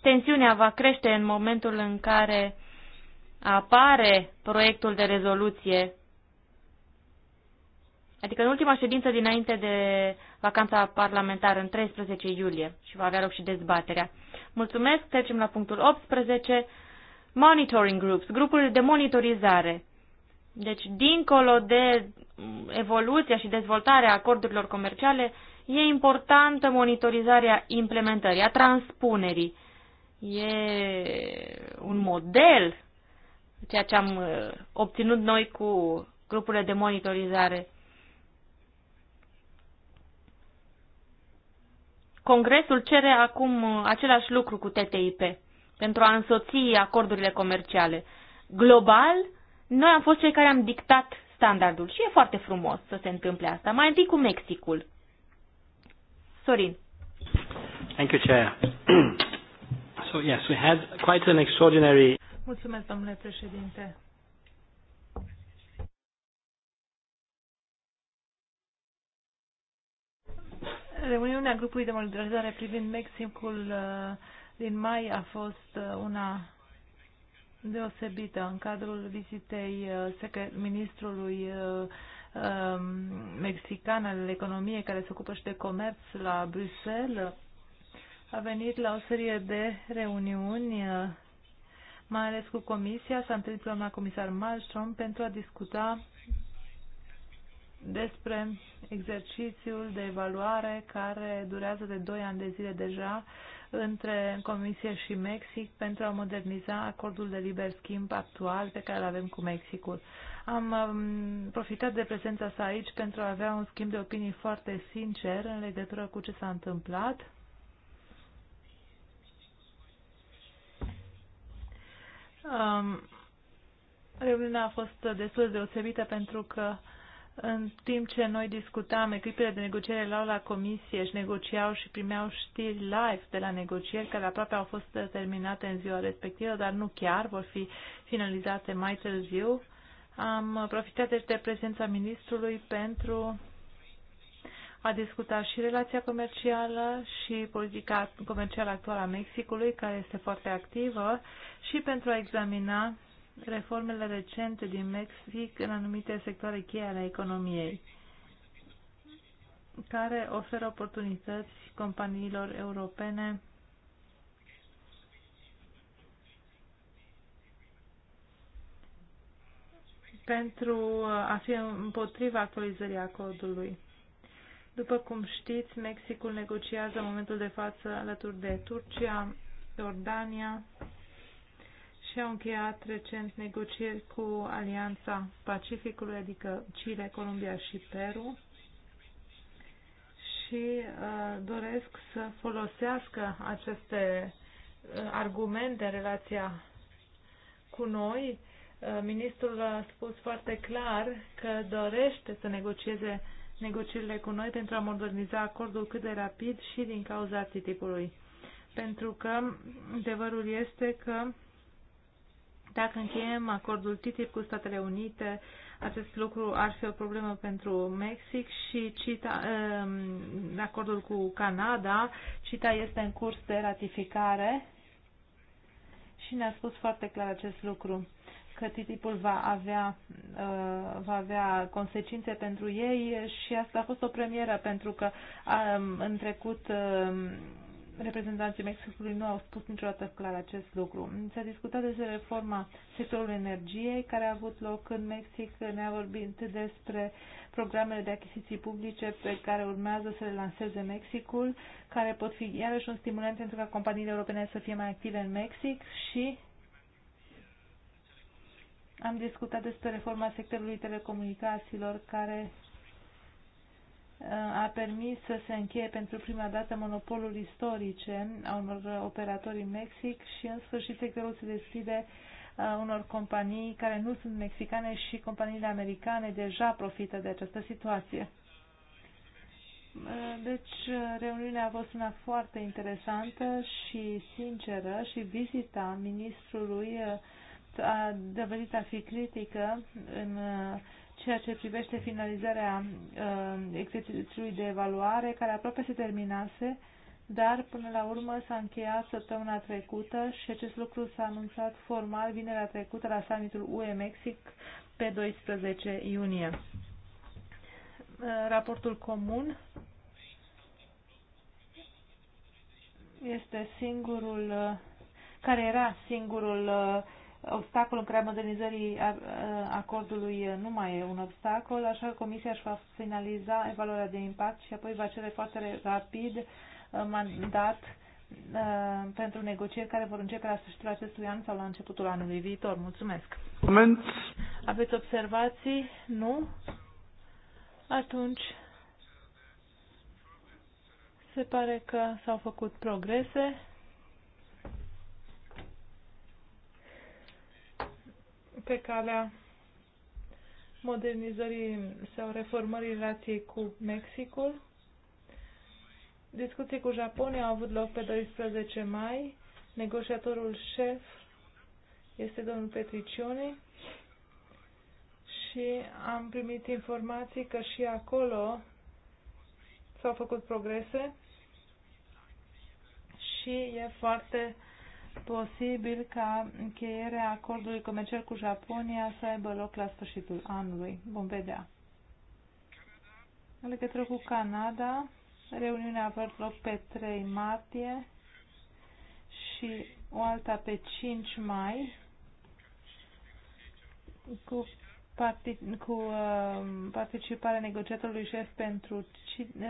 Speaker 2: Tensiunea va crește în momentul în care apare proiectul de rezoluție. Adică în ultima ședință dinainte de vacanța parlamentară, în 13 iulie, și va avea loc și dezbaterea. Mulțumesc, trecem la punctul 18, monitoring groups, grupurile de monitorizare. Deci, dincolo de evoluția și dezvoltarea acordurilor comerciale, e importantă monitorizarea implementării, a transpunerii. E un model ceea ce am uh, obținut noi cu grupurile de monitorizare. Congresul cere acum uh, același lucru cu TTIP pentru a însoți acordurile comerciale. Global, noi am fost cei care am dictat standardul și e foarte frumos să se întâmple asta, mai întâi cu Mexicul. Sorin.
Speaker 3: Thank you, Chair. so yes, we had quite an extraordinary Mulțumesc, domnule președinte. Reuniunea grupului de monitorizare privind Mexicul uh, din mai a fost uh, una deosebită în cadrul vizitei uh, ministrului uh, um, mexican al economiei care se ocupă și de comerț la Bruxelles a venit la o serie de reuniuni, uh, mai ales cu Comisia, s-a întâlnit cu doamna comisar Malmström pentru a discuta despre exercițiul de evaluare care durează de 2 ani de zile deja între Comisie și Mexic pentru a moderniza acordul de liber schimb actual pe care îl avem cu Mexicul. Am um, profitat de prezența sa aici pentru a avea un schimb de opinii foarte sincer în legătură cu ce s-a întâmplat. Um, reuniunea a fost destul de deosebită pentru că în timp ce noi discutam, echipele de negociere erau la comisie și negociau și primeau știri live de la negocieri care aproape au fost terminate în ziua respectivă, dar nu chiar, vor fi finalizate mai târziu. Am profitat deci de prezența ministrului pentru a discuta și relația comercială și politica comercială actuală a Mexicului, care este foarte activă, și pentru a examina reformele recente din Mexic în anumite sectoare cheie ale economiei, care oferă oportunități companiilor europene pentru a fi împotriva actualizării codului. După cum știți, Mexicul negociază în momentul de față alături de Turcia, Jordania și au încheiat recent negocieri cu Alianța Pacificului, adică Chile, Columbia și Peru și uh, doresc să folosească aceste uh, argumente în relația cu noi. Uh, ministrul a spus foarte clar că dorește să negocieze negocierile cu noi pentru a moderniza acordul cât de rapid și din cauza TTIP-ului. Pentru că adevărul este că dacă încheiem acordul TTIP cu Statele Unite, acest lucru ar fi o problemă pentru Mexic și CITA, um, acordul cu Canada, CITA este în curs de ratificare și ne-a spus foarte clar acest lucru că TTIP-ul va avea, uh, va avea consecințe pentru ei și asta a fost o premieră pentru că um, în trecut um, reprezentanții Mexicului nu au spus niciodată clar acest lucru. S-a discutat despre reforma sectorului energiei care a avut loc în Mexic, ne-a vorbit despre programele de achiziții publice pe care urmează să le lanseze Mexicul, care pot fi iarăși un stimulant pentru ca companiile europene să fie mai active în Mexic și am discutat despre reforma sectorului telecomunicațiilor care a permis să se încheie pentru prima dată monopolul istorice a unor operatori în Mexic și în sfârșit sectorul se deschide uh, unor companii care nu sunt mexicane și companiile americane deja profită de această situație. Uh, deci, reuniunea a fost una foarte interesantă și sinceră și vizita ministrului uh, a devenit a fi critică în ceea ce privește finalizarea uh, exercițiului de evaluare, care aproape se terminase, dar până la urmă s-a încheiat săptămâna trecută și acest lucru s-a anunțat formal vinerea trecută la summitul UE Mexic pe 12 iunie. Uh, raportul comun este singurul, uh, care era singurul uh, obstacol în care modernizării acordului nu mai e un obstacol, așa că Comisia își va finaliza evaluarea de impact și apoi va cere foarte rapid uh, mandat uh, pentru negocieri care vor începe la sfârșitul acestui an sau la începutul anului viitor. Mulțumesc! Moment. Aveți observații? Nu? Atunci se pare că s-au făcut progrese. pe calea modernizării sau reformării relației cu Mexicul. Discuții cu Japonia au avut loc pe 12 mai. Negociatorul șef este domnul Petricioni și am primit informații că și acolo s-au făcut progrese și e foarte posibil ca încheierea acordului comercial cu Japonia să aibă loc la sfârșitul anului. Vom vedea. În legătură cu Canada, reuniunea a avut loc pe 3 martie și o alta pe 5 mai cu, parti, cu uh, participarea negociatorului șef pentru, uh,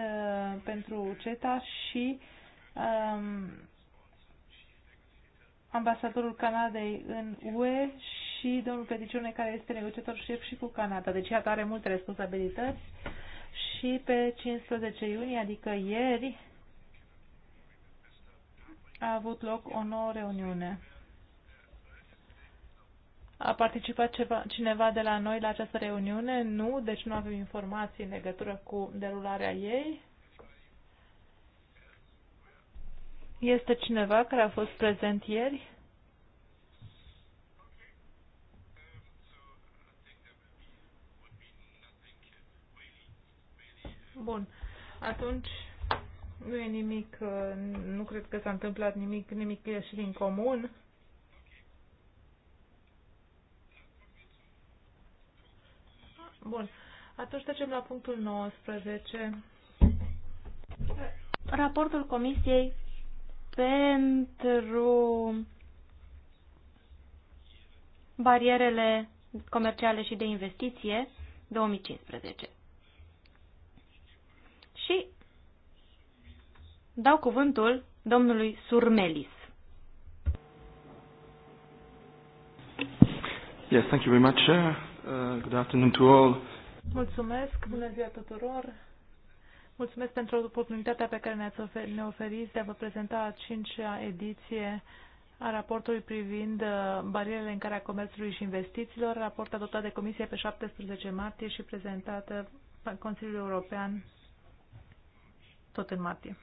Speaker 3: pentru CETA și uh, ambasadorul Canadei în UE și domnul Pediciune, care este negociator șef și cu Canada. Deci, iată, are multe responsabilități. Și pe 15 iunie, adică ieri, a avut loc o nouă reuniune. A participat ceva, cineva de la noi la această reuniune? Nu, deci nu avem informații în legătură cu derularea ei. Este cineva care a fost prezent ieri? Bun. Atunci nu e nimic, nu cred că s-a întâmplat nimic, nimic și din comun. Bun. Atunci trecem la punctul 19. Raportul
Speaker 2: Comisiei pentru barierele comerciale și de investiție 2015. Și dau cuvântul domnului Surmelis.
Speaker 1: Yes, thank you very much, Uh, good afternoon to all.
Speaker 3: Mulțumesc, bună ziua tuturor. Mulțumesc pentru oportunitatea pe care ne-ați ofer ne oferiți de a vă prezenta a cincea ediție a raportului privind uh, barierele în care a comerțului și investițiilor, raport adoptat de Comisie pe 17 martie și prezentată uh, Consiliul European tot în martie.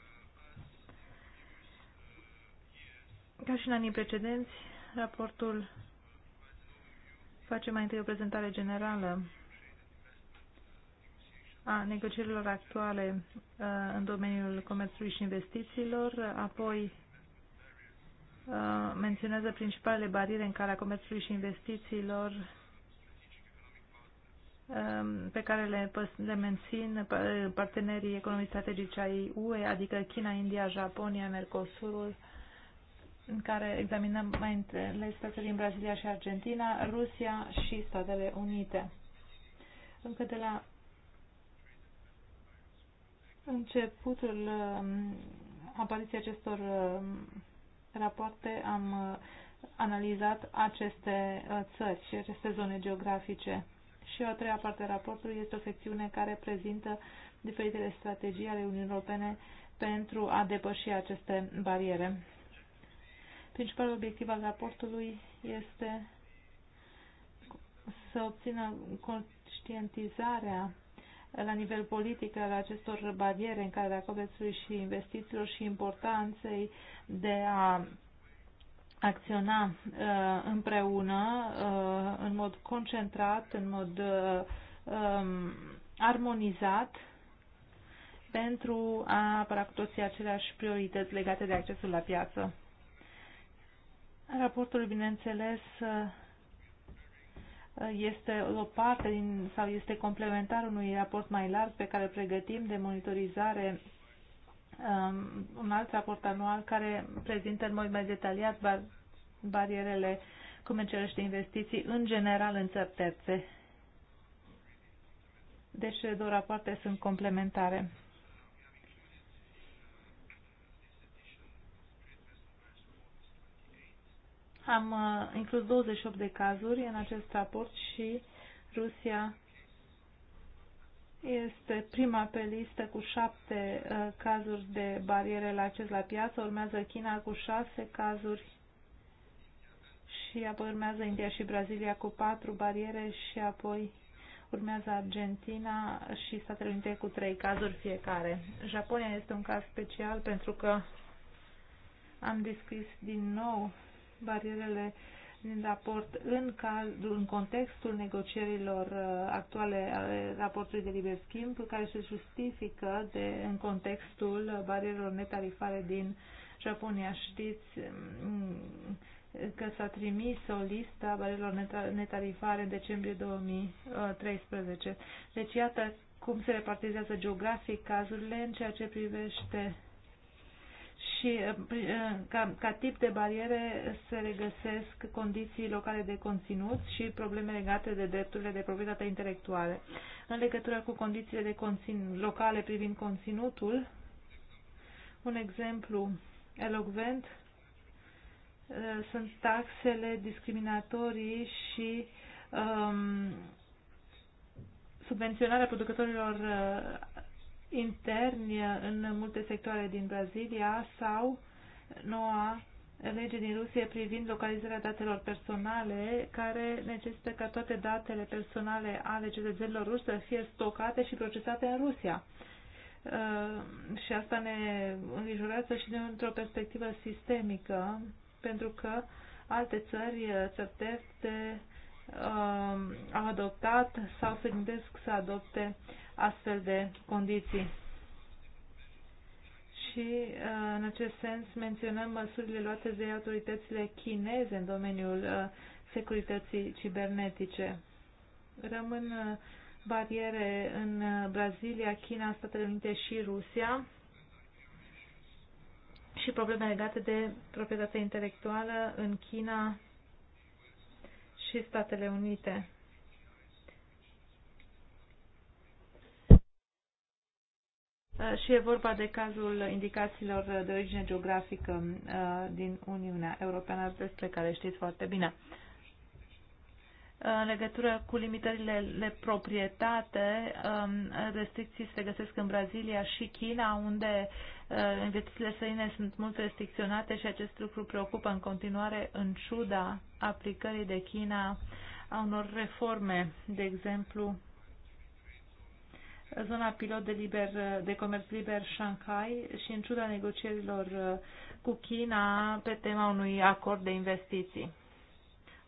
Speaker 3: Ca și în anii precedenți, raportul face mai întâi o prezentare generală a negocierilor actuale uh, în domeniul comerțului și investițiilor, apoi uh, menționează principalele bariere în calea comerțului și investițiilor um, pe care le, le mențin uh, partenerii economici strategici ai UE, adică China, India, Japonia, Mercosurul, în care examinăm mai întâi situația din Brazilia și Argentina, Rusia și Statele Unite. Încă de la începutul um, apariției acestor um, rapoarte am uh, analizat aceste uh, țări și aceste zone geografice. Și o treia parte a raportului este o secțiune care prezintă diferitele strategii ale Uniunii Europene pentru a depăși aceste bariere. Principalul obiectiv al raportului este să obțină conștientizarea la nivel politic al acestor bariere în calea comerțului și investițiilor și importanței de a acționa uh, împreună, uh, în mod concentrat, în mod uh, um, armonizat, pentru a apăra cu toții aceleași priorități legate de accesul la piață. Raportul, bineînțeles, uh, este o parte din, sau este complementar unui raport mai larg pe care îl pregătim de monitorizare um, un alt raport anual care prezintă în mod mai detaliat bar barierele comerciale și de investiții în general în țări terțe. Deci, două rapoarte sunt complementare. Am uh, inclus 28 de cazuri în acest raport și Rusia este prima pe listă cu șapte uh, cazuri de bariere la acces la piață, urmează China cu șase cazuri și apoi urmează India și Brazilia cu patru bariere și apoi urmează Argentina și Statele Unite cu trei cazuri fiecare. Japonia este un caz special pentru că am deschis din nou barierele din raport în, cald, în contextul negocierilor uh, actuale ale uh, raportului de liber schimb, care se justifică de, în contextul barierelor netarifare din Japonia. Știți um, că s-a trimis o listă a barierelor netarifare în decembrie 2013. Deci iată cum se repartizează geografic cazurile în ceea ce privește și eh, eh, ca, ca tip de bariere se regăsesc condiții locale de conținut și probleme legate de drepturile de proprietate intelectuală. În legătură cu condițiile de conțin, locale privind conținutul, un exemplu elocvent eh, sunt taxele discriminatorii și um, subvenționarea producătorilor interni în multe sectoare din Brazilia sau noua lege din Rusie privind localizarea datelor personale, care necesită ca toate datele personale ale cetățenilor ruși să fie stocate și procesate în Rusia. Uh, și asta ne îngrijorează și dintr-o perspectivă sistemică, pentru că alte țări, uh, țări uh, au adoptat sau se gândesc să adopte uh, astfel de condiții. Și uh, în acest sens menționăm măsurile luate de autoritățile chineze în domeniul uh, securității cibernetice. Rămân uh, bariere în Brazilia, China, Statele Unite și Rusia și probleme legate de proprietatea intelectuală în China și Statele Unite. Uh, și e vorba de cazul indicațiilor de origine geografică uh, din Uniunea Europeană, despre care știți foarte bine. Uh, în legătură cu limitările de proprietate, um, restricții se găsesc în Brazilia și China, unde investițiile străine sunt mult restricționate și acest lucru preocupă în continuare, în ciuda aplicării de China a unor reforme, de exemplu, zona pilot de, liber, de comerț liber Shanghai și în ciuda negocierilor uh, cu China pe tema unui acord de investiții.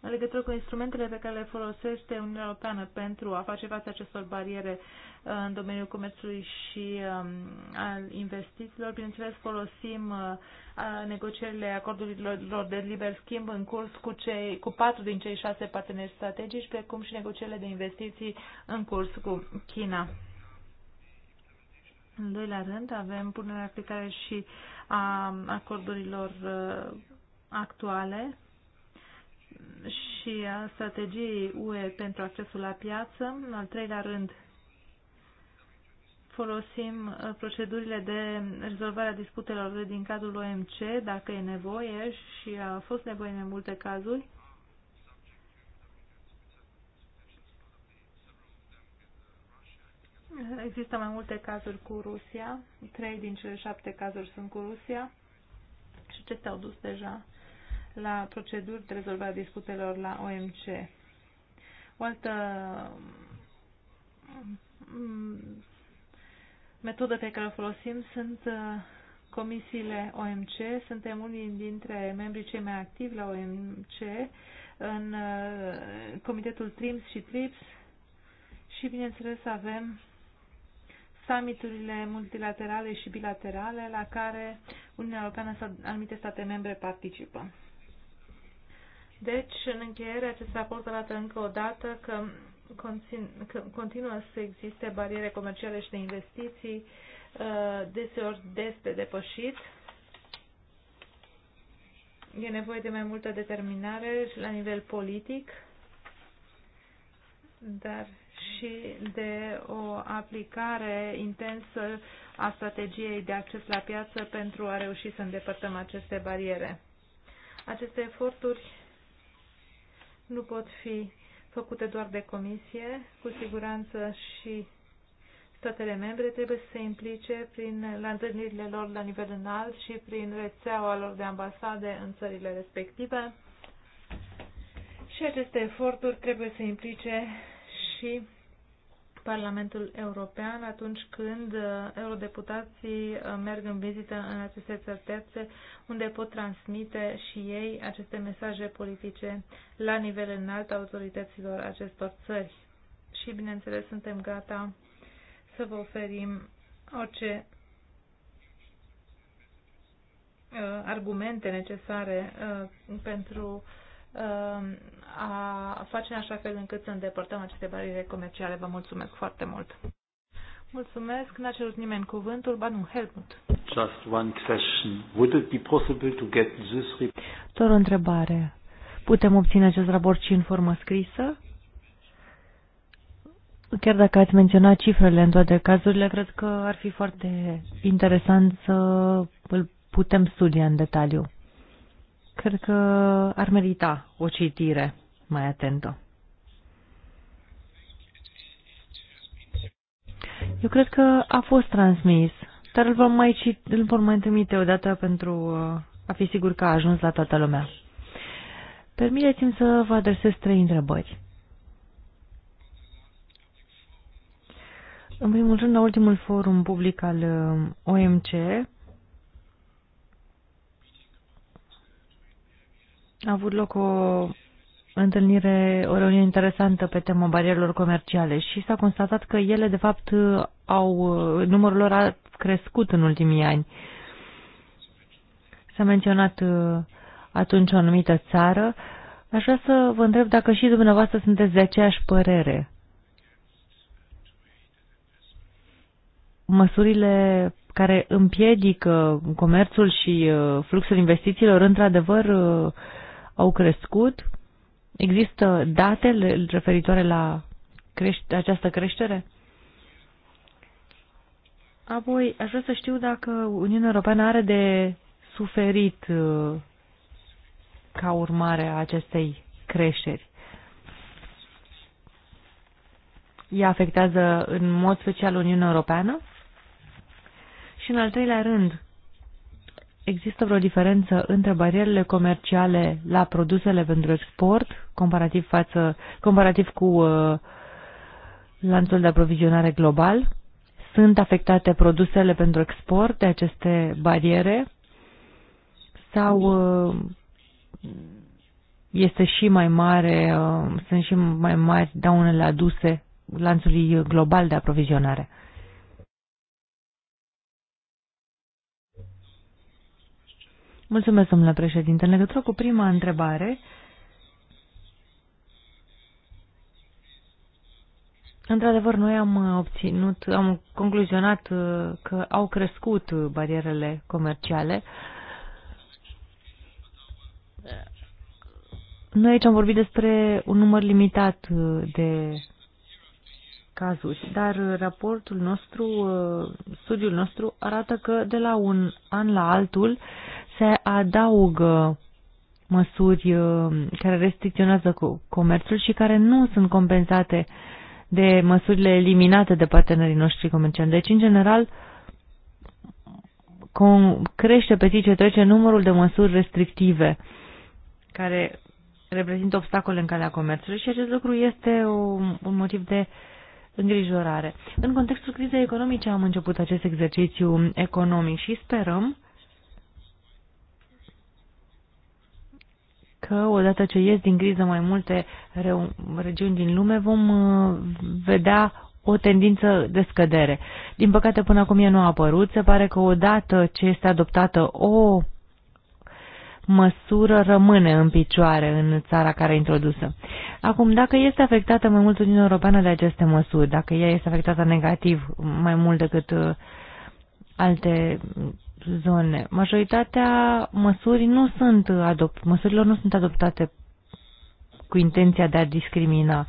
Speaker 3: În legătură cu instrumentele pe care le folosește Uniunea Europeană pentru a face față acestor bariere uh, în domeniul comerțului și um, al investițiilor, bineînțeles folosim uh, negocierile acordurilor de liber schimb în curs cu, cei, cu patru din cei șase parteneri strategici, precum și negocierile de investiții în curs cu China. În doilea rând, avem punerea în aplicare și a acordurilor uh, actuale și a strategiei UE pentru accesul la piață. În al treilea rând, folosim uh, procedurile de rezolvare a disputelor din cadrul OMC, dacă e nevoie și a fost nevoie în multe cazuri. Există mai multe cazuri cu Rusia. Trei din cele șapte cazuri sunt cu Rusia și s au dus deja la proceduri de rezolvare a disputelor la OMC. O altă mm, metodă pe care o folosim sunt uh, comisiile OMC. Suntem unii dintre membrii cei mai activi la OMC în uh, comitetul TRIMS și TRIPS și, bineînțeles, avem summiturile multilaterale și bilaterale la care Uniunea Europeană sau anumite state membre participă. Deci, în încheiere, acest raport arată încă o dată că, conțin, că continuă să existe bariere comerciale și de investiții, uh, deseori des de depășit. E nevoie de mai multă determinare și la nivel politic, dar și de o aplicare intensă a strategiei de acces la piață pentru a reuși să îndepărtăm aceste bariere. Aceste eforturi nu pot fi făcute doar de comisie, cu siguranță și statele membre trebuie să se implice prin, la întâlnirile lor la nivel înalt și prin rețeaua lor de ambasade în țările respective. Și aceste eforturi trebuie să implice și Parlamentul European atunci când uh, eurodeputații uh, merg în vizită în aceste țări terțe, unde pot transmite și ei aceste mesaje politice la nivel înalt autorităților acestor țări. Și, bineînțeles, suntem gata să vă oferim orice uh, argumente necesare pentru uh, Um, a face în așa fel încât să îndepărtăm aceste bariere comerciale. Vă mulțumesc foarte mult! Mulțumesc, n-a cerut nimeni cuvântul, ba nu, Helmut.
Speaker 1: Just one question. Would it be possible to get this report?
Speaker 3: Doar o întrebare. Putem obține acest raport și în formă scrisă? Chiar dacă ați menționat cifrele în toate cazurile, cred că ar fi foarte interesant să îl putem studia în detaliu cred că ar merita o citire mai atentă. Eu cred că a fost transmis, dar îl vom mai, cit, îl vom mai trimite odată pentru uh, a fi sigur că a ajuns la toată lumea. Permiteți-mi să vă adresez trei întrebări. În primul rând, la ultimul forum public al uh, OMC, A avut loc o întâlnire, o reuniune interesantă pe tema barierelor comerciale și s-a constatat că ele, de fapt, au, numărul lor a crescut în ultimii ani. S-a menționat uh, atunci o anumită țară. Aș vrea să vă întreb dacă și dumneavoastră sunteți de aceeași părere. Măsurile care împiedică comerțul și uh, fluxul investițiilor, într-adevăr, uh, au crescut? Există date referitoare la crește, această creștere?
Speaker 2: Apoi, aș vrea să știu dacă
Speaker 3: Uniunea Europeană are de suferit uh, ca urmare a acestei creșteri. Ea afectează în mod special Uniunea Europeană? Și în al treilea rând, Există vreo diferență între barierele comerciale la produsele pentru export, comparativ, față, comparativ cu uh, lanțul de aprovizionare global? Sunt afectate produsele pentru export de aceste bariere? Sau uh, este și mai mare, uh, sunt și mai mari daunele aduse lanțului global de aprovizionare? Mulțumesc, domnule președinte. În legătură cu prima întrebare, Într-adevăr, noi am obținut, am concluzionat uh, că au crescut barierele comerciale. Noi aici am vorbit despre un număr limitat uh, de cazuri, dar raportul nostru, uh, studiul nostru arată că de la un an la altul se adaugă măsuri uh, care restricționează comerțul și care nu sunt compensate de măsurile eliminate de partenerii noștri comerciali. Deci, în general, crește pe zi ce trece numărul de măsuri restrictive care reprezintă obstacole în calea comerțului și acest lucru este o, un motiv de îngrijorare. În contextul crizei economice am început acest exercițiu economic și sperăm că odată ce ies din criză mai multe regiuni din lume vom uh, vedea o tendință de scădere. Din păcate până acum ea nu a apărut. Se pare că odată ce este adoptată o măsură rămâne în picioare în țara care a introdusă. Acum, dacă este afectată mai mult Uniunea Europeană de aceste măsuri, dacă ea este afectată negativ mai mult decât uh, alte zone. Majoritatea măsuri nu sunt adopt, măsurilor nu sunt adoptate cu intenția de a discrimina.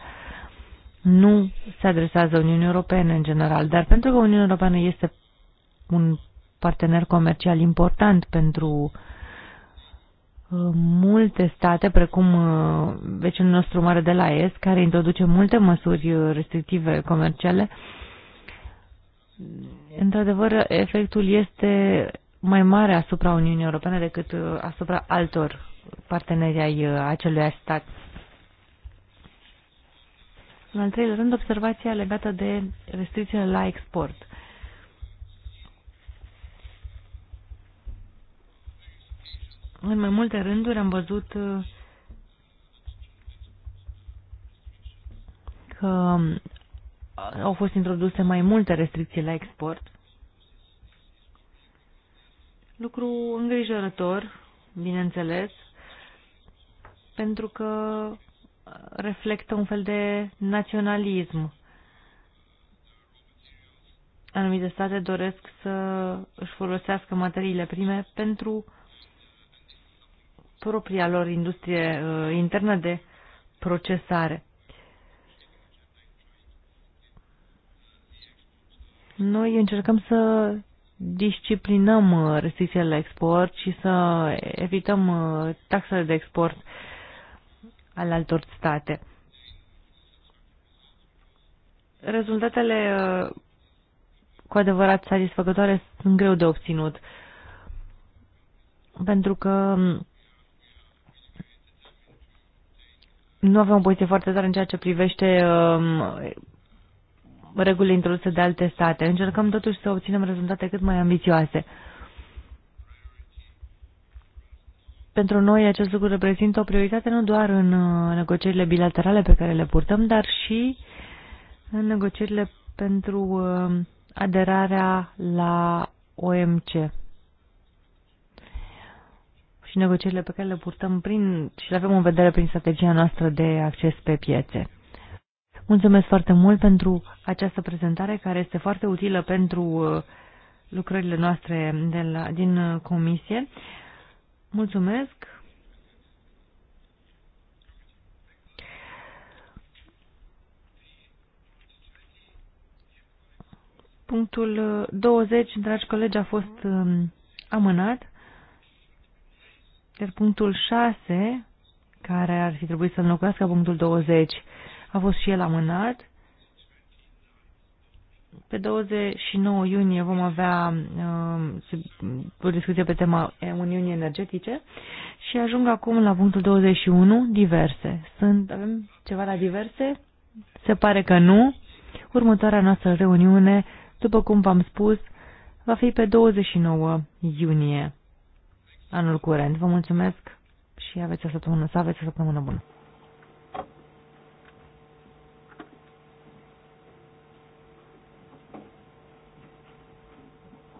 Speaker 3: Nu se adresează Uniunii Europene în general, dar pentru că Uniunea Europeană este un partener comercial important pentru uh, multe state, precum uh, vecinul nostru mare de la Est, care introduce multe măsuri restrictive comerciale, într-adevăr, efectul este mai mare asupra Uniunii Europene decât uh, asupra altor parteneri ai uh, acelui stat. În al treilea rând, observația legată de restricțiile la export. În mai multe rânduri am văzut uh, că au fost introduse mai multe restricții la export Lucru îngrijorător, bineînțeles, pentru că reflectă un fel de naționalism. Anumite state doresc să își folosească materiile prime pentru propria lor industrie uh, internă de procesare. Noi încercăm să disciplinăm uh, restricțiile la export și să evităm uh, taxele de export ale altor state. Rezultatele uh, cu adevărat satisfăcătoare sunt greu de obținut, pentru că mm, nu avem o poziție foarte tare în ceea ce privește um, reguli introduse de alte state. Încercăm totuși să obținem rezultate cât mai ambițioase. Pentru noi acest lucru reprezintă o prioritate nu doar în uh, negocierile bilaterale pe care le purtăm, dar și în negocierile pentru uh, aderarea la OMC și negocierile pe care le purtăm prin, și le avem în vedere prin strategia noastră de acces pe piețe. Mulțumesc foarte mult pentru această prezentare care este foarte utilă pentru uh, lucrările noastre de la, din uh, comisie. Mulțumesc. Punctul 20, uh, dragi colegi, a fost um, amânat, iar punctul 6, care ar fi trebuit să înlocuiască punctul 20, a fost și el amânat. Pe 29 iunie vom avea uh, o discuție pe tema Uniunii Energetice și ajung acum la punctul 21, diverse. Sunt, avem ceva la diverse? Se pare că nu. Următoarea noastră reuniune, după cum v-am spus, va fi pe 29 iunie anul curent. Vă mulțumesc și aveți o săptămână, să aveți o săptămână bună.